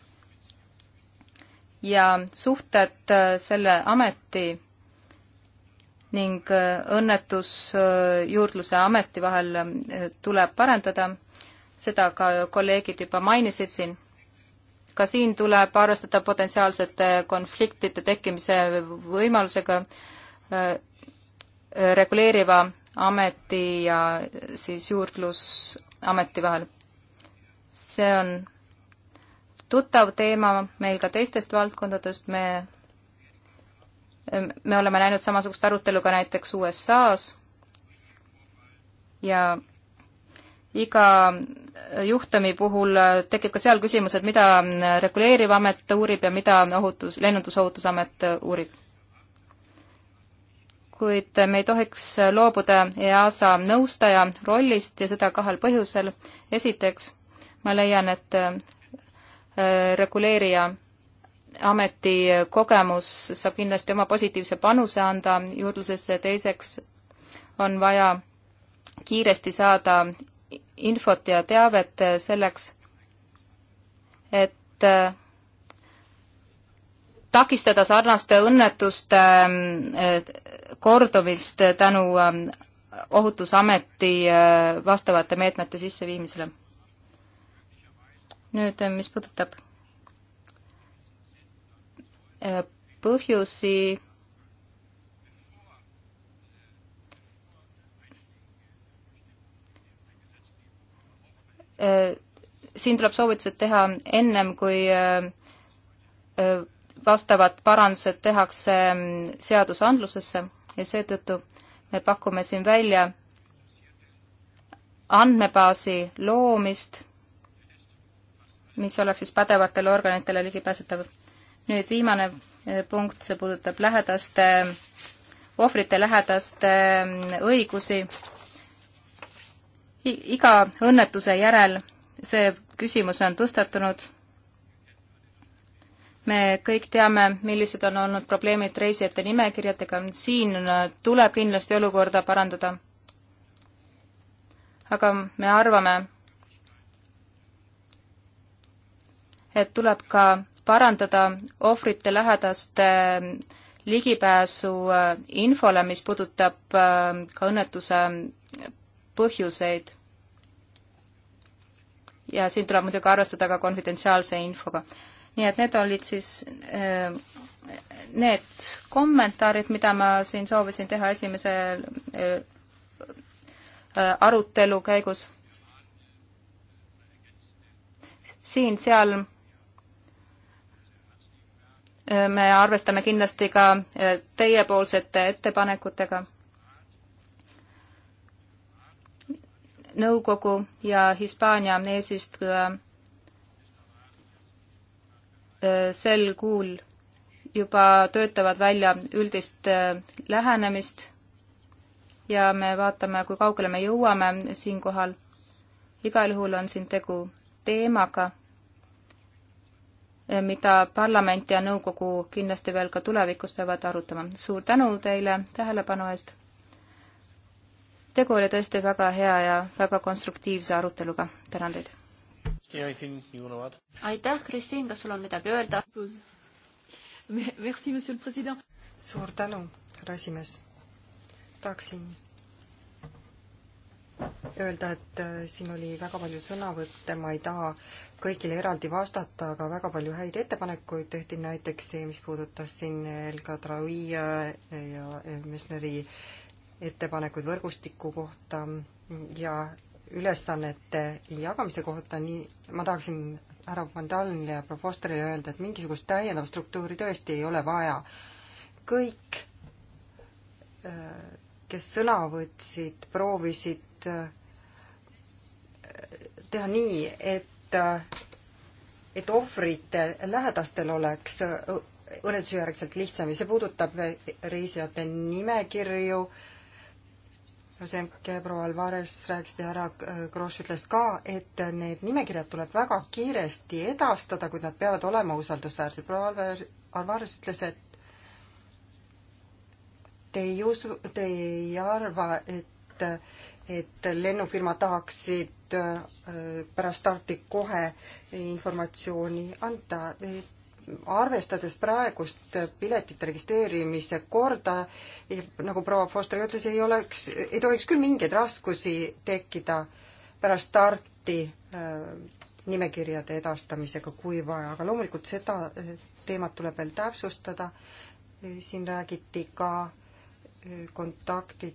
ja suhted äh, selle ameti ning äh, õnnetusjuurdluse äh, ameti vahel tuleb parendada, seda ka kolleegid juba mainisid siin. ka siin tuleb arvestada potentsiaalsete konfliktide tekkimise võimalusega reguleeriva ameti ja siis juurdlusameti vahel. see on tuttav teema meil ka teistest valdkondadest, me, me oleme näinud samasugust arutelu ka näiteks USA-s ja iga juhtumi puhul tekib ka seal küsimus, et mida reguleeriv amet uurib ja mida ohutus, lennundusohutusamet uurib. kuid me ei tohiks loobuda EASA nõustaja rollist ja seda kahel põhjusel. esiteks, ma leian, et reguleerija ameti kogemus saab kindlasti oma positiivse panuse anda juurdlusesse, teiseks on vaja kiiresti saada infot ja teavet selleks, et takistada sarnaste õnnetuste ähm, kordumist tänu ähm, ohutusameti äh, vastavate meetmete sisseviimisele nüüd, eh, mis puudutab eh, põhjusi eh, siin tuleb soovitused teha ennem, kui vastavad parandused tehakse mm, seadusandlusesse ja seetõttu me pakume siin välja andmebaasi loomist mis oleks siis pädevatele organitele ligipääsetav. nüüd viimane eh, punkt, see puudutab lähedaste, ohvrite lähedaste mm, õigusi. iga õnnetuse järel see küsimus on tõstatunud. me kõik teame, millised on olnud probleemid reisijate nimekirjadega, siin tuleb kindlasti olukorda parandada. aga me arvame, et tuleb ka parandada ohvrite lähedaste ähm, ligipääsu äh, infole, mis puudutab ähm, ka õnnetuse põhjuseid. ja siin tuleb muidugi arvestada ka konfidentsiaalse infoga. nii et need olid siis ähm, need kommentaarid, mida ma siin soovisin teha esimese äh, äh, arutelu käigus siin-seal me arvestame kindlasti ka e, teiepoolsete ettepanekutega. nõukogu ja Hispaania eesistuja e, sel kuul juba töötavad välja üldist e, lähenemist ja me vaatame, kui kaugele me jõuame siinkohal. igal juhul on siin tegu teemaga Eh, mida parlament ja nõukogu kindlasti veel ka tulevikus peavad arutama. suur tänu teile tähelepanu eest. tegu oli tõesti väga hea ja väga konstruktiivse aruteluga. tänan teid. aitäh, Kristiin, kas sul on midagi öelda? suur tänu, härra esimees. tahaksin öelda, et äh, siin oli väga palju sõnavõtte, ma ei taha kõigile eraldi vastata, aga väga palju häid ettepanekuid tehti, näiteks see, mis puudutas siin Elka Traui äh, ja äh, Messneri ettepanekuid võrgustiku kohta ja ülesannete jagamise kohta, nii ma tahaksin härra Vandalile ja proua Fosterile öelda, et mingisugust täiendavat struktuuri tõesti ei ole vaja. kõik, kes sõna võtsid, proovisid Äh, teha nii, et, äh, et ohvrite lähedastel oleks äh, õnnetusjärgselt lihtsam ja see puudutab reisijate nimekirju. Semke proua Alvarez rääkis ja härra Grosch ütles ka, et need nimekirjad tuleb väga kiiresti edastada, kuid nad peavad olema usaldusväärsed. proua Alvarez ütles, et te ei usu, te ei arva, et et lennufirmad tahaksid äh, pärast starti kohe informatsiooni anda. arvestades praegust piletite registreerimise korda, eh, nagu proua Foster ütles, ei oleks, ei tohiks küll mingeid raskusi tekkida pärast starti äh, nimekirjade edastamisega, kui vaja, aga loomulikult seda äh, teemat tuleb veel täpsustada. siin räägiti ka kontaktid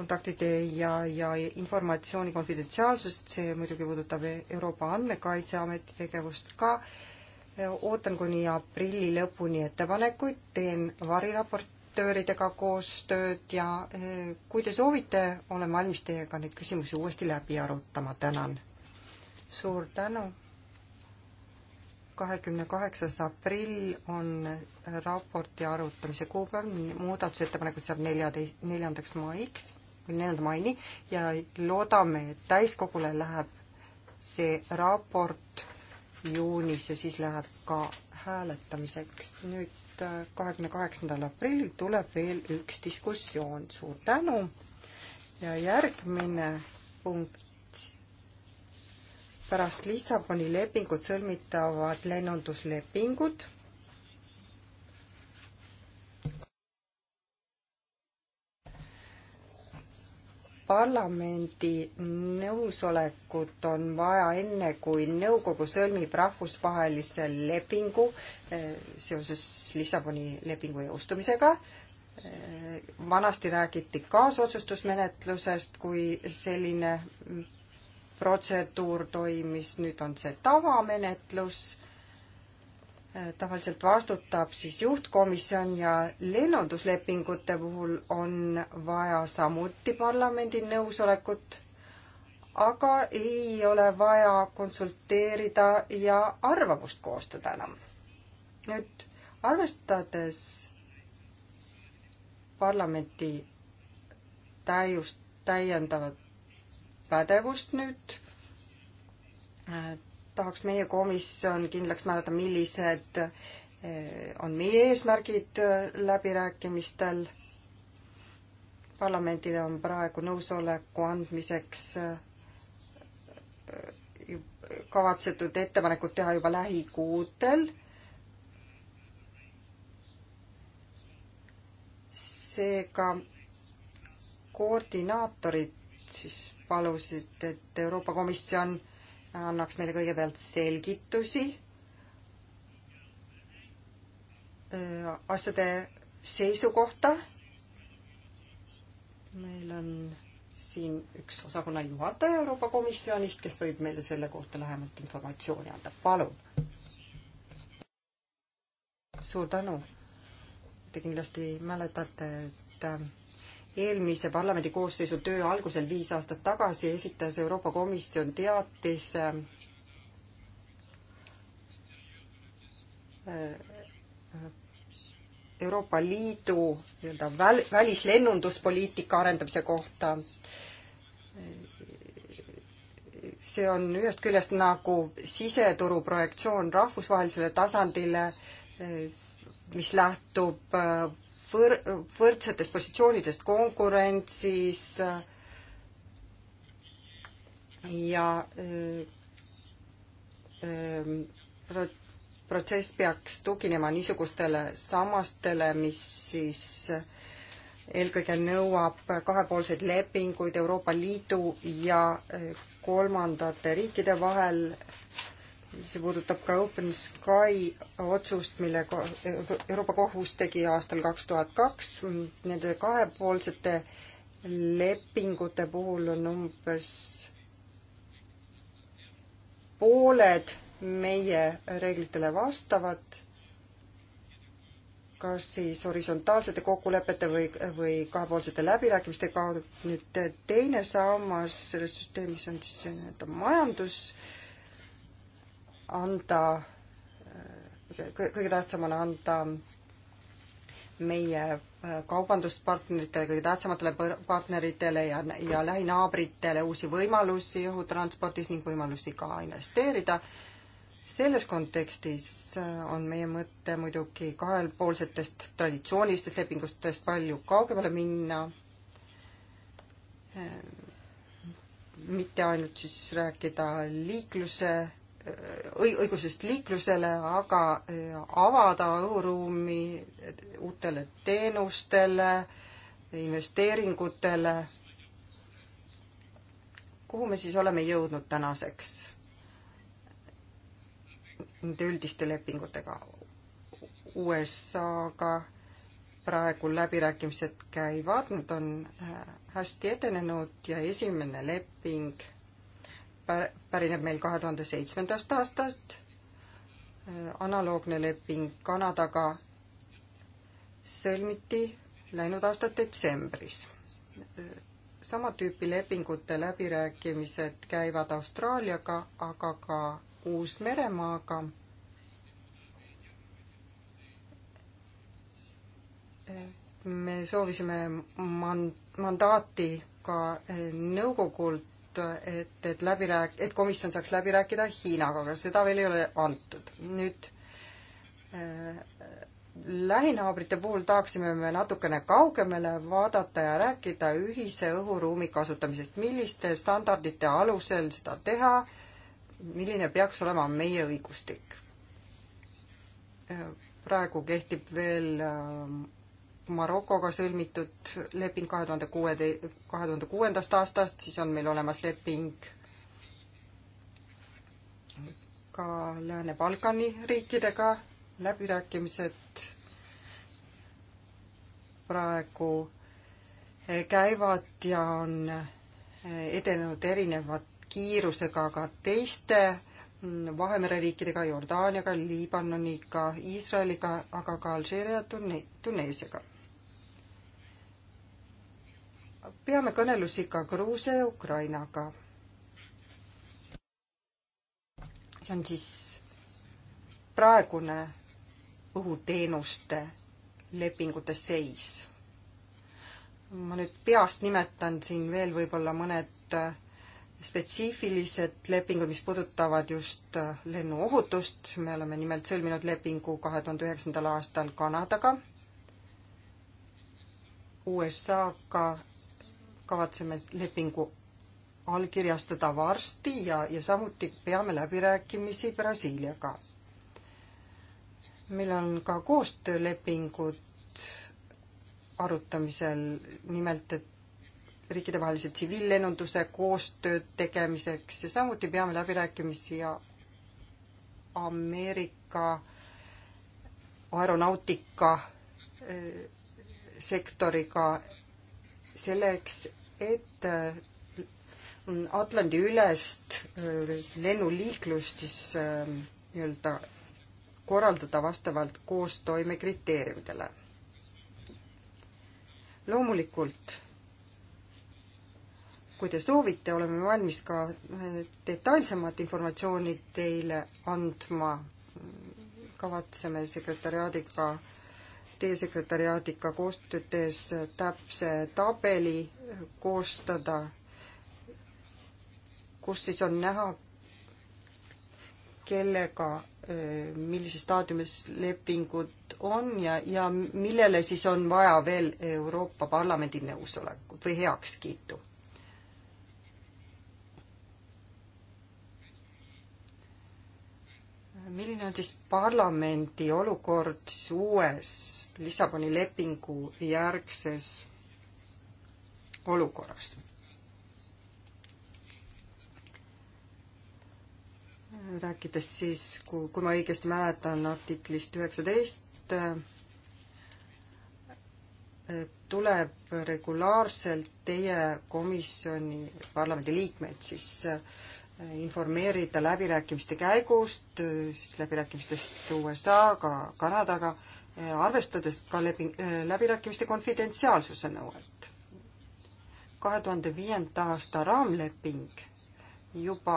kontaktide ja, ja informatsiooni konfidentsiaalsust, see muidugi puudutab Euroopa Andmekaitseameti tegevust ka. ootan kuni aprilli lõpuni ettepanekuid, teen variraportööridega koostööd ja eh, kui te soovite, olen valmis teiega neid küsimusi uuesti läbi arutama, tänan. suur tänu. kahekümne kaheksas aprill on raporti arutamise kuupäev, muudatusettepanekud saab neljateist, neljandaks maiks neljanda maini ja loodame, et täiskogule läheb see raport juunis ja siis läheb ka hääletamiseks. nüüd äh, kahekümne kaheksandal aprillil tuleb veel üks diskussioon, suur tänu. ja järgmine punkt. pärast Lissaboni lepingut sõlmitavad lennunduslepingud parlamendi nõusolekut on vaja enne, kui nõukogu sõlmib rahvusvahelise lepingu eh, seoses Lissaboni lepingu jõustumisega. Eh, vanasti räägiti kaasotsustusmenetlusest, kui selline protseduur toimis, nüüd on see tavamenetlus tavaliselt vastutab siis juhtkomisjon ja lennunduslepingute puhul on vaja samuti parlamendi nõusolekut, aga ei ole vaja konsulteerida ja arvamust koostada enam. nüüd arvestades parlamenti täiust, täiendavat pädevust nüüd, tahaks meie komisjon kindlaks määrata, millised eh, on meie eesmärgid eh, läbirääkimistel. parlamendile on praegu nõusoleku andmiseks eh, kavatsetud ettepanekud teha juba lähikuudel. seega koordinaatorid siis palusid, et Euroopa Komisjon annaks meile kõigepealt selgitusi äh, asjade seisukohta. meil on siin üks osakonna juhataja Euroopa Komisjonist, kes võib meile selle kohta lähemalt informatsiooni anda, palun. suur tänu. Te kindlasti mäletate, et äh, eelmise parlamendikoosseisu töö algusel viis aastat tagasi esitas Euroopa Komisjon teatise äh, Euroopa Liidu nii-öelda väl-, välislennunduspoliitika arendamise kohta. see on ühest küljest nagu siseturu projektsioon rahvusvahelisele tasandile, mis lähtub äh, võr-, võrdsetest positsioonidest konkurentsis ja ähm, pro-, protsess peaks tuginema niisugustele samastele, mis siis eelkõige nõuab kahepoolseid lepinguid Euroopa Liidu ja äh, kolmandate riikide vahel see puudutab ka Open Sky otsust, mille Euroopa Kohus tegi aastal kaks tuhat kaks. Nende kahepoolsete lepingute puhul on umbes pooled meie reeglitele vastavad kas siis horisontaalsete kokkulepete või, või kahepoolsete läbirääkimiste kaudu. nüüd teine sammas selles süsteemis on siis nii-öelda majandus äh, anda, kõige tähtsam on anda meie äh, kaubanduspartneritele, kõige tähtsamatele partneritele ja, ja lähinaabritele uusi võimalusi õhutranspordis ning võimalusi ka investeerida. selles kontekstis äh, on meie mõte muidugi kahepoolsetest traditsioonilistest lepingutest palju kaugemale minna, äh, mitte ainult siis rääkida liikluse õigusest liiklusele, aga äh, avada õhuruumi uutele teenustele, investeeringutele. kuhu me siis oleme jõudnud tänaseks nende üldiste lepingutega? USA-ga praegu läbirääkimised käivad, need on äh, hästi edenenud ja esimene leping pärineb meil kahe tuhande seitsmendast aastast, analoogne leping Kanadaga sõlmiti läinud aasta detsembris. sama tüüpi lepingute läbirääkimised käivad Austraaliaga, aga ka Uus-Meremaaga. me soovisime man-, mandaati ka nõukogult et, et läbi rääk-, et komisjon saaks läbi rääkida Hiinaga, aga seda veel ei ole antud. nüüd äh, lähinaabrite puhul tahaksime me natukene kaugemale vaadata ja rääkida ühise õhuruumi kasutamisest, milliste standardite alusel seda teha, milline peaks olema meie õigustik. Äh, praegu kehtib veel äh, Marokoga sõlmitud leping kahe tuhande kuuede, kahe tuhande kuuendast aastast, siis on meil olemas leping ka Lääne-Balkani riikidega, läbirääkimised praegu eh, käivad ja on eh, edenenud erinevad kiirusega ka teiste mm, Vahemere riikidega, Jordaaniaga, Liibanoniga, Iisraeliga, aga ka Alžeeria ja Tune-, Tuneesiaga peame kõnelusi ka Gruusia ja Ukrainaga. see on siis praegune õhuteenuste lepingute seis. ma nüüd peast nimetan siin veel võib-olla mõned äh, spetsiifilised lepingud, mis puudutavad just äh, lennuohutust, me oleme nimelt sõlminud lepingu kahe tuhande üheksandal aastal Kanadaga, USA-ga kavatseme lepingu allkirjastada varsti ja, ja samuti peame läbirääkimisi Brasiiliaga. meil on ka koostöölepingud arutamisel, nimelt et riikidevahelise tsiviillennunduse koostööd tegemiseks ja samuti peame läbirääkimisi ja Ameerika aeronautika eh, sektoriga selleks, et äh, Atlandi ülest äh, lennuliiklust siis äh, nii-öelda korraldada vastavalt koostoime kriteeriumidele. loomulikult, kui te soovite, oleme valmis ka detailsemat informatsiooni teile andma. kavatseme sekretäriaadiga, teie sekretäriaadiga koostööd tehes täpse tabeli koostada, kus siis on näha, kellega, millises staadiumis lepingud on ja, ja millele siis on vaja veel Euroopa Parlamendi nõusolekut või heakskiitu milline on siis parlamendi olukord siis uues Lissaboni lepingu järgses olukorras. rääkides siis, kui, kui ma õigesti mäletan, artiklist üheksateist tuleb regulaarselt teie komisjoni parlamendiliikmeid siis äh, informeerida läbirääkimiste käigust, äh, siis läbirääkimistest USA-ga, Kanadaga, äh, arvestades ka läbi, läbirääkimiste konfidentsiaalsuse nõuet kahe tuhande viienda aasta raamleping juba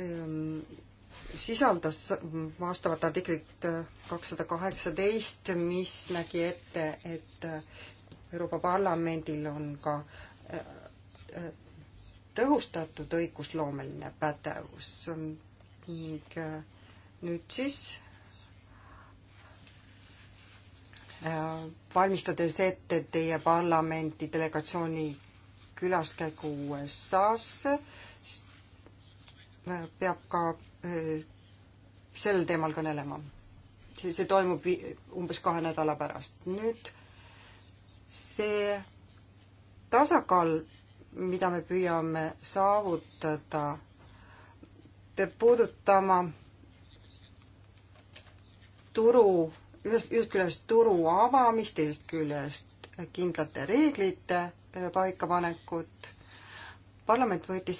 ähm, sisaldas vastavat artiklit kakssada kaheksateist, mis nägi ette, et Euroopa Parlamendil on ka eh, tõhustatud õigusloomeline pädevus ning eh, nüüd siis Äh, valmistades ette teie parlamenti delegatsiooni külaskäigu USA-sse, äh, peab ka äh, sel teemal kõnelema. see toimub umbes kahe nädala pärast. nüüd see tasakaal, mida me püüame saavutada, peab puudutama turu ühest, ühest küljest turu avamist, teisest küljest kindlate reeglite paikapanekut. parlament võttis